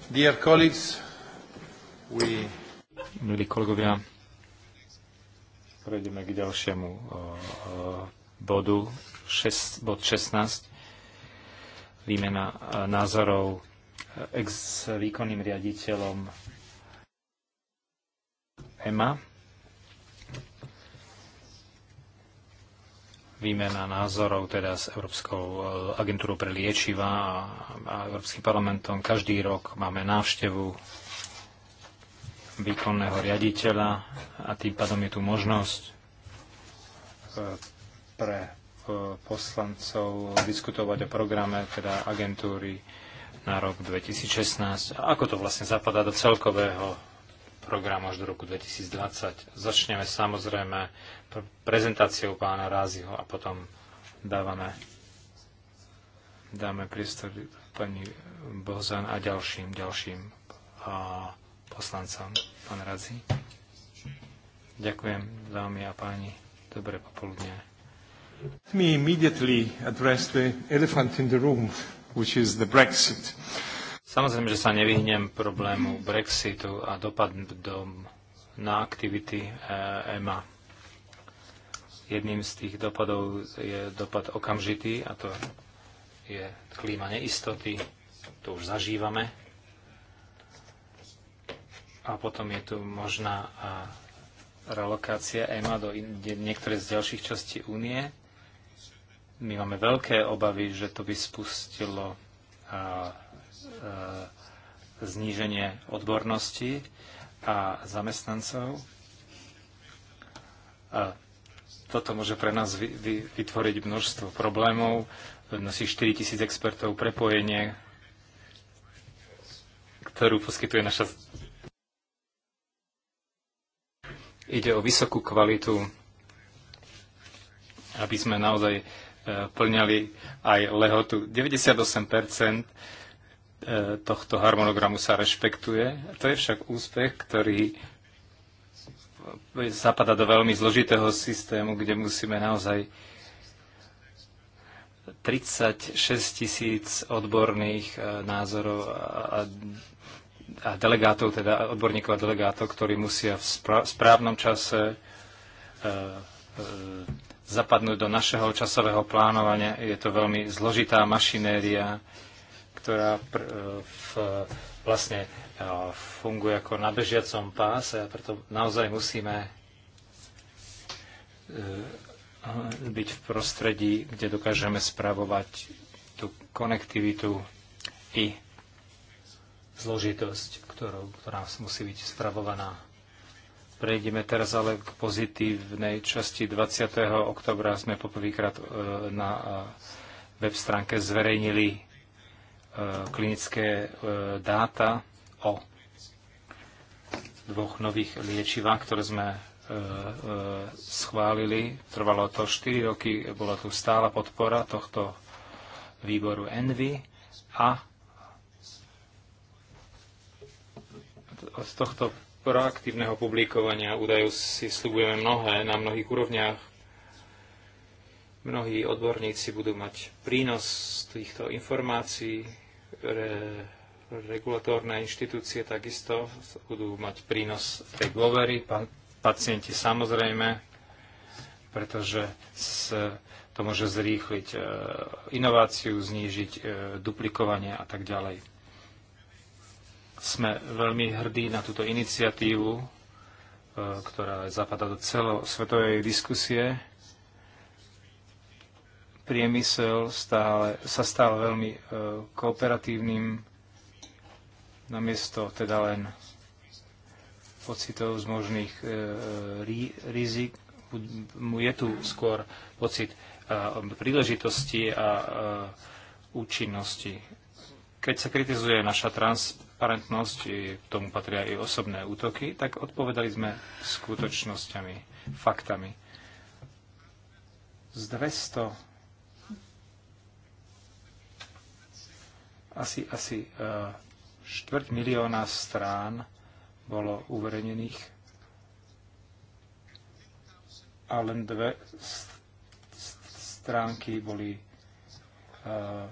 Dear colleagues,
we... Milí kolegovia, prejdeme k ďalšiemu uh, bodu, bod 16, výmena e, názorov e, ex výkonným riaditeľom EMA. výmena názorov teda s Európskou e, agentúrou pre liečiva a a Európskym parlamentom. Každý rok máme návštevu výkonného riaditeľa a tým pádom je tu možnosť e, pre e, poslancov diskutovať o programe teda agentúry na rok 2016 a ako to vlastne zapadá do celkového programu až do roku 2020. Začneme samozrejme prezentáciou pána Ráziho a potom dávame dáme priestor pani Bozan a ďalším, ďalším a poslancom, pán Radzi. Ďakujem, dámy a páni. dobre popoludne. Let me immediately address the elephant
in the room, which is the Brexit.
Samozrejme, že sa nevyhnem problému Brexitu a dopad na aktivity e, EMA. Jedným z tých dopadov je dopad okamžitý, a to je klíma neistoty, to už zažívame. A potom je tu možná relokácia EMA do niektoré z ďalších častí únie. My máme veľké obavy, že to by spustilo a, a, zníženie odbornosti a zamestnancov. A toto môže pre nás vytvoriť množstvo problémov Nosí 4 tisíc expertov, prepojenie, ktorú poskytuje naša... Ide o vysokú kvalitu, aby sme naozaj e, plňali aj lehotu. 98% e, tohto harmonogramu sa rešpektuje. To je však úspech, ktorý zapadá do veľmi zložitého systému, kde musíme naozaj 36 tisíc odborných e, názorov a, a delegátov, teda odborníkov a delegátov, ktorí musia v správnom čase e, e, zapadnúť do našeho časového plánovania. Je to veľmi zložitá mašinéria, ktorá v, vlastne funguje ako na bežiacom páse a preto naozaj musíme byť v prostredí, kde dokážeme spravovať tú konektivitu i zložitosť, ktorou, ktorá musí byť spravovaná. Prejdeme teraz ale k pozitívnej časti. 20. oktobra sme poprvýkrát e, na e, web stránke zverejnili e, klinické dáta o dvoch nových liečivách, ktoré sme E, e, schválili. Trvalo to 4 roky, bola tu stála podpora tohto výboru Envy a z tohto proaktívneho publikovania údajov si slibujeme mnohé na mnohých úrovniach. Mnohí odborníci budú mať prínos z týchto informácií, re, regulatórne inštitúcie takisto budú mať prínos tej dôvery. Pán pacienti samozrejme, pretože to môže zrýchliť e, inováciu, znížiť e, duplikovanie a tak ďalej. Sme veľmi hrdí na túto iniciatívu, e, ktorá zapadá do celosvetovej diskusie. Priemysel stále, sa stal veľmi kooperatívnym, namiesto teda len pocitov, z možných e, e, rí, rizik. Je tu skôr pocit e, príležitosti a účinnosti. Keď sa kritizuje naša transparentnosť, k tomu patria aj osobné útoky, tak odpovedali sme skutočnosťami, faktami. Z 200 asi, asi štvrť milióna strán bolo uverejnených a len dve stránky boli uh,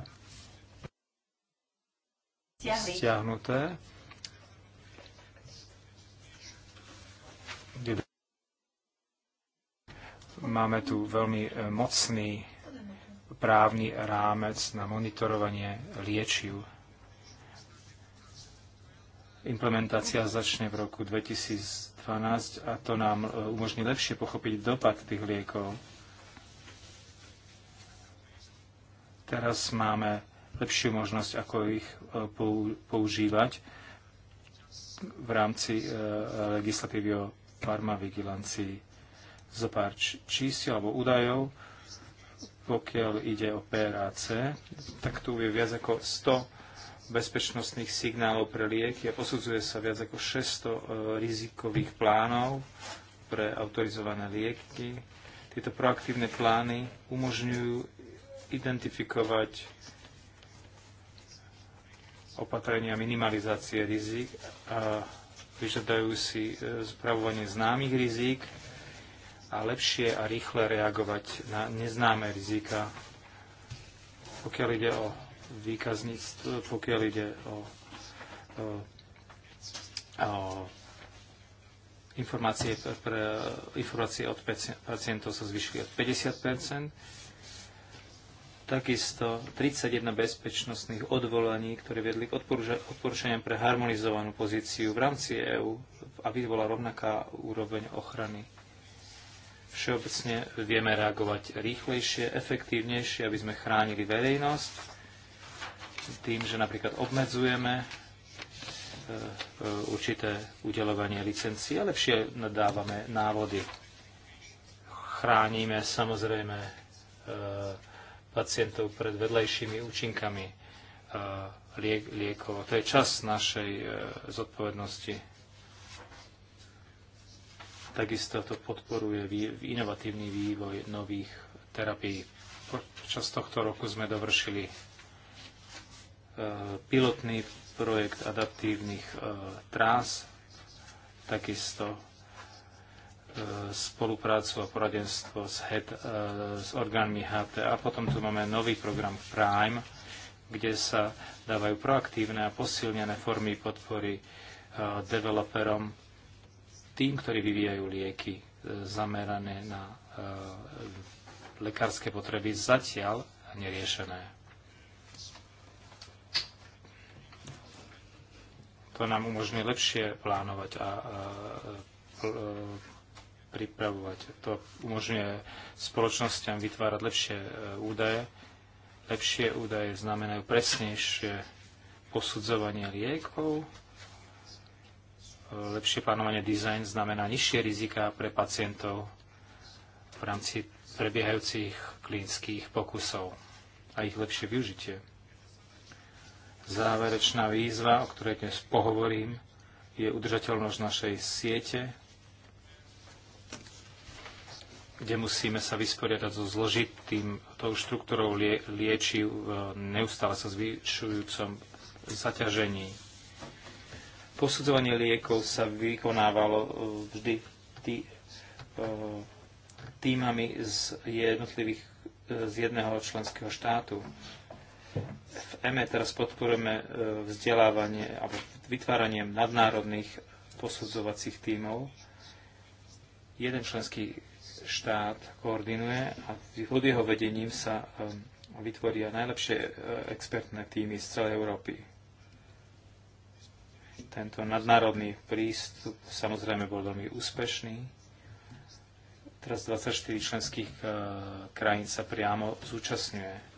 stiahnuté. Máme tu veľmi eh, mocný právny rámec na monitorovanie liečiv Implementácia začne v roku 2012 a to nám e, umožní lepšie pochopiť dopad tých liekov. Teraz máme lepšiu možnosť, ako ich e, používať v rámci e, legislatívy o farmavigilancii. Zo pár čísiel alebo údajov, pokiaľ ide o PRAC, tak tu je viac ako 100 bezpečnostných signálov pre lieky a posudzuje sa viac ako 600 e, rizikových plánov pre autorizované lieky. Tieto proaktívne plány umožňujú identifikovať opatrenia minimalizácie rizik a vyžadajú si spravovanie e, známych rizik a lepšie a rýchle reagovať na neznáme rizika. Pokiaľ ide o výkazníctvo, pokiaľ ide o, o, o informácie, pre, informácie od pacientov sa zvyšili od 50 Takisto 31 bezpečnostných odvolaní, ktoré vedli k odporúčaniam pre harmonizovanú pozíciu v rámci EÚ, aby bola rovnaká úroveň ochrany. Všeobecne vieme reagovať rýchlejšie, efektívnejšie, aby sme chránili verejnosť tým, že napríklad obmedzujeme e, e, určité udelovanie licencií a lepšie dávame návody. Chránime samozrejme e, pacientov pred vedlejšími účinkami liek, liekov. To je čas našej zodpovednosti. Takisto to podporuje inovatívny vývoj nových terapií. Počas tohto roku sme dovršili E, pilotný projekt adaptívnych e, trás, takisto e, spoluprácu a poradenstvo s, head, s orgánmi HT. A potom tu máme nový program Prime, kde sa dávajú proaktívne a posilnené formy podpory developerom, tým, ktorí vyvíjajú lieky zamerané na lekárske potreby zatiaľ neriešené. to nám umožňuje lepšie plánovať a, a, e, pripravovať. To umožňuje spoločnosťam vytvárať lepšie e, údaje. Lepšie údaje znamenajú presnejšie posudzovanie liekov. E, lepšie plánovanie design znamená nižšie rizika pre pacientov v rámci prebiehajúcich klinických pokusov a ich lepšie využitie. Záverečná výzva, o ktorej dnes pohovorím, je udržateľnosť našej siete, kde musíme sa vysporiadať so zložitým tou štruktúrou lie, v e, neustále sa zvyšujúcom zaťažení. Posudzovanie liekov sa vykonávalo e, vždy tý, e, týmami z jednotlivých z jedného členského štátu. V EME teraz podporujeme e, vzdelávanie alebo vytváranie nadnárodných posudzovacích tímov. Jeden členský štát koordinuje a pod jeho vedením sa e, vytvoria najlepšie e, expertné týmy z celej Európy. Tento nadnárodný prístup samozrejme bol veľmi úspešný. Teraz 24 členských krajín sa priamo zúčastňuje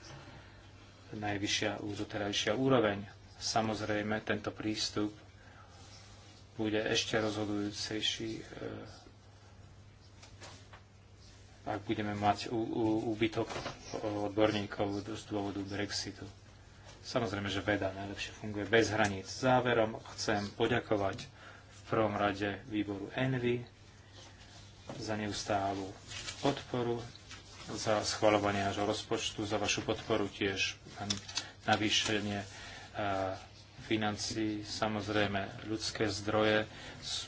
najvyššia doterajšia úroveň. Samozrejme, tento prístup bude ešte rozhodujúcejší, e, ak budeme mať úbytok odborníkov z dôvodu Brexitu. Samozrejme, že veda najlepšie funguje bez hraníc. Záverom chcem poďakovať v prvom rade výboru Envy za neustálu podporu, za schvalovanie nášho rozpočtu, za vašu podporu tiež navýšenie e, financí. Samozrejme, ľudské zdroje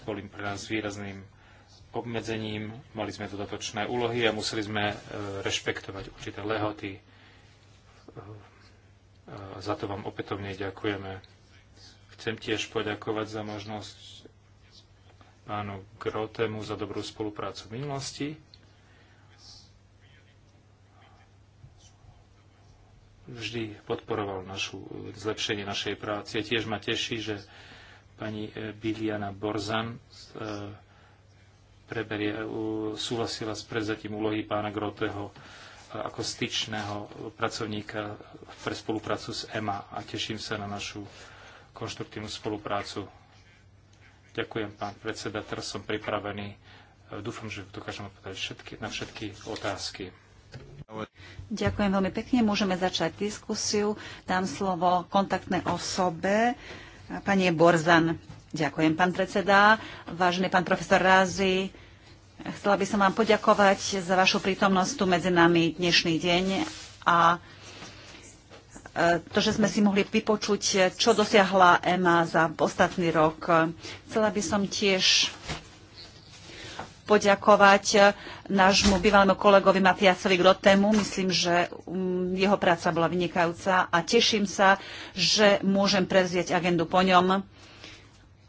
boli pre nás výrazným obmedzením, mali sme dodatočné úlohy a museli sme e, rešpektovať určité lehoty. E, za to vám opätovne ďakujeme. Chcem tiež poďakovať za možnosť pánu Grotemu za dobrú spoluprácu v minulosti vždy podporoval našu, zlepšenie našej práce. Tiež ma teší, že pani e, Biliana Borzan e, preberie, e, súhlasila s prevzatím úlohy pána Groteho ako styčného pracovníka pre spoluprácu s EMA a teším sa na našu konštruktívnu spoluprácu. Ďakujem, pán predseda, teraz som pripravený. Dúfam, že dokážem odpovedať všetky, na všetky otázky.
Ďakujem veľmi pekne. Môžeme začať diskusiu. Dám slovo kontaktnej osobe, pani Borzan. Ďakujem, pán predseda. Vážený pán profesor Rázy, chcela by som vám poďakovať za vašu prítomnosť tu medzi nami dnešný deň a e, to, že sme si mohli vypočuť, čo dosiahla EMA za ostatný rok. Chcela by som tiež poďakovať e, nášmu bývalému kolegovi Matiasovi Grotemu. Myslím, že mm, jeho práca bola vynikajúca a teším sa, že môžem prevzieť agendu po ňom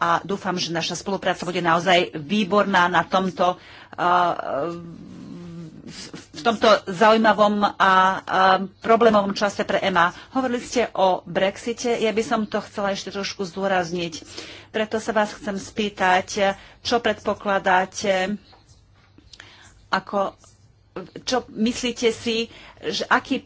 a dúfam, že naša spolupráca bude naozaj výborná na tomto e, v tomto zaujímavom a problémovom čase pre EMA. Hovorili ste o Brexite, ja by som to chcela ešte trošku zdôrazniť. Preto sa vás chcem spýtať, čo predpokladáte, ako, čo myslíte si, že aký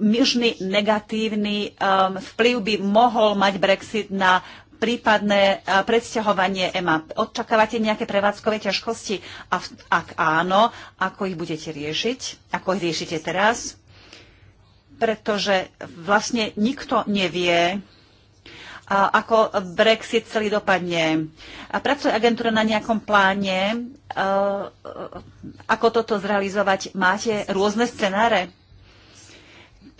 možný negatívny um, vplyv by mohol mať Brexit na prípadné eh, predsťahovanie EMA. Odčakávate nejaké prevádzkové ťažkosti? A ak áno, ako ich budete riešiť? Ako ich riešite teraz? Pretože vlastne nikto nevie, ako Brexit celý dopadne. A pracuje agentúra na nejakom pláne, eh, eh, ako toto zrealizovať? Máte rôzne scenáre?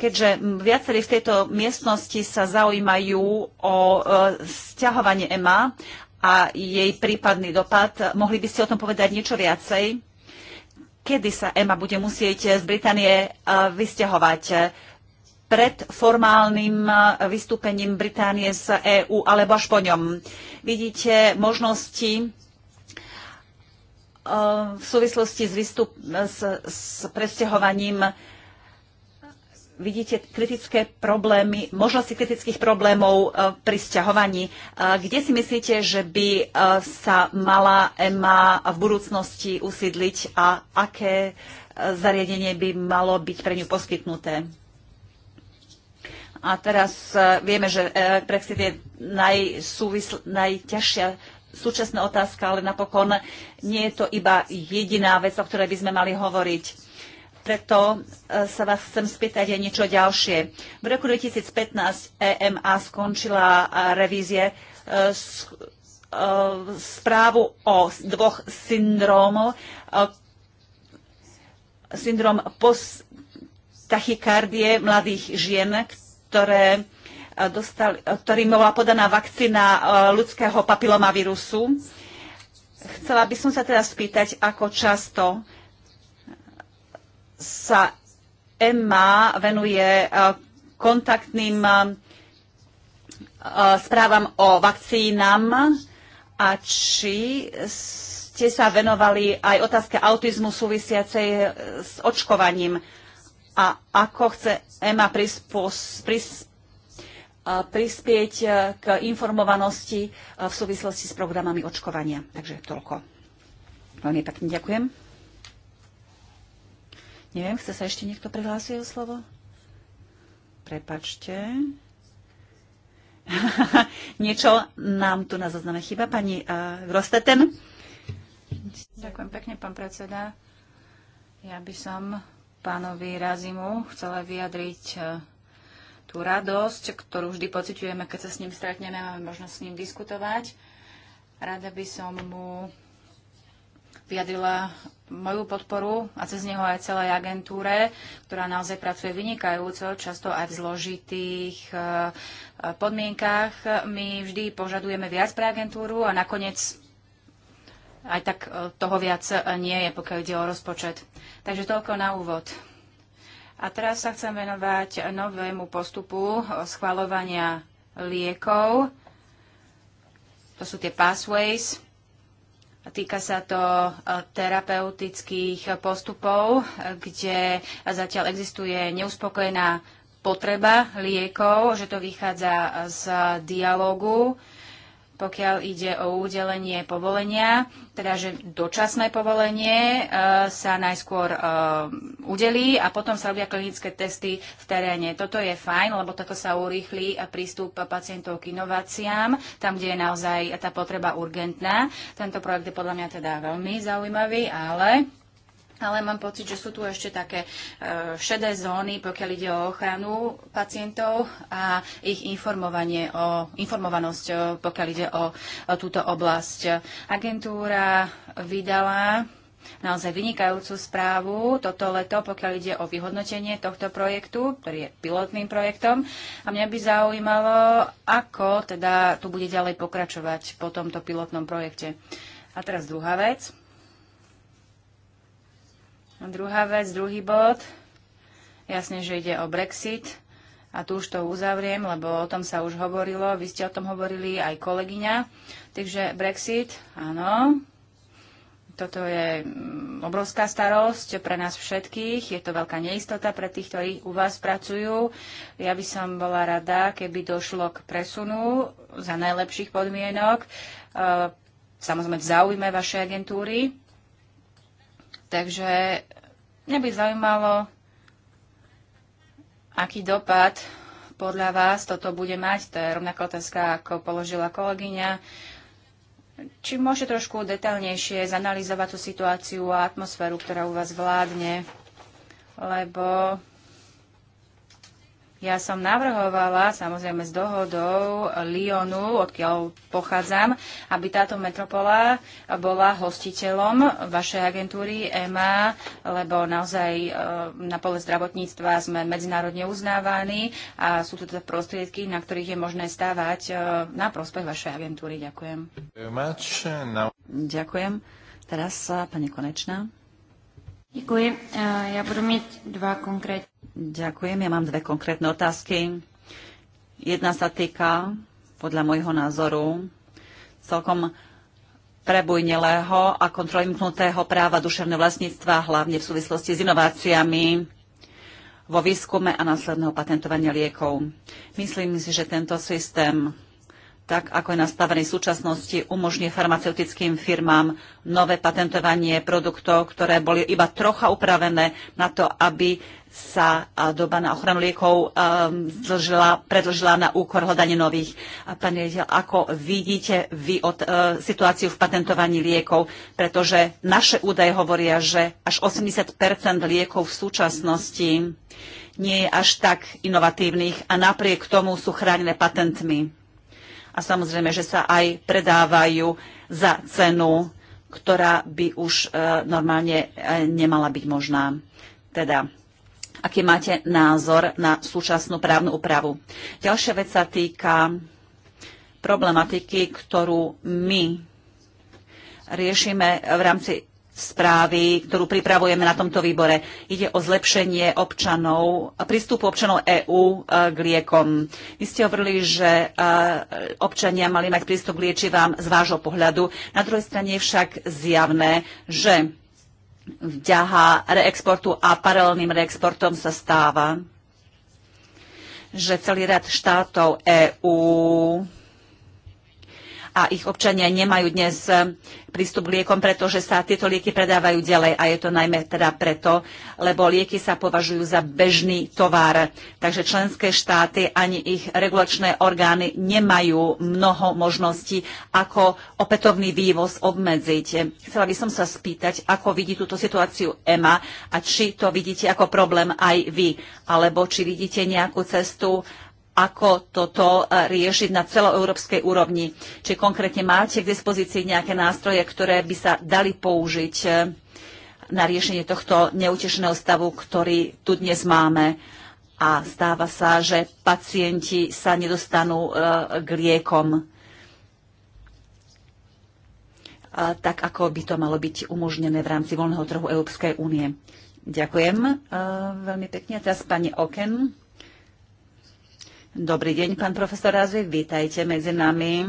keďže viacerí v tejto miestnosti sa zaujímajú o e, sťahovanie EMA a jej prípadný dopad, mohli by ste o tom povedať niečo viacej? Kedy sa EMA bude musieť z Británie e, vysťahovať? pred formálnym e, vystúpením Británie z EÚ alebo až po ňom. Vidíte možnosti v súvislosti s, vystup- s, s presťahovaním vidíte kritické problémy, možnosti kritických problémov e, pri sťahovaní. E, kde si myslíte, že by e, sa mala EMA v budúcnosti usídliť a aké zariadenie by malo byť pre ňu poskytnuté? A teraz vieme, že Brexit je najsúvisl- najťažšia súčasná otázka, ale napokon nie je to iba jediná vec, o ktorej by sme mali hovoriť preto e, sa vás chcem spýtať aj niečo ďalšie. V roku 2015 EMA skončila e, revízie e, správu o dvoch syndrómoch. Syndrom post tachykardie mladých žien, ktoré dostali, ktorým bola podaná vakcína ľudského papilomavírusu. Chcela by som sa teda spýtať, ako často sa EMA venuje eh, kontaktným eh, správam o vakcínam a či ste sa venovali aj otázke autizmu súvisiacej eh, s očkovaním a ako chce EMA prispieť k informovanosti v súvislosti s programami očkovania. Takže toľko. Veľmi pekne ďakujem. Neviem, chce sa ešte niekto prihlásiť o slovo? Prepačte. <laughs> Niečo nám tu na zozname chyba. Pani uh, Grosteten.
Ďakujem pekne, pán predseda. Ja by som pánovi Razimu chcela vyjadriť eh, tú radosť, ktorú vždy pociťujeme, keď sa s ním stretneme a máme možnosť s ním diskutovať. Rada by som mu vyjadrila moju podporu a cez neho aj celej agentúre, ktorá naozaj pracuje vynikajúco, často aj v zložitých e, e, podmienkách. My vždy požadujeme viac pre agentúru a nakoniec aj tak e, toho viac nie je, pokiaľ ide o rozpočet. Takže toľko na úvod. A teraz sa chcem venovať novému postupu schvalovania liekov. To sú tie pathways Týka sa to e, terapeutických postupov, kde zatiaľ existuje neuspokojená potreba liekov, že to vychádza z dialogu pokiaľ ide o udelenie povolenia, teda že dočasné povolenie e, sa najskôr e, udelí a potom sa robia klinické testy v teréne. Toto je fajn, lebo toto sa urýchli e, prístup pacientov k inováciám, tam, kde je naozaj tá potreba urgentná. Tento projekt je podľa mňa teda veľmi zaujímavý, ale ale mám pocit, že sú tu ešte také e, šedé zóny, pokiaľ ide o ochranu pacientov a ich informovanie o, informovanosť, e, pokiaľ ide o, o túto oblasť. Agentúra vydala naozaj vynikajúcu správu toto leto, pokiaľ ide o vyhodnotenie tohto projektu, ktorý je pilotným projektom. A mňa by zaujímalo, ako teda tu bude ďalej pokračovať po tomto pilotnom projekte. A teraz druhá vec. Druhá vec, druhý bod. Jasne, že ide o Brexit. A tu už to uzavriem, lebo o tom sa už hovorilo, vy ste o tom hovorili, aj kolegyňa. Takže Brexit, áno, toto je mm, obrovská starosť pre nás všetkých, je to veľká neistota pre tých, ktorí u vás pracujú. Ja by som bola rada, keby došlo k presunu za najlepších podmienok, e, samozrejme v záujme vašej agentúry. Takže mňa by zaujímalo, aký dopad podľa vás toto bude mať. To je rovnaká otázka, ako položila kolegyňa. Či môže trošku detaľnejšie zanalizovať tú situáciu a atmosféru, ktorá u vás vládne, lebo ja som navrhovala, samozrejme s dohodou Lyonu, odkiaľ pochádzam, aby táto metropola bola hostiteľom vašej agentúry EMA, lebo naozaj e, na pole zdravotníctva sme medzinárodne uznávaní a sú tu teda prostriedky, na ktorých je možné stávať e, na prospech vašej agentúry. Ďakujem.
Ďakujem. Teraz e, pani Konečná.
Děkuji. Já budu mít
dva konkrétní. Ďakujem. Ja mám dve konkrétne otázky. Jedna sa týka, podľa môjho názoru, celkom prebujnelého a kontrolimknutého práva duševného vlastníctva, hlavne v súvislosti s inováciami vo výskume a následného patentovania liekov. Myslím si, že tento systém tak ako je nastavený v súčasnosti, umožňuje farmaceutickým firmám nové patentovanie produktov, ktoré boli iba trocha upravené na to, aby sa doba na ochranu liekov zdlžila, predlžila na úkor hľadania nových. A pán riaditeľ, ako vidíte vy od, e, situáciu v patentovaní liekov? Pretože naše údaje hovoria, že až 80 liekov v súčasnosti nie je až tak inovatívnych a napriek tomu sú chránené patentmi a samozrejme, že sa aj predávajú za cenu, ktorá by už e, normálne e, nemala byť možná. Teda, aký máte názor na súčasnú právnu úpravu? Ďalšia vec sa týka problematiky, ktorú my riešime v rámci správy, ktorú pripravujeme na tomto výbore. Ide o zlepšenie občanov, prístupu občanov EÚ e, k liekom. Vy ste hovorili, že e, občania mali mať prístup k liečivám z vášho pohľadu. Na druhej strane je však zjavné, že vďaha reexportu a paralelným reexportom sa stáva, že celý rad štátov EÚ a ich občania nemajú dnes e, prístup k liekom, pretože sa tieto lieky predávajú ďalej a je to najmä teda preto, lebo lieky sa považujú za bežný tovar. Takže členské štáty ani ich regulačné orgány nemajú mnoho možností, ako opätovný vývoz obmedziť. Chcela by som sa spýtať, ako vidí túto situáciu EMA a či to vidíte ako problém aj vy, alebo či vidíte nejakú cestu, ako toto e, riešiť na celoeurópskej úrovni. Či konkrétne máte k dispozícii nejaké nástroje, ktoré by sa dali použiť e, na riešenie tohto neutešeného stavu, ktorý tu dnes máme. A stáva sa, že pacienti sa nedostanú e, k liekom tak ako by to malo byť umožnené v rámci voľného trhu Európskej únie. Ďakujem veľmi pekne. Teraz pani Oken. Dobrý deň, pán profesor Razvi, vítajte medzi nami. E,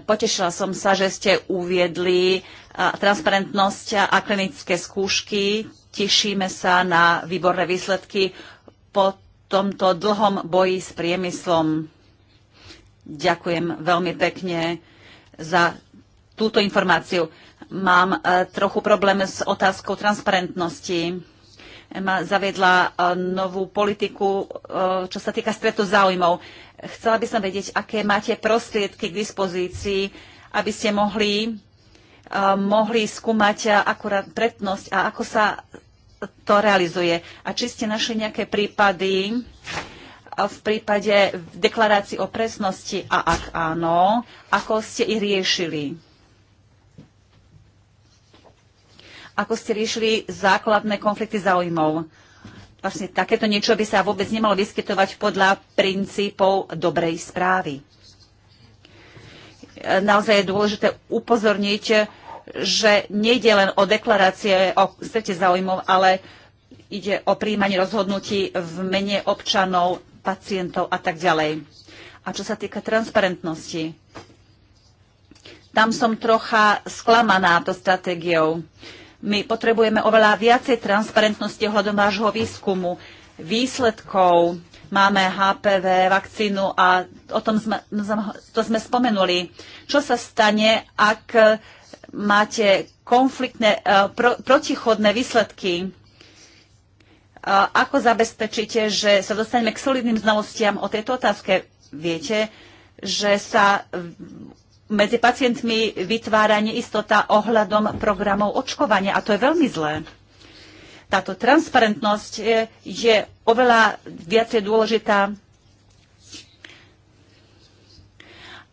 potešila som sa, že ste uviedli e, transparentnosť a klinické skúšky. Tešíme sa na výborné výsledky po tomto dlhom boji s priemyslom. Ďakujem veľmi pekne za túto informáciu. Mám e, trochu problém s otázkou transparentnosti zaviedla e, novú politiku, e, čo sa týka stretu záujmov. Chcela by som vedieť, aké máte prostriedky k dispozícii, aby ste mohli, e, mohli skúmať akurát pretnosť a ako sa to realizuje. A či ste našli nejaké prípady v prípade deklarácií o presnosti a ak áno, ako ste ich riešili? ako ste riešili základné konflikty záujmov. Vlastne takéto niečo by sa vôbec nemalo vyskytovať podľa princípov dobrej správy. Naozaj je dôležité upozorniť, že nejde len o deklarácie o strete záujmov, ale ide o príjmanie rozhodnutí v mene občanov, pacientov a tak ďalej. A čo sa týka transparentnosti, tam som trocha sklamaná to stratégiou. Uh, my potrebujeme oveľa viacej transparentnosti ohľadom vášho výskumu, výsledkov. Máme HPV, vakcínu a o tom sme, to sme spomenuli. Čo sa stane, ak e, máte konfliktné, e, pro, protichodné výsledky? E, ako zabezpečíte, že sa dostaneme k solidným znalostiam o tejto otázke? Viete, že sa medzi pacientmi vytvára neistota ohľadom programov očkovania a to je veľmi zlé. Táto transparentnosť je, je oveľa viacej dôležitá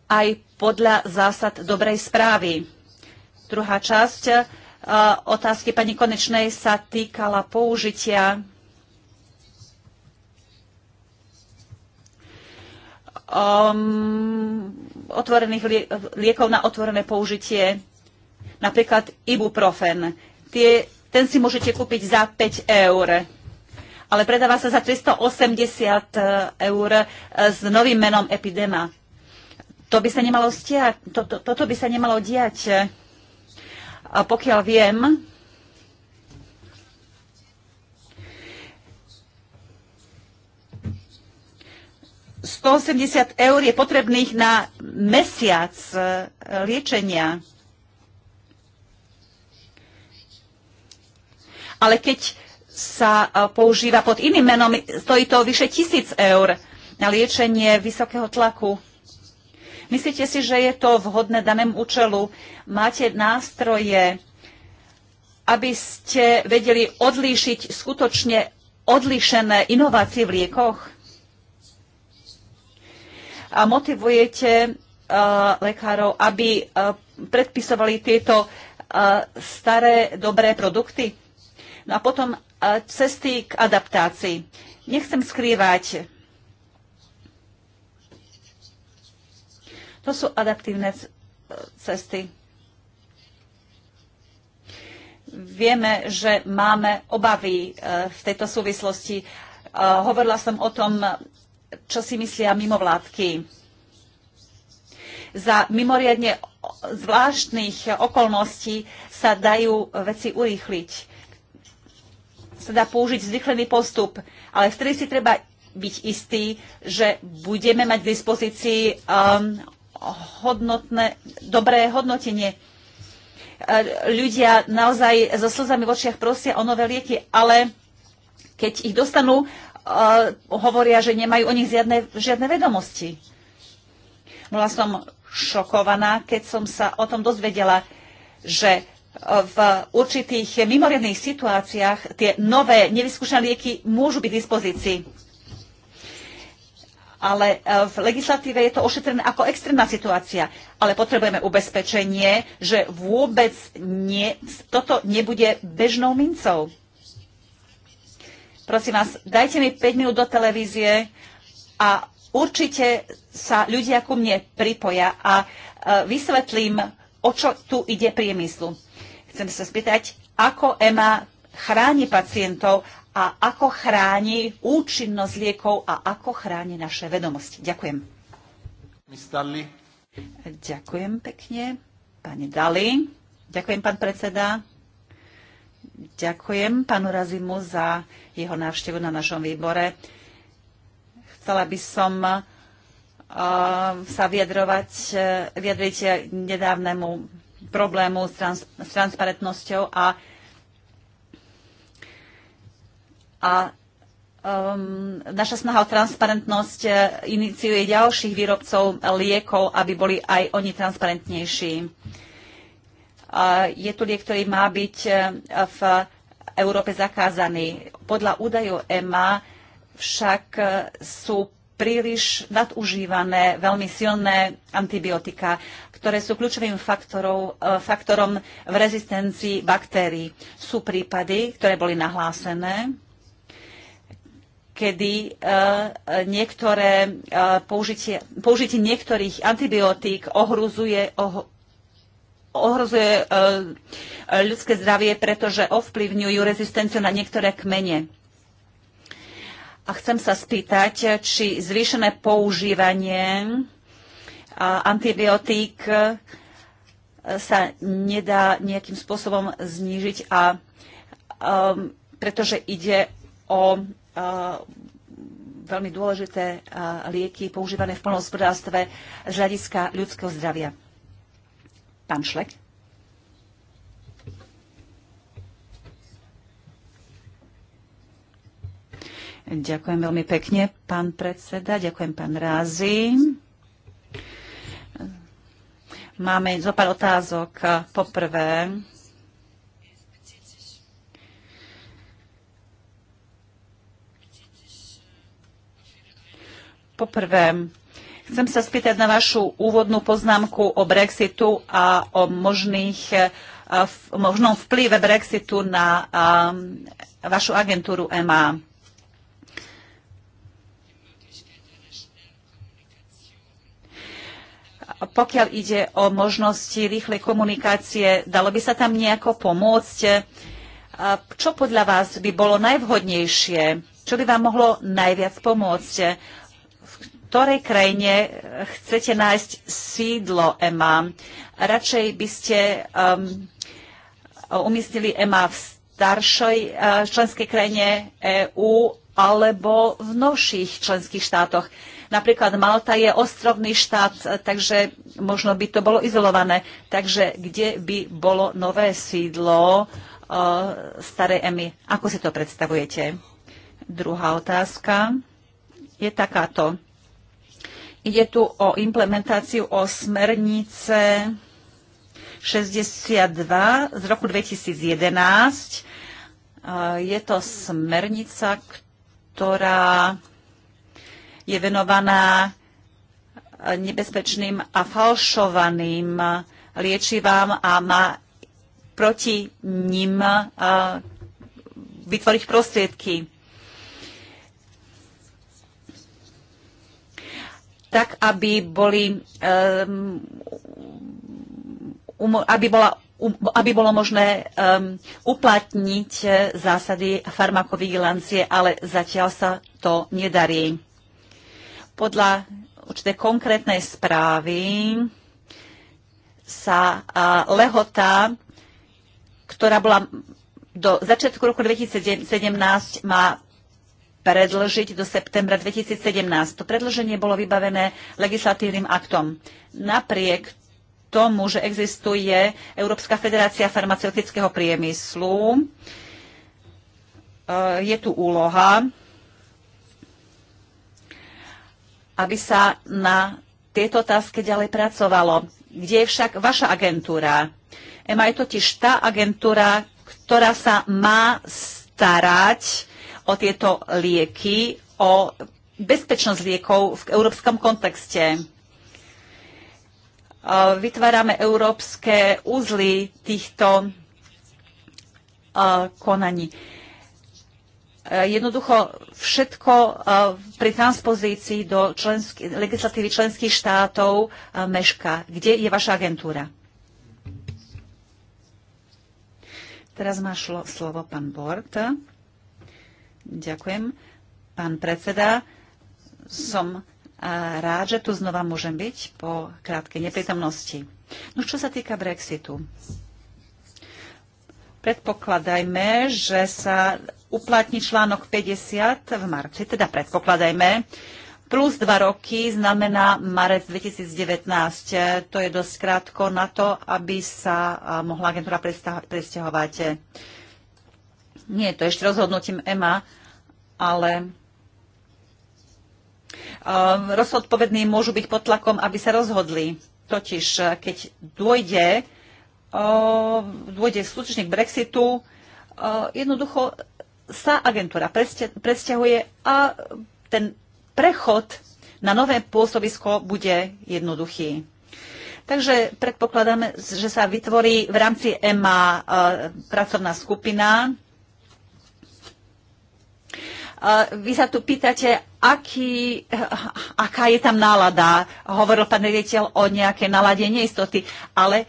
aj podľa zásad dobrej správy. Druhá časť e, otázky pani Konečnej sa týkala použitia um, otvorených liekov na otvorené použitie, napríklad ibuprofen. Tie, ten si môžete kúpiť za 5 eur, ale predáva sa za 380 e, eur e, s novým menom Epidema. To by sa nemalo stiať, to, to, toto by sa nemalo diať. A pokiaľ viem, 180 eur je potrebných na mesiac e, liečenia. Ale keď sa e, používa pod iným menom, stojí to vyše tisíc eur na liečenie vysokého tlaku. Myslíte si, že je to vhodné danému účelu? Máte nástroje, aby ste vedeli odlíšiť skutočne odlíšené inovácie v liekoch? a motivujete e, lekárov, aby e, predpisovali tieto e, staré, dobré produkty. No a potom cesty k adaptácii. Nechcem skrývať, to sú adaptívne cesty. Vieme, že máme obavy v tejto súvislosti. Hovorila som o tom čo si myslia mimovládky. Za mimoriadne zvláštnych okolností sa dajú veci urýchliť. Sa dá použiť zrychlený postup, ale vtedy si treba byť istý, že budeme mať v dispozícii um, hodnotné, dobré hodnotenie. Ľudia naozaj so slzami v očiach prosia o nové lieky, ale keď ich dostanú, Uh, hovoria, že nemajú o nich žiadne, žiadne vedomosti. Bola som šokovaná, keď som sa o tom dozvedela, že uh, v určitých mimoriadných situáciách tie nové nevyskúšané lieky môžu byť v dispozícii. Ale uh, v legislatíve je to ošetrené ako extrémna situácia. Ale potrebujeme ubezpečenie, že vôbec nie, toto nebude bežnou mincou. Prosím vás, dajte mi 5 minút do televízie a určite sa ľudia ku mne pripoja a e, vysvetlím, o čo tu ide priemyslu. Chcem sa spýtať, ako EMA chráni pacientov a ako chráni účinnosť liekov a ako chráni naše vedomosti. Ďakujem. Ďakujem pekne, pani Dali. Ďakujem, pán predseda. Ďakujem pánu Razimu za jeho návštevu na našom výbore. Chcela by som uh, sa vyjadrovať, uh, vyjadriť nedávnemu problému s, trans, s transparentnosťou a, a um, naša snaha o transparentnosť uh, iniciuje ďalších výrobcov liekov, aby boli aj oni transparentnejší je tu liek, ktorý má byť e, v Európe zakázaný. Podľa údajov EMA však e, sú príliš nadužívané veľmi silné antibiotika, ktoré sú kľúčovým faktorom, e, faktorom v rezistencii baktérií. Sú prípady, ktoré boli nahlásené, kedy niektoré použitie, použitie niektorých antibiotík ohrozuje, ohrozuje e, ľudské zdravie, pretože ovplyvňujú rezistenciu na niektoré kmene. A chcem sa spýtať, či zvýšené používanie antibiotík e, sa nedá nejakým spôsobom znížiť a um, pretože ide o uh, veľmi dôležité uh, lieky používané v plnohospodárstve z hľadiska ľudského zdravia. Pán Šlek. Ďakujem veľmi pekne, pán predseda. Ďakujem, pán Rázy. Máme zo pár otázok. Poprvé, Poprvé, Chcem sa spýtať na vašu úvodnú poznámku o Brexitu a o možných, e, možnom vplyve Brexitu na vašu agentúru EMA. Pokiaľ ide o možnosti rýchlej komunikácie, dalo by sa tam nejako pomôcť? E, čo podľa vás by bolo najvhodnejšie? Čo by vám mohlo najviac pomôcť? ktorej krajine chcete nájsť sídlo EMA. Radšej by ste um, umiestnili EMA v staršej uh, členskej krajine EÚ alebo v novších členských štátoch. Napríklad Malta je ostrovný štát, takže možno by to bolo izolované. Takže kde by bolo nové sídlo uh, starej EMI? Ako si to predstavujete? Druhá otázka je takáto. Ide tu o implementáciu o smernice 62 z roku 2011. E, je to smernica, ktorá je venovaná nebezpečným a falšovaným liečivám a má proti ním e, vytvoriť prostriedky. tak aby, boli, um, aby, bola, aby bolo možné um, uplatniť e, zásady farmakovigilancie, ale zatiaľ sa to nedarí. Podľa určitej konkrétnej správy sa uh, lehota, ktorá bola do začiatku roku 2017, má predlžiť do septembra 2017. To predlženie bolo vybavené legislatívnym aktom. Napriek tomu, že existuje Európska federácia farmaceutického priemyslu, eh, je tu úloha, aby sa na tieto otázky ďalej pracovalo. Kde je však vaša agentúra? EMA je totiž tá agentúra, ktorá sa má starať o tieto lieky, o bezpečnosť liekov v európskom kontexte. Vytvárame európske úzly týchto konaní. E, jednoducho všetko e, pri transpozícii do členský, legislatívy členských štátov e, meška. Kde je vaša agentúra? Teraz má šlo, slovo pán Bort. Ďakujem, pán predseda. Som rád, že tu znova môžem byť po krátkej neprítomnosti. No čo sa týka Brexitu. Predpokladajme, že sa uplatní článok 50 v marci, teda predpokladajme, plus dva roky znamená marec 2019. To je dosť krátko na to, aby sa mohla agentúra presťahovať nie je to ešte rozhodnutím EMA, ale um, rozhodpovední môžu byť pod tlakom, aby sa rozhodli. Totiž, eh, keď dôjde, dôjde skutočne k Brexitu, jednoducho sa agentúra presťahuje a ten prechod na nové pôsobisko bude jednoduchý. Takže predpokladáme, že sa vytvorí v rámci EMA eh, pracovná skupina, Eh, vy sa tu pýtate, aký, eh, aká je tam nálada. Hovoril pán riaditeľ o nejaké nálade neistoty, ale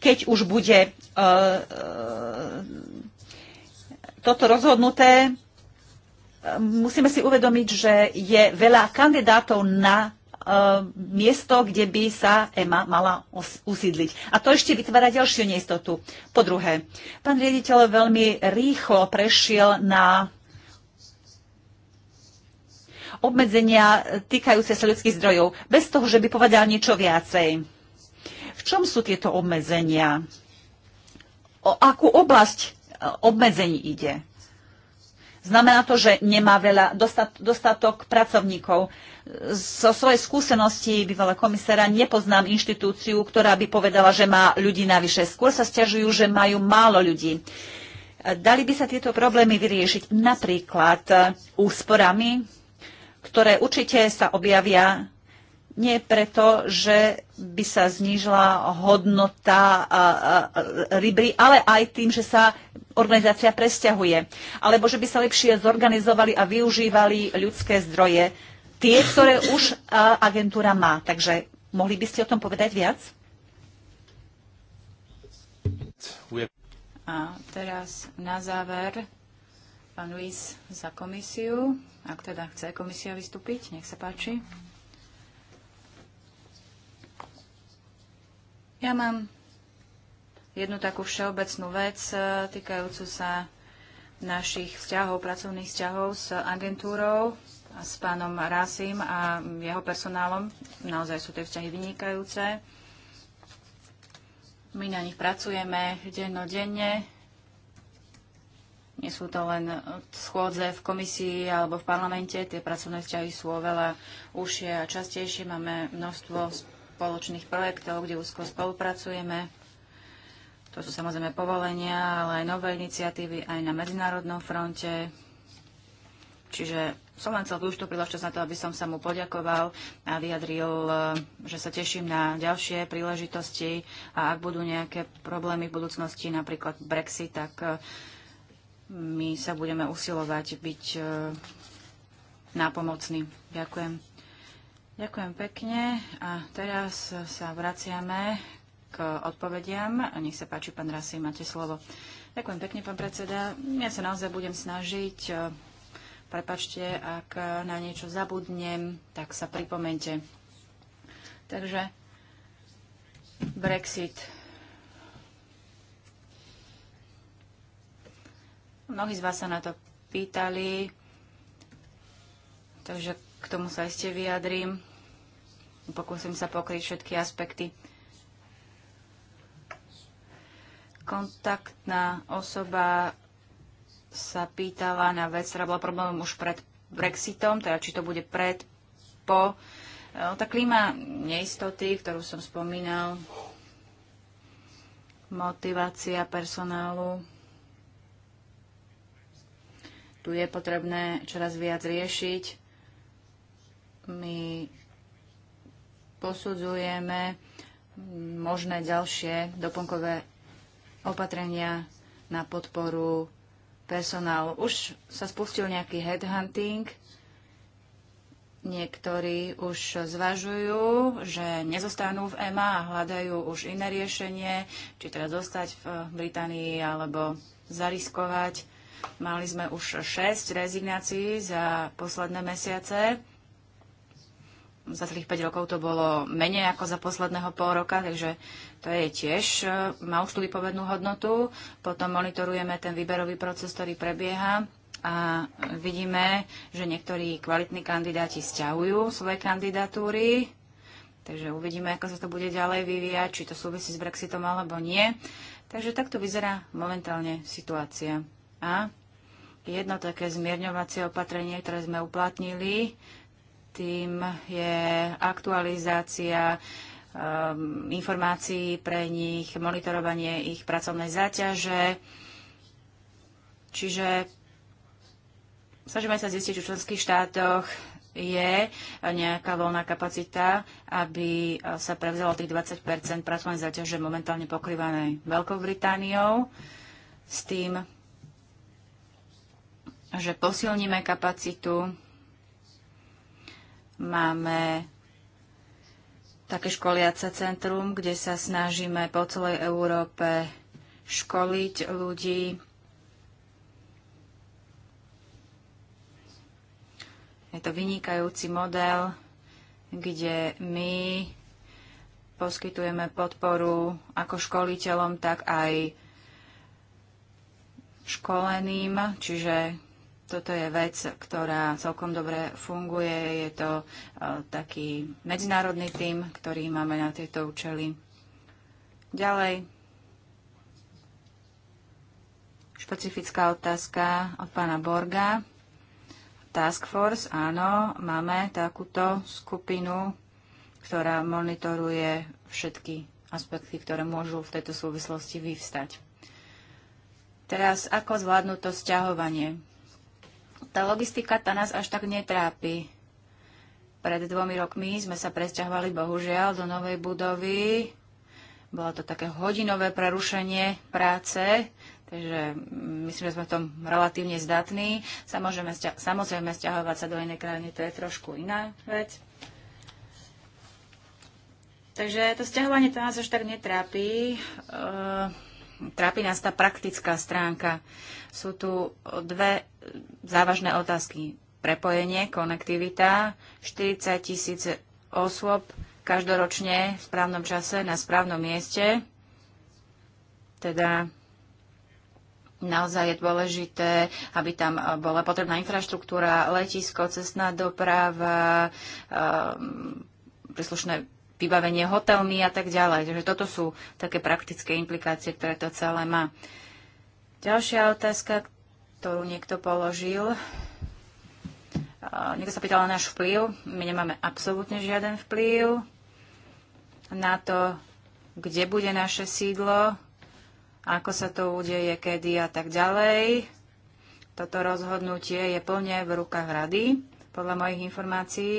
keď už bude eh, toto rozhodnuté, musíme si uvedomiť, že je veľa kandidátov na miesto, kde by sa EMA mala usídliť. A to ešte vytvára ďalšiu neistotu. Po druhé, pán riaditeľ veľmi rýchlo prešiel na obmedzenia týkajúce sa ľudských zdrojov, bez toho, že by povedal niečo viacej. V čom sú tieto obmedzenia? O akú oblasť e, obmedzení ide? Znamená to, že nemá veľa dostatok pracovníkov. Zo svojej skúsenosti bývalého komisára nepoznám inštitúciu, ktorá by povedala, že má ľudí navyše. Skôr sa stiažujú, že majú málo ľudí. Dali by sa tieto problémy vyriešiť napríklad e, úsporami ktoré určite sa objavia nie preto, že by sa znížila hodnota ryby, ale aj tým, že sa organizácia presťahuje. Alebo že by sa lepšie zorganizovali a využívali ľudské zdroje, tie, ktoré už agentúra má. Takže mohli by ste o tom povedať viac?
A teraz na záver Pán Lís za komisiu. Ak teda chce komisia vystúpiť, nech sa páči. Ja mám jednu takú všeobecnú vec e, týkajúcu sa našich vzťahov, pracovných vzťahov s agentúrou, a s pánom Rasim a jeho personálom. Naozaj sú tie vzťahy vynikajúce. My na nich pracujeme dennodenne. Nie sú to len e, schôdze v komisii alebo v parlamente. Tie pracovné vzťahy sú oveľa užšie a častejšie. Máme množstvo spoločných projektov, kde úzko spolupracujeme. To sú samozrejme povolenia, ale aj nové iniciatívy aj na medzinárodnom fronte. Čiže som len chcel využiť príležitosť na to, aby som sa mu poďakoval a vyjadril, e, že sa teším na ďalšie príležitosti a ak budú nejaké problémy v budúcnosti, napríklad Brexit, tak e, my sa budeme usilovať byť e, nápomocní. Ďakujem. Ďakujem pekne. A teraz sa vraciame k odpovediam. Nech sa páči, pán Rasi, máte slovo. Ďakujem pekne, pán predseda. Ja sa naozaj budem snažiť. E, prepačte, ak na niečo zabudnem, tak sa pripomente. Takže Brexit Mnohí z vás sa na to pýtali, takže k tomu sa ešte vyjadrím. Pokúsim sa pokryť všetky aspekty. Kontaktná osoba sa pýtala na vec, ktorá bola problémom už pred Brexitom, teda či to bude pred, po. E, tá klíma neistoty, ktorú som spomínal, motivácia personálu, tu je potrebné čoraz viac riešiť. My posudzujeme možné ďalšie doplnkové opatrenia na podporu personálu. Už sa spustil nejaký headhunting, Niektorí už zvažujú, že nezostanú v EMA a hľadajú už iné riešenie, či teda zostať v Británii alebo zariskovať. Mali sme už 6 rezignácií za posledné mesiace. Za celých 5 rokov to bolo menej ako za posledného pol roka, takže to je tiež, e, má už tú vypovednú hodnotu. Potom monitorujeme ten výberový proces, ktorý prebieha a vidíme, že niektorí kvalitní kandidáti stiahujú svoje kandidatúry. Takže uvidíme, ako sa to bude ďalej vyvíjať, či to súvisí s Brexitom alebo nie. Takže takto vyzerá momentálne situácia. A jedno také zmierňovacie opatrenie, ktoré sme uplatnili, tým je aktualizácia um, informácií pre nich, monitorovanie ich pracovnej záťaže. Čiže snažíme sa zistiť v členských štátoch, je nejaká voľná kapacita, aby uh, sa prevzalo tých 20 pracovnej záťaže momentálne pokrývanej Veľkou Britániou s tým, že posilníme kapacitu. Máme také školiace centrum, kde sa snažíme po celej Európe školiť ľudí. Je to vynikajúci model, kde my poskytujeme podporu ako školiteľom, tak aj školeným, čiže toto je vec, ktorá celkom dobre funguje. Je to e, taký medzinárodný tým, ktorý máme na tieto účely. Ďalej. Špecifická otázka od pána Borga. Task Force, áno, máme takúto skupinu, ktorá monitoruje všetky aspekty, ktoré môžu v tejto súvislosti vyvstať. Teraz, ako zvládnuť to sťahovanie? Tá logistika tá nás až tak netrápi. Pred dvomi rokmi sme sa presťahovali, bohužiaľ, do novej budovy. Bolo to také hodinové prerušenie práce, takže mm, myslím, že sme v tom relatívne zdatní. Samozrejme, samozrejme stiahovať sa do inej krajiny, to je trošku iná vec. Takže to stiahovanie to nás až tak netrápi. Uh, trápi nás tá praktická stránka. Sú tu dve závažné otázky. Prepojenie, konektivita, 40 tisíc osôb každoročne v správnom čase na správnom mieste. Teda naozaj je dôležité, aby tam bola potrebná infraštruktúra, letisko, cestná doprava, ehm, príslušné vybavenie hotelmi a tak ďalej. Takže toto sú také praktické implikácie, ktoré to celé má. Ďalšia otázka, ktorú niekto položil. Niekto sa pýtal na náš vplyv. My nemáme absolútne žiaden vplyv na to, kde bude naše sídlo, ako sa to udeje, kedy a tak ďalej. Toto rozhodnutie je plne v rukách rady, podľa mojich informácií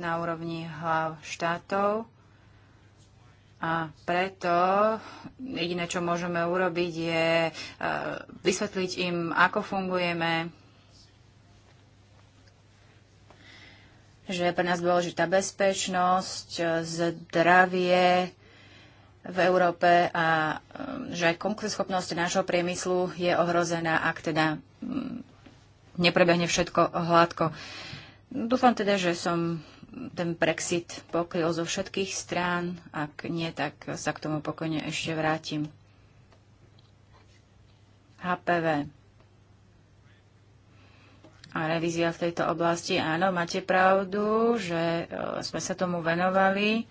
na úrovni hlav štátov. A preto jediné, čo môžeme urobiť, je e, vysvetliť im, ako fungujeme, že je pre nás dôležitá bezpečnosť, e, zdravie v Európe a e, že konkurenceschopnosť nášho priemyslu je ohrozená, ak teda mm, neprebehne všetko hladko. Dúfam teda, že som ten Brexit pokryl zo všetkých strán. Ak nie, tak sa k tomu pokojne ešte vrátim. HPV a revízia v tejto oblasti. Áno, máte pravdu, že e, sme sa tomu venovali.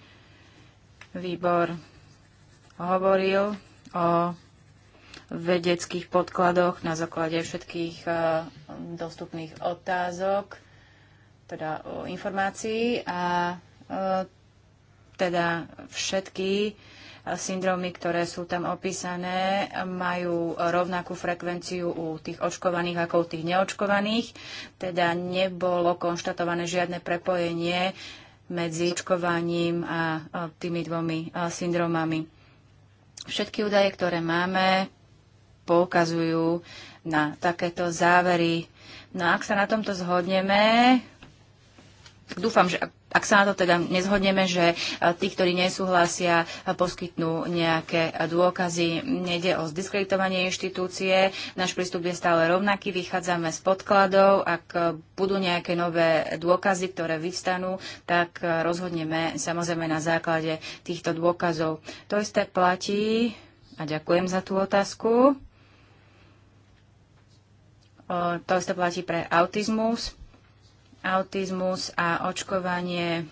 Výbor hovoril o vedeckých podkladoch na základe všetkých e, dostupných otázok teda informácií a teda všetky syndromy, ktoré sú tam opísané, majú rovnakú frekvenciu u tých očkovaných ako u tých neočkovaných. Teda nebolo konštatované žiadne prepojenie medzi očkovaním a tými dvomi syndromami. Všetky údaje, ktoré máme, poukazujú na takéto závery. No ak sa na tomto zhodneme, Dúfam, že ak sa na to teda nezhodneme, že e, tí, ktorí nesúhlasia, e, poskytnú nejaké e, dôkazy. Nejde o zdiskreditovanie inštitúcie. Náš prístup je stále rovnaký. Vychádzame z podkladov. Ak budú nejaké nové dôkazy, ktoré vyvstanú, tak rozhodneme samozrejme na základe týchto dôkazov. To isté platí. A ďakujem za tú otázku. To isté platí pre autizmus autizmus a očkovanie.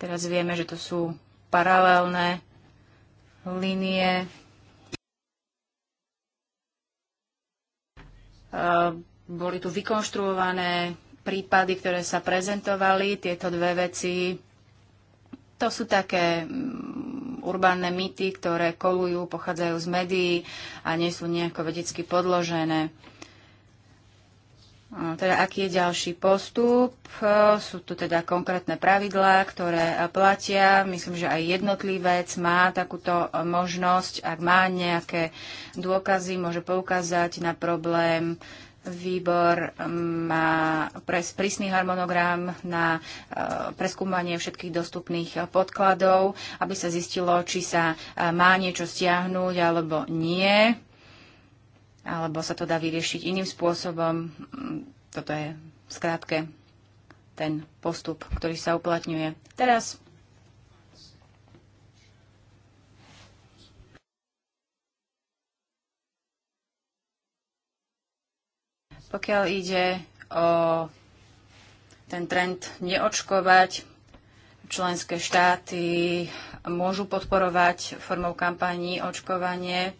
Teraz vieme, že to sú paralelné linie. E, boli tu vykonštruované prípady, ktoré sa prezentovali, tieto dve veci. To sú také mm, urbánne mýty, ktoré kolujú, pochádzajú z médií a nie sú nejako vedecky podložené. Teda aký je ďalší postup? E, sú tu teda konkrétne pravidlá, ktoré e, platia. Myslím, že aj jednotlivec má takúto e, možnosť, ak má nejaké dôkazy, môže poukázať na problém. Výbor má prísny harmonogram na preskúmanie všetkých dostupných podkladov, aby sa zistilo, či sa má niečo stiahnuť alebo nie alebo sa to dá vyriešiť iným spôsobom. Mm, Toto je v skrátke ten postup, ktorý sa uplatňuje. Teraz Pokiaľ ide o ten trend neočkovať, členské štáty môžu podporovať formou kampaní očkovanie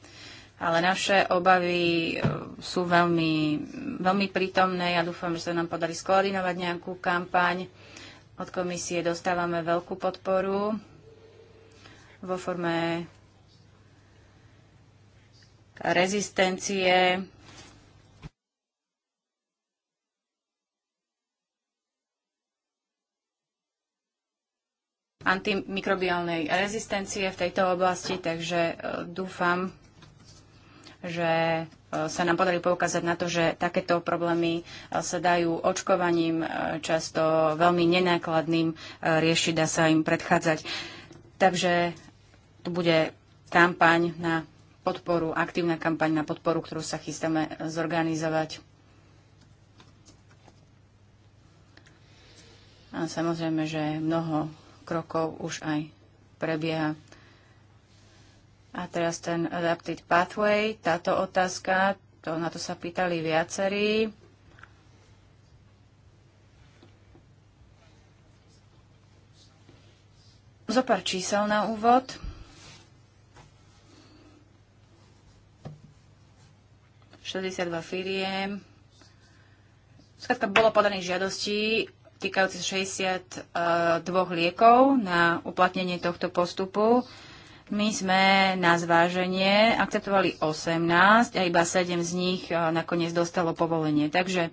ale naše obavy eh, sú veľmi, veľmi prítomné. Ja dúfam, že sa nám podarí skoordinovať nejakú kampaň. Od komisie dostávame veľkú podporu vo forme rezistencie. antimikrobiálnej rezistencie v tejto oblasti, takže eh, dúfam, že e, sa nám podarí poukázať na to, že takéto problémy e, sa dajú očkovaním, e, často veľmi nenákladným riešiť, dá sa im predchádzať. Takže tu bude kampaň na podporu, aktívna kampaň na podporu, ktorú sa chystáme zorganizovať. A samozrejme, že mnoho krokov už aj prebieha. A teraz ten Adapted Pathway, táto otázka, to, na to sa pýtali viacerí. Zopár čísel na úvod. Šesťdesiatdva firiem. Skladka bolo podaných žiadostí týkajúce 62 liekov na uplatnenie tohto postupu. My sme na zváženie akceptovali 18 a iba 7 z nich eh, nakoniec dostalo povolenie. Takže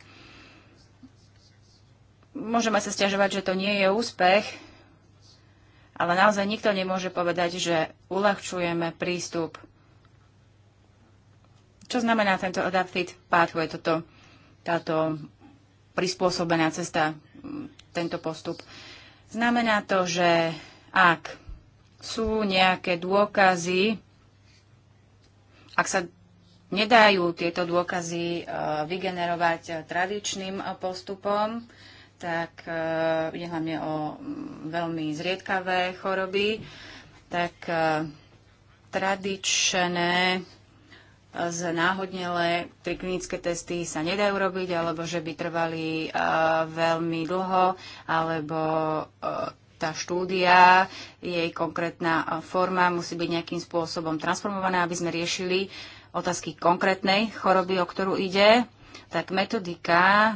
môžeme sa stiažovať, že to nie je úspech, ale naozaj nikto nemôže povedať, že uľahčujeme prístup. Čo znamená tento Adaptive Pathway, toto, táto prispôsobená cesta, mm, tento postup? Znamená to, že ak sú nejaké dôkazy, ak sa nedajú tieto dôkazy e, vygenerovať e, tradičným e, postupom, tak ide hlavne o mm, veľmi zriedkavé choroby, tak tradičné z náhodnele tie klinické testy sa nedajú robiť, alebo že by trvali veľmi dlho, alebo tá štúdia, jej konkrétna e, forma musí byť nejakým spôsobom transformovaná, aby sme riešili otázky konkrétnej choroby, o ktorú ide, tak metodika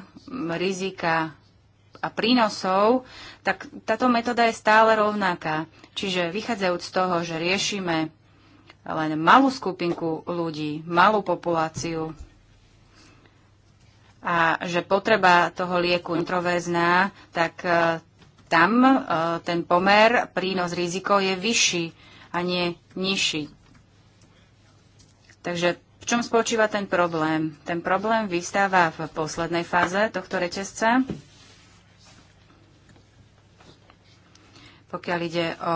rizika a prínosov, tak táto metóda je stále rovnaká. Čiže vychádzajúc z toho, že riešime len malú skupinku ľudí, malú populáciu a že potreba toho lieku introvézná, tak e, tam e, ten pomer prínos riziko je vyšší a nie nižší. Takže v čom spočíva ten problém? Ten problém vystáva v poslednej fáze tohto reťazca. Pokiaľ ide o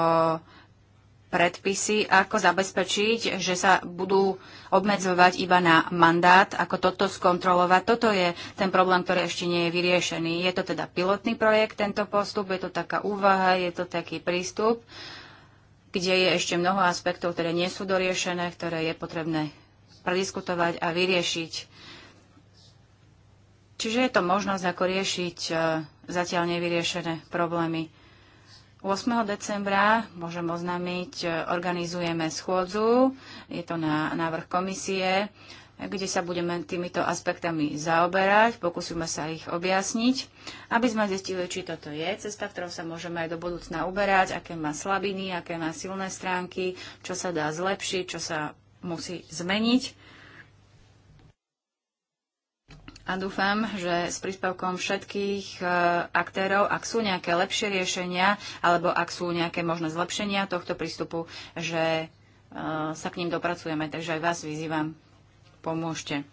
predpisy, ako zabezpečiť, že sa budú obmedzovať iba na mandát, ako toto skontrolovať. Toto je ten problém, ktorý ešte nie je vyriešený. Je to teda pilotný projekt, tento postup, je to taká úvaha, je to taký prístup, kde je ešte mnoho aspektov, ktoré nie sú doriešené, ktoré je potrebné prediskutovať a vyriešiť. Čiže je to možnosť, ako riešiť e, zatiaľ nevyriešené problémy. 8. decembra, môžem oznámiť, e, organizujeme schôdzu, je to na návrh komisie, kde sa budeme týmito aspektami zaoberať, pokúsime sa ich objasniť, aby sme zistili, či toto je cesta, ktorou sa môžeme aj do budúcna uberať, aké má slabiny, aké má silné stránky, čo sa dá zlepšiť, čo sa musí zmeniť a dúfam, že s príspevkom všetkých e, aktérov, ak sú nejaké lepšie riešenia alebo ak sú nejaké možné zlepšenia tohto prístupu, že e, sa k ním dopracujeme. Takže aj vás vyzývam, pomôžte.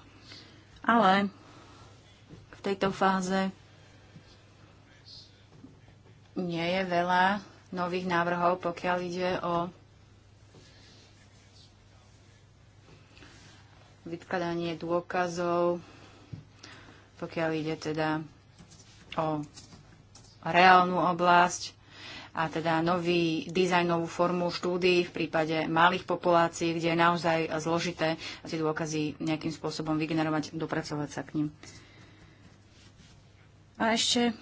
Ale v tejto fáze nie je veľa nových návrhov, pokiaľ ide o vytkladanie dôkazov pokiaľ ide teda o reálnu oblasť a teda nový dizajnovú formu štúdií v prípade malých populácií, kde je naozaj zložité tie dôkazy nejakým spôsobom vygenerovať, dopracovať sa k ním. A ešte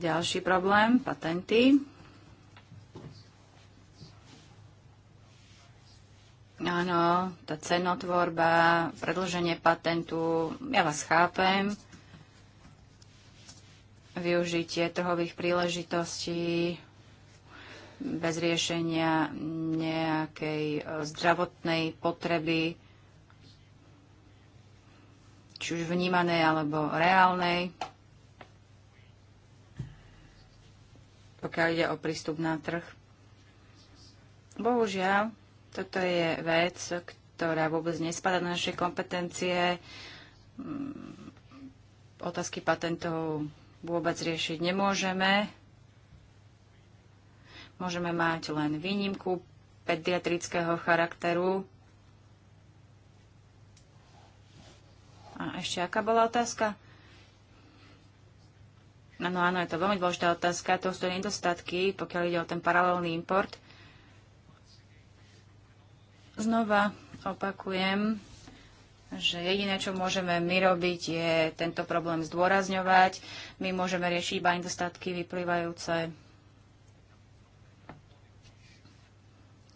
ďalší problém, patenty. Áno, tá cenotvorba, predlženie patentu, ja vás chápem. Využitie trhových príležitostí bez riešenia nejakej e, zdravotnej potreby, či už vnímanej alebo reálnej. Pokiaľ ide o prístup na trh. Bohužiaľ, toto je vec, ktorá vôbec nespada do na našej kompetencie. Mm, otázky patentov vôbec riešiť nemôžeme. Môžeme mať len výnimku pediatrického charakteru. A ešte aká bola otázka? Áno, áno, je to veľmi dôležitá otázka. To sú nedostatky, pokiaľ ide o ten paralelný import. Znova opakujem, že jediné, čo môžeme my robiť, je tento problém zdôrazňovať. My môžeme riešiť iba nedostatky vyplývajúce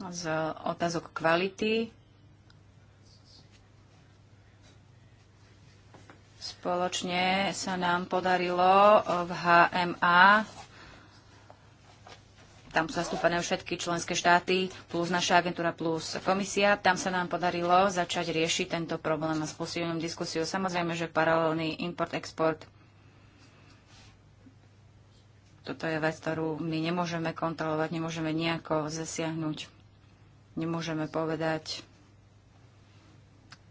z otázok kvality Spoločne sa nám podarilo v HMA tam sú zastúpené všetky členské štáty, plus naša agentúra, plus komisia. Tam sa nám podarilo začať riešiť tento problém a spôsobujem diskusiu. diskusiou. Samozrejme, že paralelný import-export toto je vec, ktorú my nemôžeme kontrolovať, nemôžeme nejako zasiahnuť. Nemôžeme povedať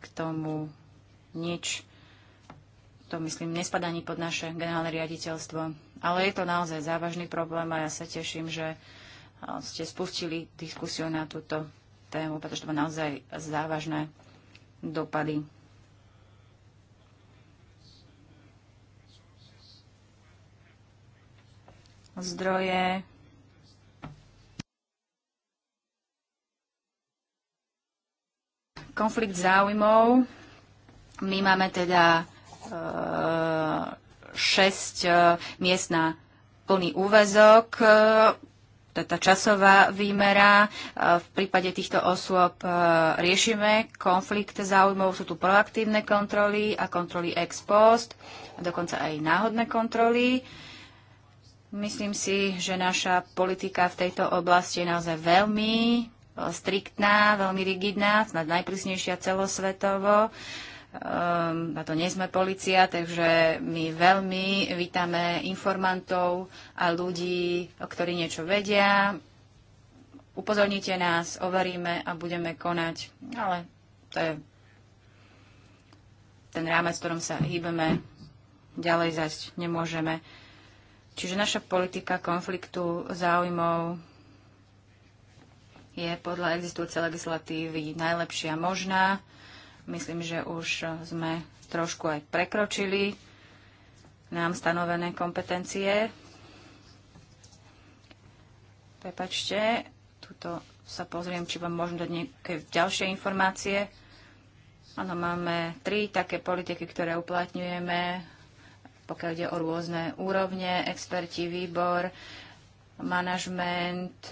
k tomu nič. To, myslím, nespadá ani pod naše generálne riaditeľstvo. Ale je to naozaj závažný problém a ja sa teším, že ste spustili diskusiu na túto tému, pretože to má naozaj závažné dopady.
Zdroje,
konflikt záujmov. My máme teda e, 6 e, miest na plný úvezok, e, tá časová výmera. E, v prípade týchto osôb riešime konflikt záujmov. Sú tu proaktívne kontroly a kontroly ex post, a dokonca aj náhodné kontroly. Myslím si, že naša politika v tejto oblasti je naozaj veľmi striktná, veľmi rigidná, snad najprísnejšia celosvetovo. Uh, Um, na to nie sme policia, takže my veľmi vítame informantov a ľudí, ktorí niečo vedia. Upozornite nás, overíme a budeme konať. Ale to je ten rámec, v ktorom sa hýbeme. Ďalej zať nemôžeme. Čiže naša politika konfliktu záujmov je podľa existujúcej legislatívy najlepšia možná. Myslím, že už sme trošku aj prekročili nám stanovené kompetencie. Prepačte, tuto sa pozriem, či vám môžem dať nejaké ďalšie informácie. Áno, máme tri také politiky, ktoré uplatňujeme, pokiaľ ide o rôzne úrovne, experti, výbor, manažment,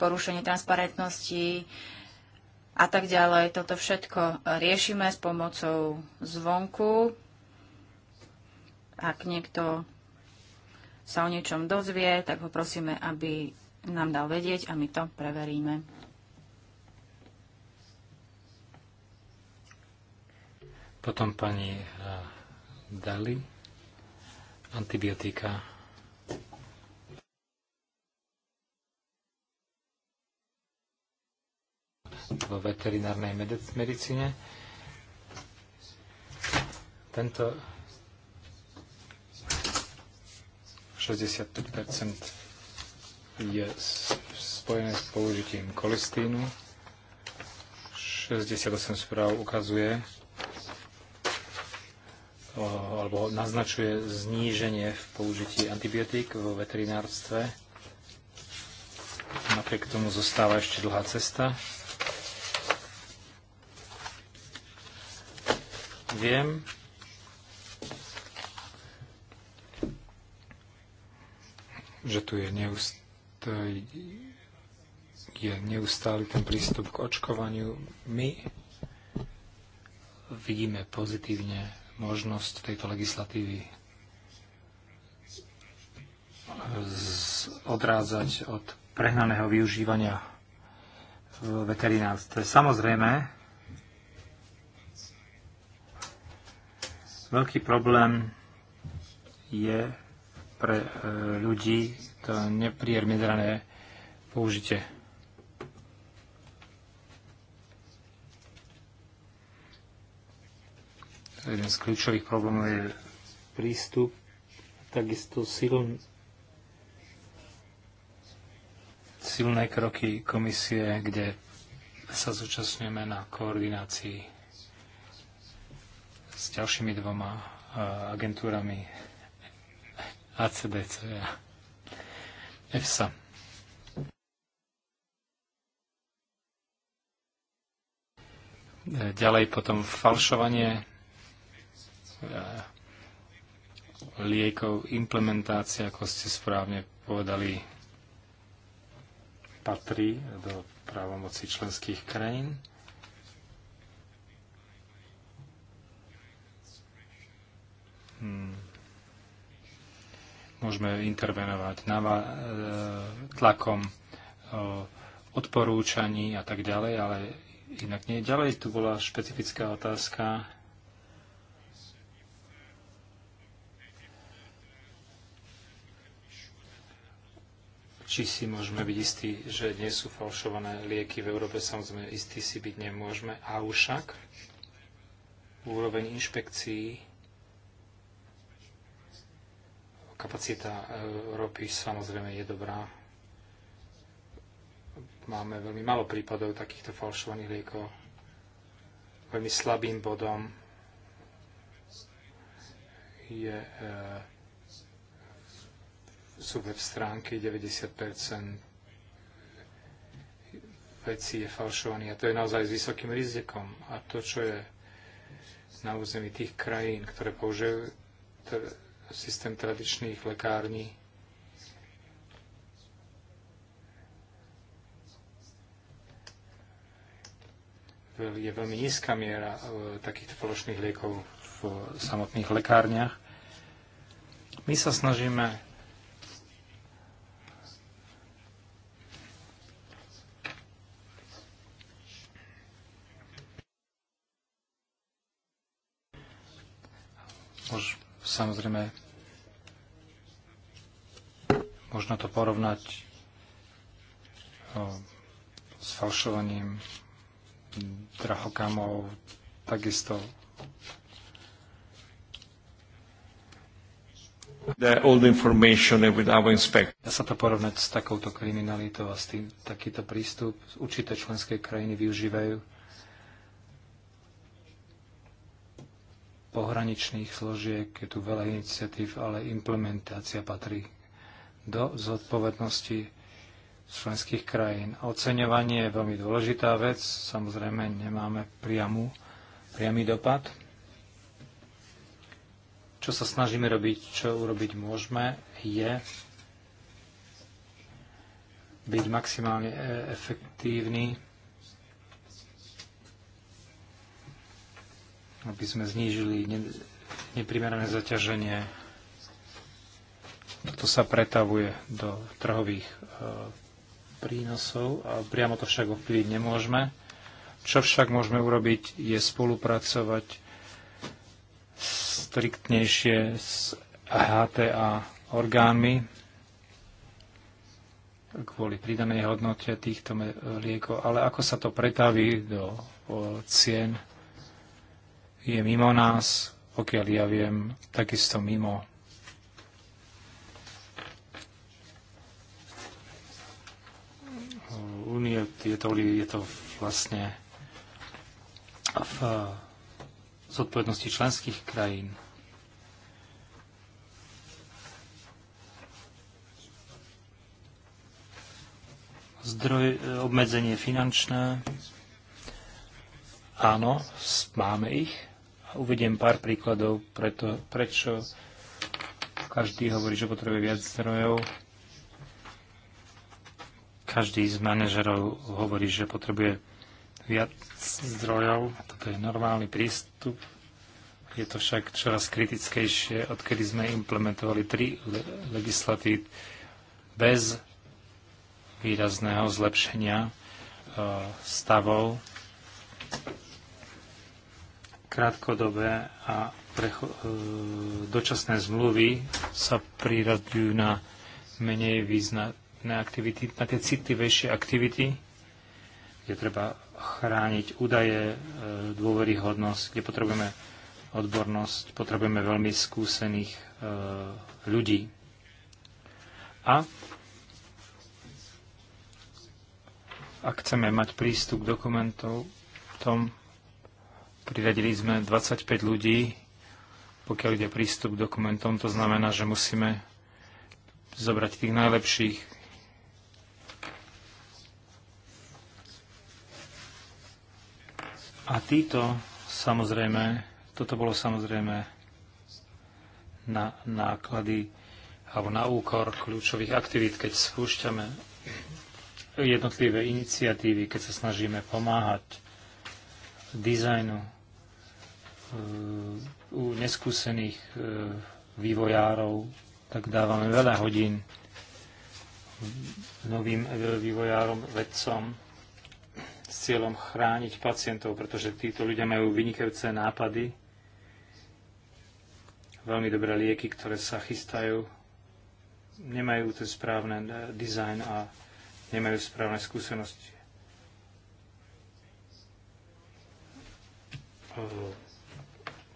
porušenie transparentnosti a tak ďalej. Toto všetko riešime s pomocou zvonku. Ak niekto sa o niečom dozvie, tak ho prosíme, aby nám dal vedieť a my to preveríme.
Potom pani eh, Dali, antibiotika vo veterinárnej medicíne. Tento 65 je spojené s použitím kolistínu. 68 správ ukazuje, alebo naznačuje zníženie v použití antibiotík vo veterinárstve. Napriek tomu zostáva ešte dlhá cesta. Viem, že tu je neustály, je neustály ten prístup k očkovaniu. My vidíme pozitívne možnosť tejto legislatívy odrádzať od prehnaného využívania v veterinárstve. Samozrejme, Veľký problém je pre e, ľudí to nepriermedrané použitie. Jeden z kľúčových problémov je prístup, takisto siln, silné kroky komisie, kde sa zúčastňujeme na koordinácii s ďalšími dvoma e, agentúrami ACDC a EFSA. E, ďalej potom falšovanie e, liekov, implementácia, ako ste správne povedali, patrí do právomoci členských krajín. Hmm. môžeme intervenovať e, tlakom e, odporúčaní a tak ďalej, ale inak nie. Ďalej tu bola špecifická otázka. Či si môžeme byť istí, že nie sú falšované lieky v Európe, samozrejme istí si byť nemôžeme. A však úroveň inšpekcií Kapacita Európy samozrejme je dobrá. Máme veľmi malo prípadov takýchto falšovaných liekov. Veľmi slabým bodom je, e, sú web stránky 90 vecí je falšovaný. A to je naozaj s vysokým rizikom. A to, čo je na území tých krajín, ktoré používajú systém tradičných lekární. Je veľmi nízka miera e, takýchto falošných liekov v samotných lekárniach. My sa snažíme Môžeš Samozrejme, možno to porovnať eh, s falšovaním drahokamov, takisto the old information with our inspector. Dá sa to porovnať s takouto kriminalitou a s tým, takýto prístup. Určité členské krajiny využívajú pohraničných složiek je tu veľa iniciatív, ale implementácia patrí do zodpovednosti členských krajín. Oceňovanie je veľmi dôležitá vec, samozrejme nemáme priamu, priamy dopad. Čo sa snažíme robiť, čo urobiť môžeme, je byť maximálne e, efektívny aby sme znížili neprimerané zaťaženie. Toto sa pretavuje do trhových e, prínosov a priamo to však ovplyvniť nemôžeme. Čo však môžeme urobiť, je spolupracovať striktnejšie s HTA orgánmi kvôli pridanej hodnote týchto liekov, ale ako sa to pretaví do cien je mimo nás, pokiaľ ja viem, takisto mimo Unie je to, je to vlastne v zodpovednosti členských krajín. Zdroj, obmedzenie finančné. Áno, máme ich. Uvediem pár príkladov, preto, prečo každý hovorí, že potrebuje viac zdrojov. Každý z manažerov hovorí, že potrebuje viac zdrojov. To je normálny prístup. Je to však čoraz kritickejšie, odkedy sme implementovali tri le- legislatív bez výrazného zlepšenia e, stavov krátkodobé a precho- e, dočasné zmluvy sa priradujú na menej významné aktivity, na tie citlivejšie aktivity, kde treba chrániť údaje, e, dôveryhodnosť, kde potrebujeme odbornosť, potrebujeme veľmi skúsených e, ľudí. A ak chceme mať prístup k dokumentom, tom Priradili sme 25 ľudí, pokiaľ ide prístup k dokumentom, to znamená, že musíme zobrať tých najlepších. A títo, samozrejme, toto bolo samozrejme na náklady alebo na úkor kľúčových aktivít, keď spúšťame jednotlivé iniciatívy, keď sa snažíme pomáhať dizajnu u neskúsených e, vývojárov, tak dávame veľa hodín novým e, vývojárom, vedcom s cieľom chrániť pacientov, pretože títo ľudia majú vynikajúce nápady, veľmi dobré lieky, ktoré sa chystajú, nemajú ten správny e, dizajn a nemajú správne skúsenosti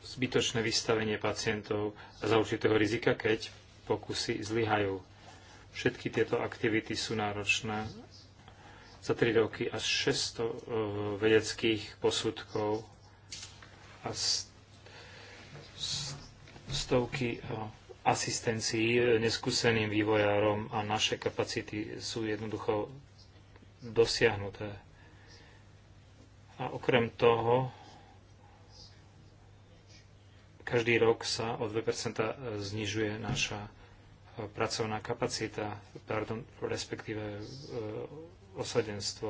zbytočné vystavenie pacientov za určitého rizika, keď pokusy zlyhajú. Všetky tieto aktivity sú náročné. Za 3 roky až 600 e, vedeckých posudkov a stovky e, asistencií e, neskúseným vývojárom a naše kapacity sú jednoducho dosiahnuté. A okrem toho každý rok sa o 2 e, znižuje naša e, pracovná kapacita, pardon, respektíve e, osadenstvo.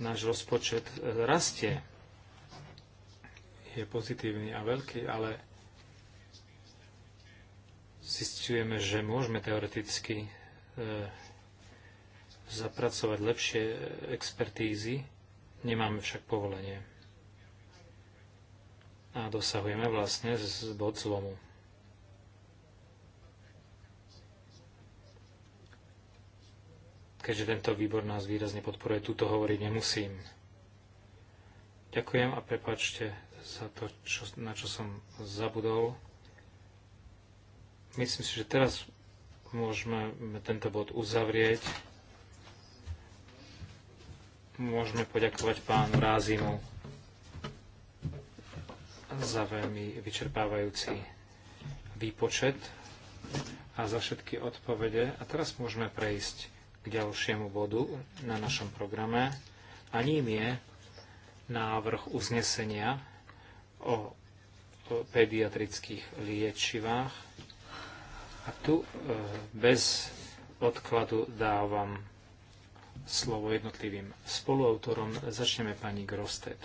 Náš rozpočet rastie, je pozitívny a veľký, ale zistujeme, že môžeme teoreticky zapracovať lepšie expertízy, nemáme však povolenie a dosahujeme vlastne z bod zlomu. Keďže tento výbor nás výrazne podporuje, túto hovoriť nemusím. Ďakujem a prepačte za to, čo, na čo som zabudol. Myslím si, že teraz môžeme tento bod uzavrieť. Môžeme poďakovať pánu Rázimu za veľmi vyčerpávajúci výpočet a za všetky odpovede. A teraz môžeme prejsť k ďalšiemu bodu na našom programe. A ním je návrh uznesenia o pediatrických liečivách. A tu e, bez odkladu dávam slovo jednotlivým spoluautorom. Začneme pani Grostet.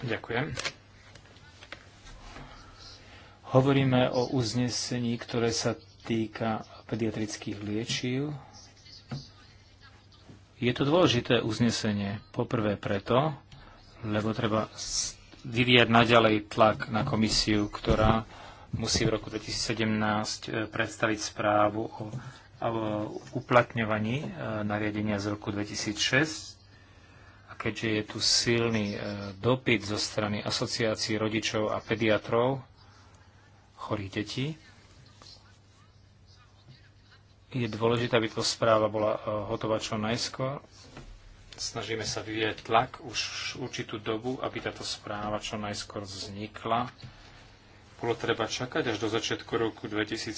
Ďakujem. Hovoríme o uznesení, ktoré sa týka pediatrických liečiv. Je to dôležité uznesenie. Poprvé preto, lebo treba vyvíjať naďalej tlak na komisiu, ktorá musí v roku 2017 e, predstaviť správu o, o uplatňovaní e, nariadenia z roku 2006 keďže je tu silný e, dopyt zo strany asociácií rodičov a pediatrov chorých detí, je dôležité, aby to správa bola e, hotová čo najskôr. Snažíme sa vyvieť tlak už určitú dobu, aby táto správa čo najskôr vznikla. Bolo treba čakať až do začiatku roku 2017.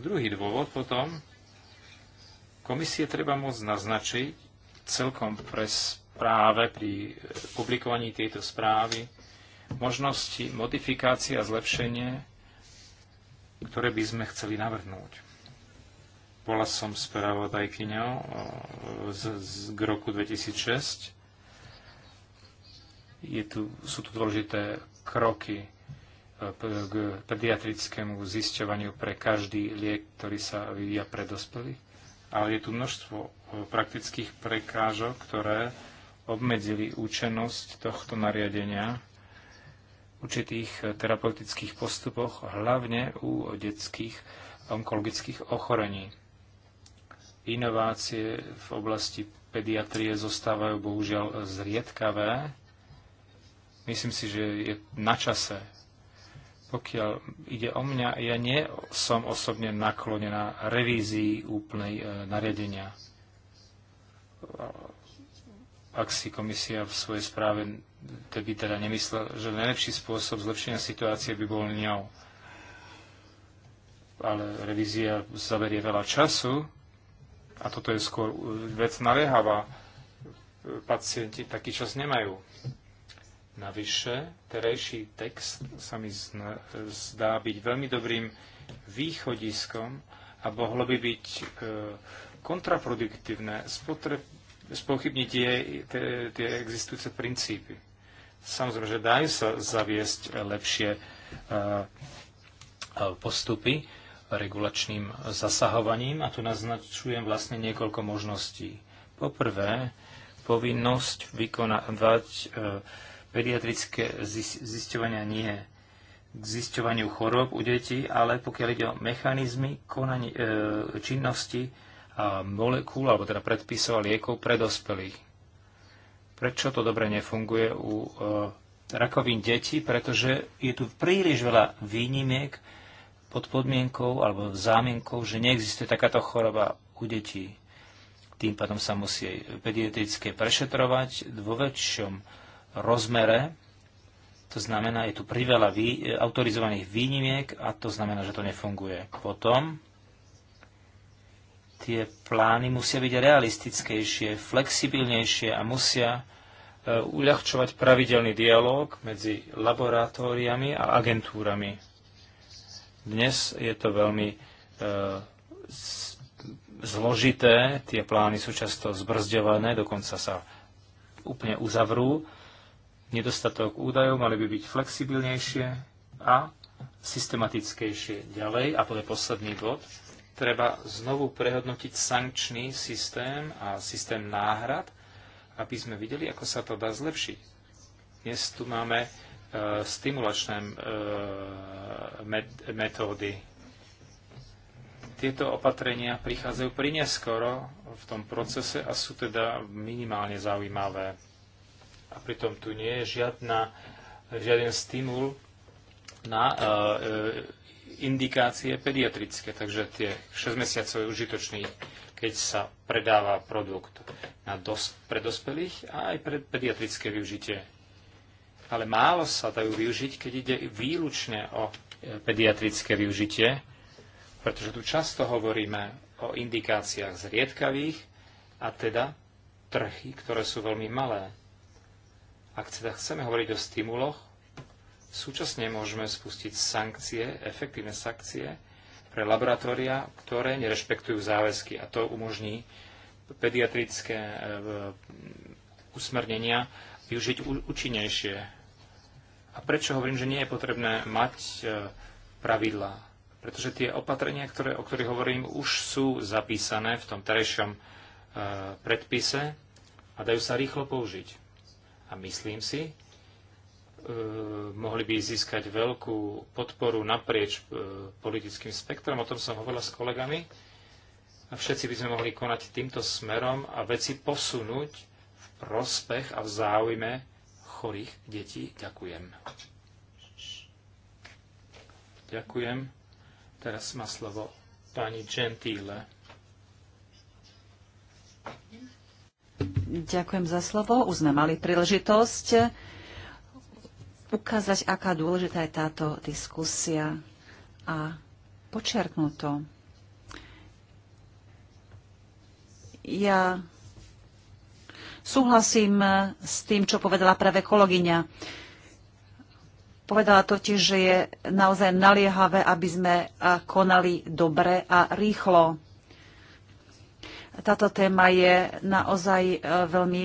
Druhý dôvod potom, komisie treba môcť naznačiť celkom pres, práve pri publikovaní tejto správy možnosti modifikácie a zlepšenie, ktoré by sme chceli navrhnúť. Bola som spravodajkyňou e, z, z, k roku 2006. Je tu, sú tu dôležité kroky e, k pediatrickému zisťovaniu pre každý liek, ktorý sa vyvíja pre dospelých. Ale je tu množstvo e, praktických prekážok, ktoré obmedzili účenosť tohto nariadenia v určitých eh, terapeutických postupoch, hlavne u detských onkologických ochorení. Inovácie v oblasti pediatrie zostávajú bohužiaľ eh, zriedkavé. Myslím si, že je na čase. Pokiaľ ide o mňa, ja nie som osobne naklonená revízii úplnej eh, nariadenia ak si komisia v svojej správe by teda nemyslela, že najlepší spôsob zlepšenia situácie by bol ňou. Ale revízia zaberie veľa času a toto je skôr vec naléhavá. Pacienti taký čas nemajú. Navyše, terejší text sa mi zdá byť veľmi dobrým východiskom a mohlo by byť e, kontraproduktívne. Spotreb spochybniť tie, tie existujúce princípy. Samozrejme, že dajú sa zaviesť lepšie e, e, postupy regulačným zasahovaním a tu naznačujem vlastne niekoľko možností. Poprvé, povinnosť vykonávať e, pediatrické zisťovania nie k zisťovaniu chorób u detí, ale pokiaľ ide o mechanizmy konaní, činnosti, molekúl, alebo teda predpisov a liekov pre dospelých. Prečo to dobre nefunguje u e, rakovín detí? Pretože je tu príliš veľa výnimiek pod podmienkou alebo zámienkou, že neexistuje takáto choroba u detí. Tým pádom sa musí pediatrické prešetrovať vo väčšom rozmere. To znamená, je tu priveľa vý, autorizovaných výnimiek a to znamená, že to nefunguje. Potom tie plány musia byť realistickejšie, flexibilnejšie a musia e, uľahčovať pravidelný dialog medzi laboratóriami a agentúrami. Dnes je to veľmi e, zložité, tie plány sú často zbrzdované, dokonca sa úplne uzavrú. Nedostatok údajov mali by byť flexibilnejšie a systematickejšie ďalej. A to je posledný bod treba znovu prehodnotiť sankčný systém a systém náhrad, aby sme videli, ako sa to dá zlepšiť. Dnes tu máme e, stimulačné e, met, metódy. Tieto opatrenia prichádzajú neskoro v tom procese a sú teda minimálne zaujímavé. A pritom tu nie je žiadna, žiaden stimul na e, e indikácie pediatrické, takže tie 6 mesiacov je užitočný, keď sa predáva produkt na dos- pre dospelých a aj pre pediatrické využitie. Ale málo sa dajú využiť, keď ide výlučne o e, pediatrické využitie, pretože tu často hovoríme o indikáciách zriedkavých a teda trhy, ktoré sú veľmi malé. Ak teda chceme hovoriť o stimuloch, Súčasne môžeme spustiť sankcie, efektívne sankcie pre laboratória, ktoré nerešpektujú záväzky a to umožní pediatrické e, e, usmernenia využiť účinnejšie. A prečo hovorím, že nie je potrebné mať e, pravidlá? Pretože tie opatrenia, ktoré, o ktorých hovorím, už sú zapísané v tom terajšom predpise a dajú sa rýchlo použiť. A myslím si, Eh, mohli by získať veľkú podporu naprieč eh, politickým spektrom. O tom som hovorila s kolegami. A všetci by sme mohli konať týmto smerom a veci posunúť v prospech a v záujme chorých detí. Ďakujem. Ďakujem. Teraz má slovo pani Gentile.
Ďakujem za slovo. Už sme mali príležitosť ukázať, aká dôležitá je táto diskusia a počiarknúť to. Ja súhlasím s tým, čo povedala práve kolegyňa. Povedala totiž, že je naozaj naliehavé, aby sme konali dobre a rýchlo. Táto téma je naozaj e, veľmi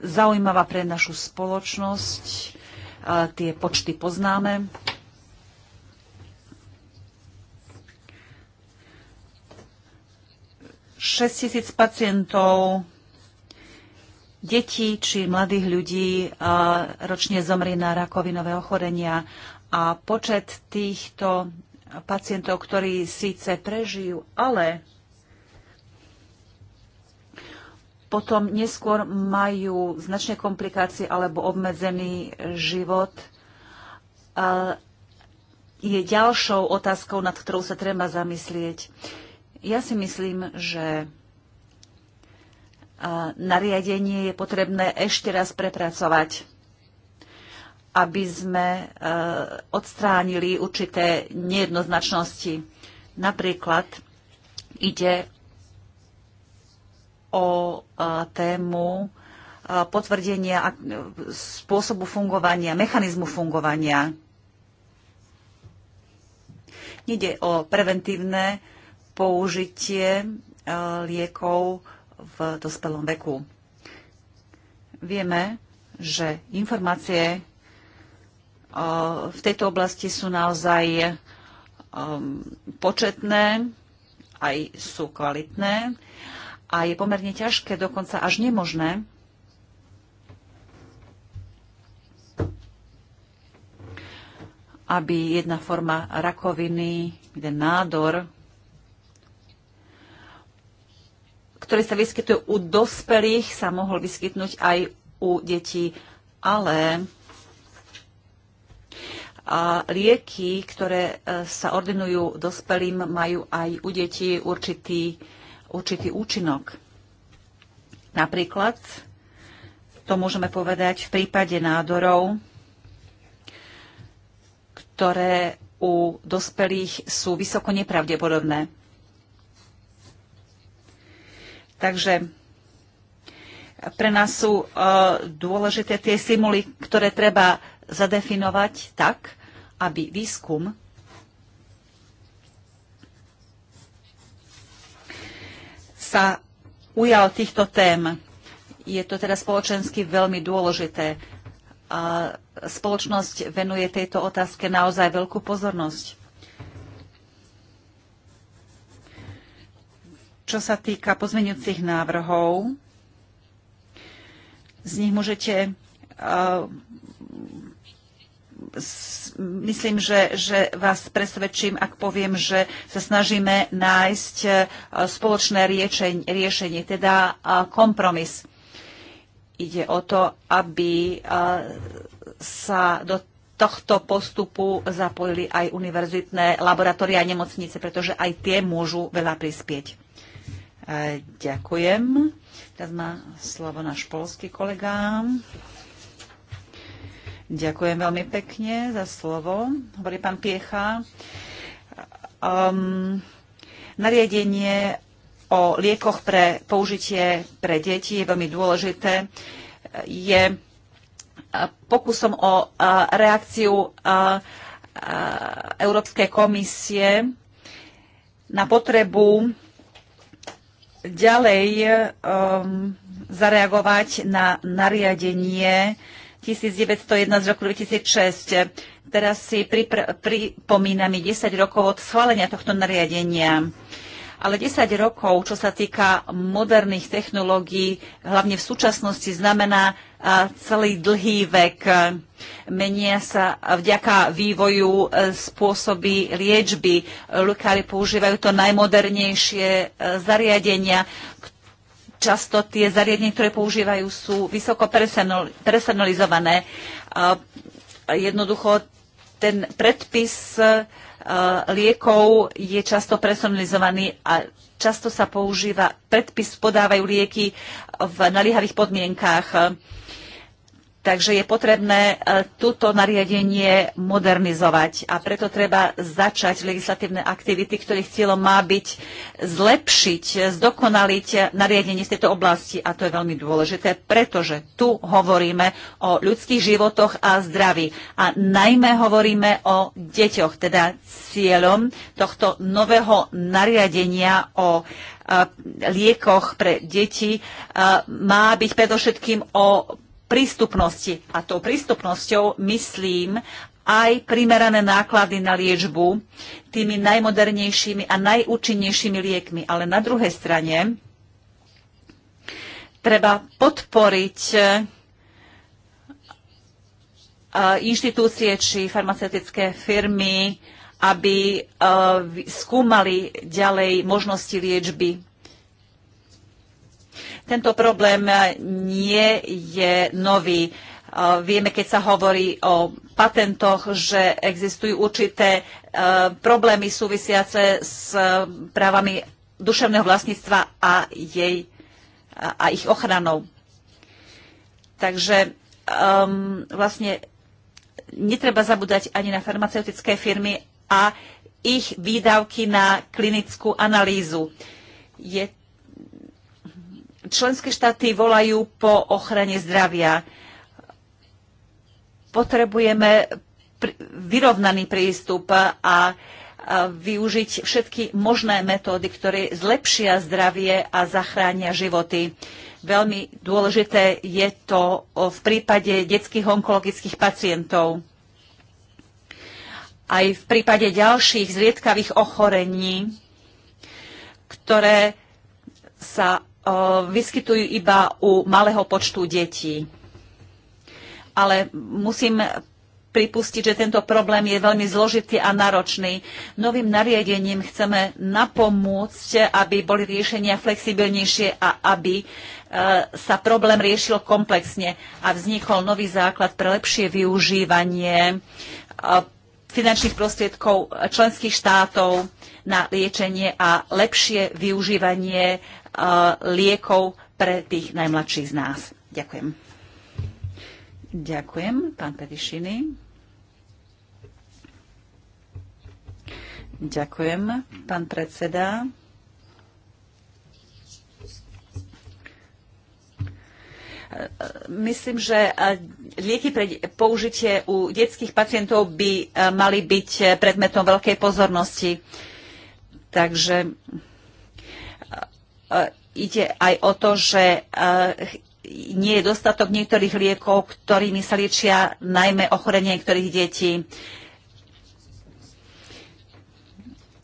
zaujímavá pre našu spoločnosť Tie počty poznáme. Šesť tisíc pacientov, detí či mladých ľudí ročne zomrie na rakovinové ochorenia a počet týchto pacientov, ktorí síce prežijú, ale potom neskôr majú značné komplikácie alebo obmedzený život. Je ďalšou otázkou, nad ktorou sa treba zamyslieť. Ja si myslím, že nariadenie je potrebné ešte raz prepracovať, aby sme odstránili určité nejednoznačnosti. Napríklad ide o tému potvrdenia spôsobu fungovania, mechanizmu fungovania. Nede o preventívne použitie liekov v dospelom veku. Vieme, že informácie v tejto oblasti sú naozaj početné, aj sú kvalitné a je pomerne ťažké, dokonca až nemožné, aby jedna forma rakoviny, jeden nádor, ktorý sa vyskytuje u dospelých, sa mohol vyskytnúť aj u detí, ale a lieky, ktoré e, sa ordinujú dospelým, majú aj u detí určitý určitý účinok. Napríklad, to môžeme povedať v prípade nádorov, ktoré u dospelých sú vysoko nepravdepodobné. Takže pre nás sú e, dôležité tie simuly, ktoré treba zadefinovať tak, aby výskum sa ujal týchto tém. Je to teda spoločensky veľmi dôležité. A spoločnosť venuje tejto otázke naozaj veľkú pozornosť. Čo sa týka pozmeňujúcich návrhov, z nich môžete myslím, že, že vás presvedčím, ak poviem, že sa snažíme nájsť e, spoločné riešenie, riešenie teda e, kompromis. Ide o to, aby e, sa do tohto postupu zapojili aj univerzitné laboratória a nemocnice, pretože aj tie môžu veľa prispieť. Ďakujem. Teraz má slovo náš polský kolega. Ďakujem veľmi pekne za slovo. Hovorí pán Piecha. Um, nariadenie o liekoch pre použitie pre deti je veľmi dôležité. Je uh, pokusom o uh, reakciu uh, Európskej komisie na potrebu ďalej um, zareagovať na nariadenie uh, 1901 z roku 2006. Teraz si pripomíname 10 rokov od schválenia tohto nariadenia. Ale 10 rokov, čo sa týka moderných technológií, hlavne v súčasnosti, znamená celý dlhý vek. Menia sa vďaka vývoju e, spôsoby liečby. Lekári používajú to najmodernejšie e, zariadenia, často tie zariadenia, ktoré používajú, sú vysoko personalizované. Jednoducho ten predpis e, liekov je často personalizovaný a často sa používa, predpis podávajú lieky v naliehavých podmienkách Takže je potrebné e, túto nariadenie modernizovať a preto treba začať legislatívne aktivity, ktorých cieľom má byť zlepšiť, zdokonaliť nariadenie z tejto oblasti a to je veľmi dôležité, pretože tu hovoríme o ľudských životoch a zdraví a najmä hovoríme o deťoch, teda cieľom tohto nového nariadenia o e, liekoch pre deti e, má byť predovšetkým o prístupnosti. A tou prístupnosťou myslím aj primerané náklady na liečbu tými najmodernejšími a najúčinnejšími liekmi. Ale na druhej strane treba podporiť e, inštitúcie či farmaceutické firmy, aby e, skúmali ďalej možnosti liečby tento problém eh, nie je nový. Eh, vieme, keď sa hovorí o patentoch, že existujú určité eh, problémy súvisiace s právami duševného vlastníctva a, jej, a ich ochranou. Takže um, vlastne netreba zabúdať ani na farmaceutické firmy a ich výdavky na klinickú analýzu. Je členské štáty volajú po ochrane zdravia. Potrebujeme vyrovnaný prístup a využiť všetky možné metódy, ktoré zlepšia zdravie a zachránia životy. Veľmi dôležité je to v prípade detských onkologických pacientov. Aj v prípade ďalších zriedkavých ochorení, ktoré sa vyskytujú iba u malého počtu detí. Ale musím pripustiť, že tento problém je veľmi zložitý a náročný. Novým nariadením chceme napomôcť, aby boli riešenia flexibilnejšie a aby e, sa problém riešil komplexne a vznikol nový základ pre lepšie využívanie e, finančných prostriedkov členských štátov na liečenie a lepšie využívanie e, liekov pre tých najmladších z nás. Ďakujem. Ďakujem, pán Petišiny. Ďakujem, pán predseda. Myslím, že lieky pre použitie u detských pacientov by mali byť predmetom veľkej pozornosti. Takže E, ide aj o to, že e, nie je dostatok niektorých liekov, ktorými sa liečia najmä ochorenie niektorých detí.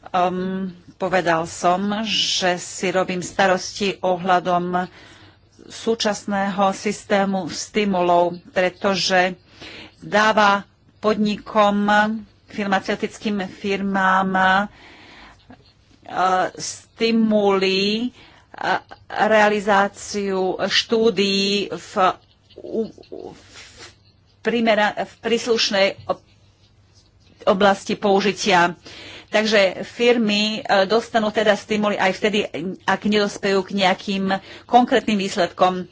Um, povedal som, že si robím starosti ohľadom súčasného systému stimulov, pretože dáva podnikom, farmaceutickým firmám e, stimuly, realizáciu štúdií v, v, primera, v príslušnej oblasti použitia. Takže firmy e, dostanú teda stimuly aj vtedy, ak nedospejú k nejakým konkrétnym výsledkom.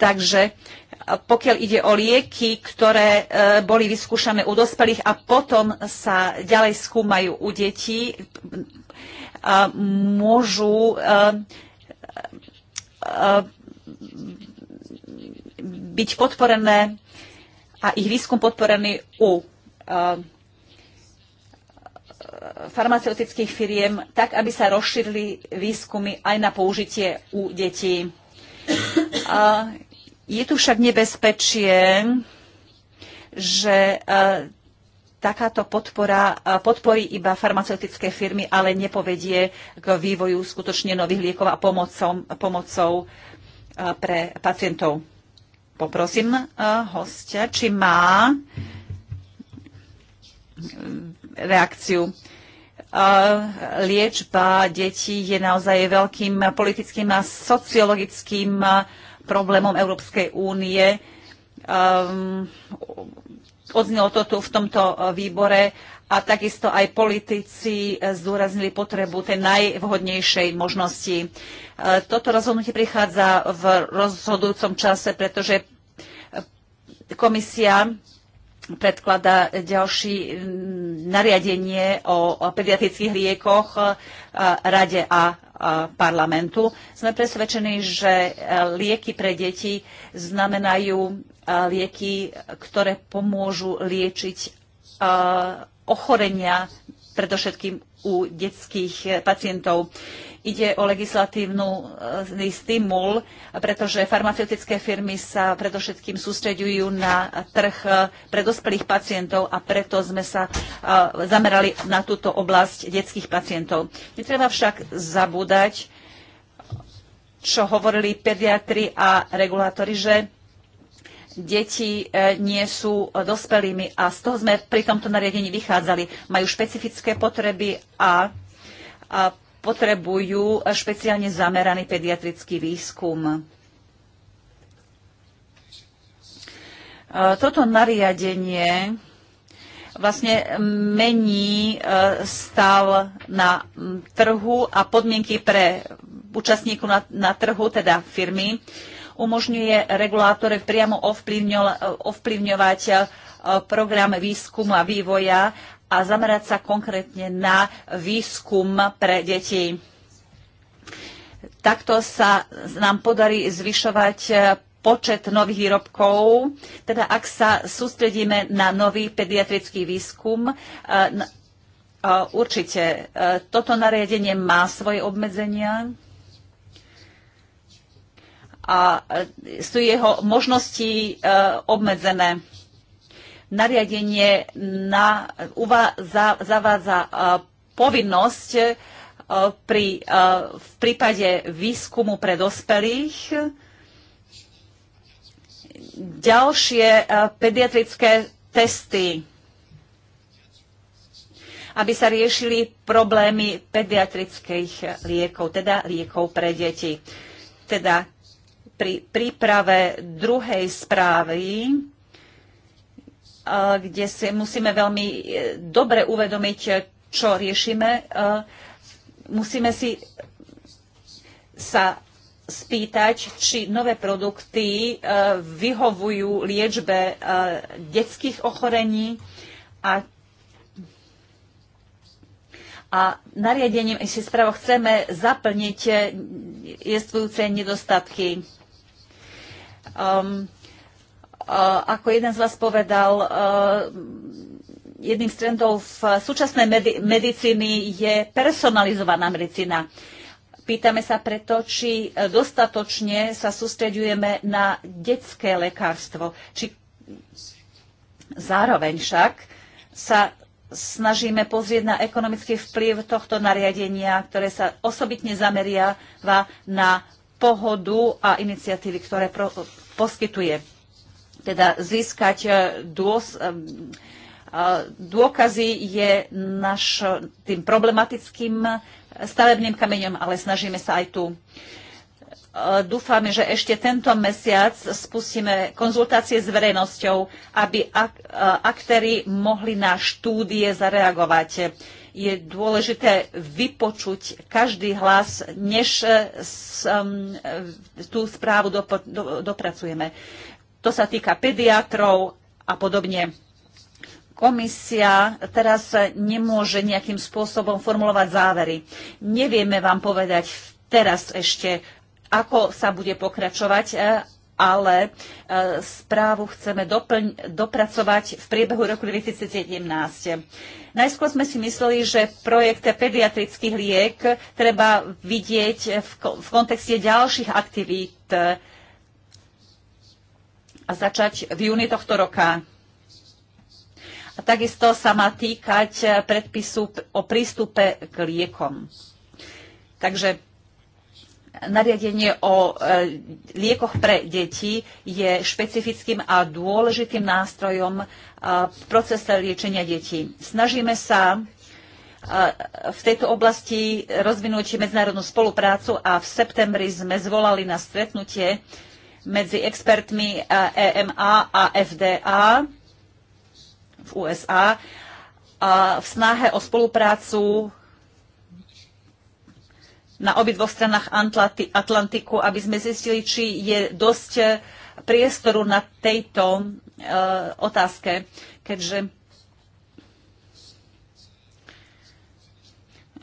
Takže e, pokiaľ ide o lieky, ktoré e, boli vyskúšané u dospelých a potom sa ďalej skúmajú u detí, môžu byť podporené a ich výskum podporený u farmaceutických firiem, tak aby sa rozšírili výskumy aj na použitie u detí. Je tu však nebezpečie, že takáto podpora e, podporí iba farmaceutické firmy, ale nepovedie k vývoju skutočne nových liekov a pomocom, pomocou e, pre pacientov. Poprosím e, hostia, či má reakciu. Liečba detí je naozaj veľkým politickým a sociologickým problémom Európskej únie. Um, Odznelo to tu v tomto e, výbore a takisto aj politici e, zdôraznili potrebu tej najvhodnejšej možnosti. E, toto rozhodnutie prichádza v rozhodujúcom čase, pretože komisia predklada ďalší nariadenie o pediatrických liekoch Rade a parlamentu. Sme presvedčení, že lieky pre deti znamenajú lieky, ktoré pomôžu liečiť ochorenia, predovšetkým u detských e, pacientov. Ide o legislatívny e, stimul, pretože farmaceutické firmy sa predovšetkým sústreďujú na trh e, predospelých pacientov a preto sme sa zamerali na túto oblasť detských pacientov. Netreba však zabúdať, čo hovorili pediatri a regulátori, že deti e, nie sú dospelými a z toho sme pri tomto nariadení vychádzali. Majú špecifické potreby a, a potrebujú špeciálne zameraný pediatrický výskum. E, toto nariadenie vlastne mení e, stav na trhu a podmienky pre účastníku na, na trhu, teda firmy umožňuje regulátore priamo ovplyvňovať e, program výskumu a vývoja a zamerať sa konkrétne na výskum pre deti. Takto sa nám podarí zvyšovať e, počet nových výrobkov, teda ak sa sústredíme na nový pediatrický výskum, e, určite toto nariadenie má svoje obmedzenia a e, sú jeho možnosti e, obmedzené. Nariadenie na, uva, za, zavádza e, povinnosť pri, v prípade výskumu pre dospelých ďalšie pediatrické testy, aby sa riešili problémy pediatrických liekov, teda liekov pre deti. Teda pri príprave druhej správy, kde si musíme veľmi e, dobre uvedomiť, čo riešime, e, musíme si sa spýtať, či nové produkty e, vyhovujú liečbe detských ochorení a a nariadením ešte správo chceme zaplniť existujúce nedostatky. Um, uh, ako jeden z vás povedal, uh, jedným z trendov v súčasnej medi- medicíny je personalizovaná medicína. Pýtame sa preto, či uh, dostatočne sa sústreďujeme na detské lekárstvo. Či zároveň však sa snažíme pozrieť na ekonomický vplyv tohto nariadenia, ktoré sa osobitne zameriava na pohodu a iniciatívy, ktoré poskytuje. Teda získať e, dôs, e, e, dôkazy je naš tým problematickým stavebným kameňom, ale snažíme sa aj tu. Dúfame, že ešte tento mesiac spustíme konzultácie s verejnosťou, aby ak, aktéry mohli na štúdie zareagovať je dôležité vypočuť každý hlas, než e, e, tú správu dopracujeme. To sa týka pediatrov a podobne. Komisia teraz nemôže nejakým spôsobom formulovať závery. Nevieme vám povedať teraz ešte, ako sa bude pokračovať e, ale e, správu chceme doplň, dopracovať v priebehu roku 2017. Najskôr sme si mysleli, že projekt pediatrických liek treba vidieť v, v kontexte ďalších aktivít e, a začať v júni tohto roka. A takisto sa má týkať predpisu o prístupe k liekom. Takže Nariadenie o e, liekoch pre deti je špecifickým a dôležitým nástrojom e, v procese liečenia detí. Snažíme sa e, v tejto oblasti rozvinúť medzinárodnú spoluprácu a v septembri sme zvolali na stretnutie medzi expertmi EMA a FDA v USA v snahe o spoluprácu na obidvoch stranách Atlantiku, aby sme zistili, či je dosť eh, priestoru na tejto eh, otázke, keďže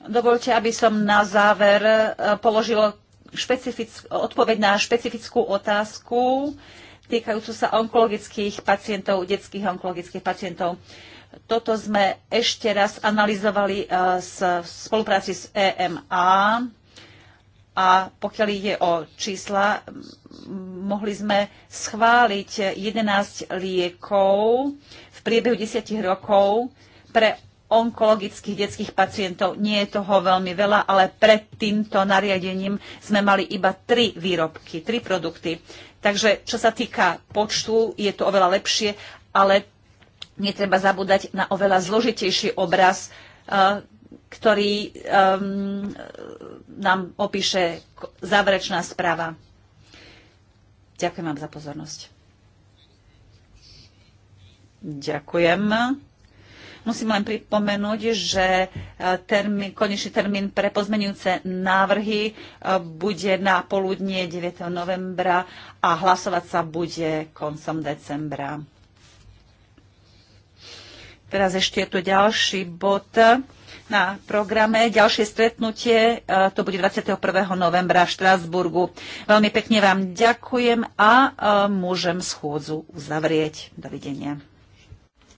dovolte, aby som na záver eh, položila odpoveď na špecifickú otázku týkajúcu sa onkologických pacientov, detských onkologických pacientov. Toto sme ešte raz analyzovali v spolupráci s EMA a pokiaľ ide o čísla, mohli sme schváliť 11 liekov v priebehu 10 rokov pre onkologických detských pacientov. Nie je toho veľmi veľa, ale pred týmto nariadením sme mali iba tri výrobky, tri produkty. Takže čo sa týka počtu, je to oveľa lepšie, ale netreba zabúdať na oveľa zložitejší obraz, eh, ktorý um, nám opíše záverečná správa. Ďakujem vám za pozornosť. Ďakujem. Musím len pripomenúť, že e, termín, konečný termín pre pozmenujúce návrhy e, bude na poludnie 9. novembra a hlasovať sa bude koncom decembra. Teraz ešte je tu ďalší bod na programe. Ďalšie stretnutie e, to bude 21. novembra v Štrásburgu. Veľmi pekne vám ďakujem a e, môžem schôdzu uzavrieť. Dovidenia.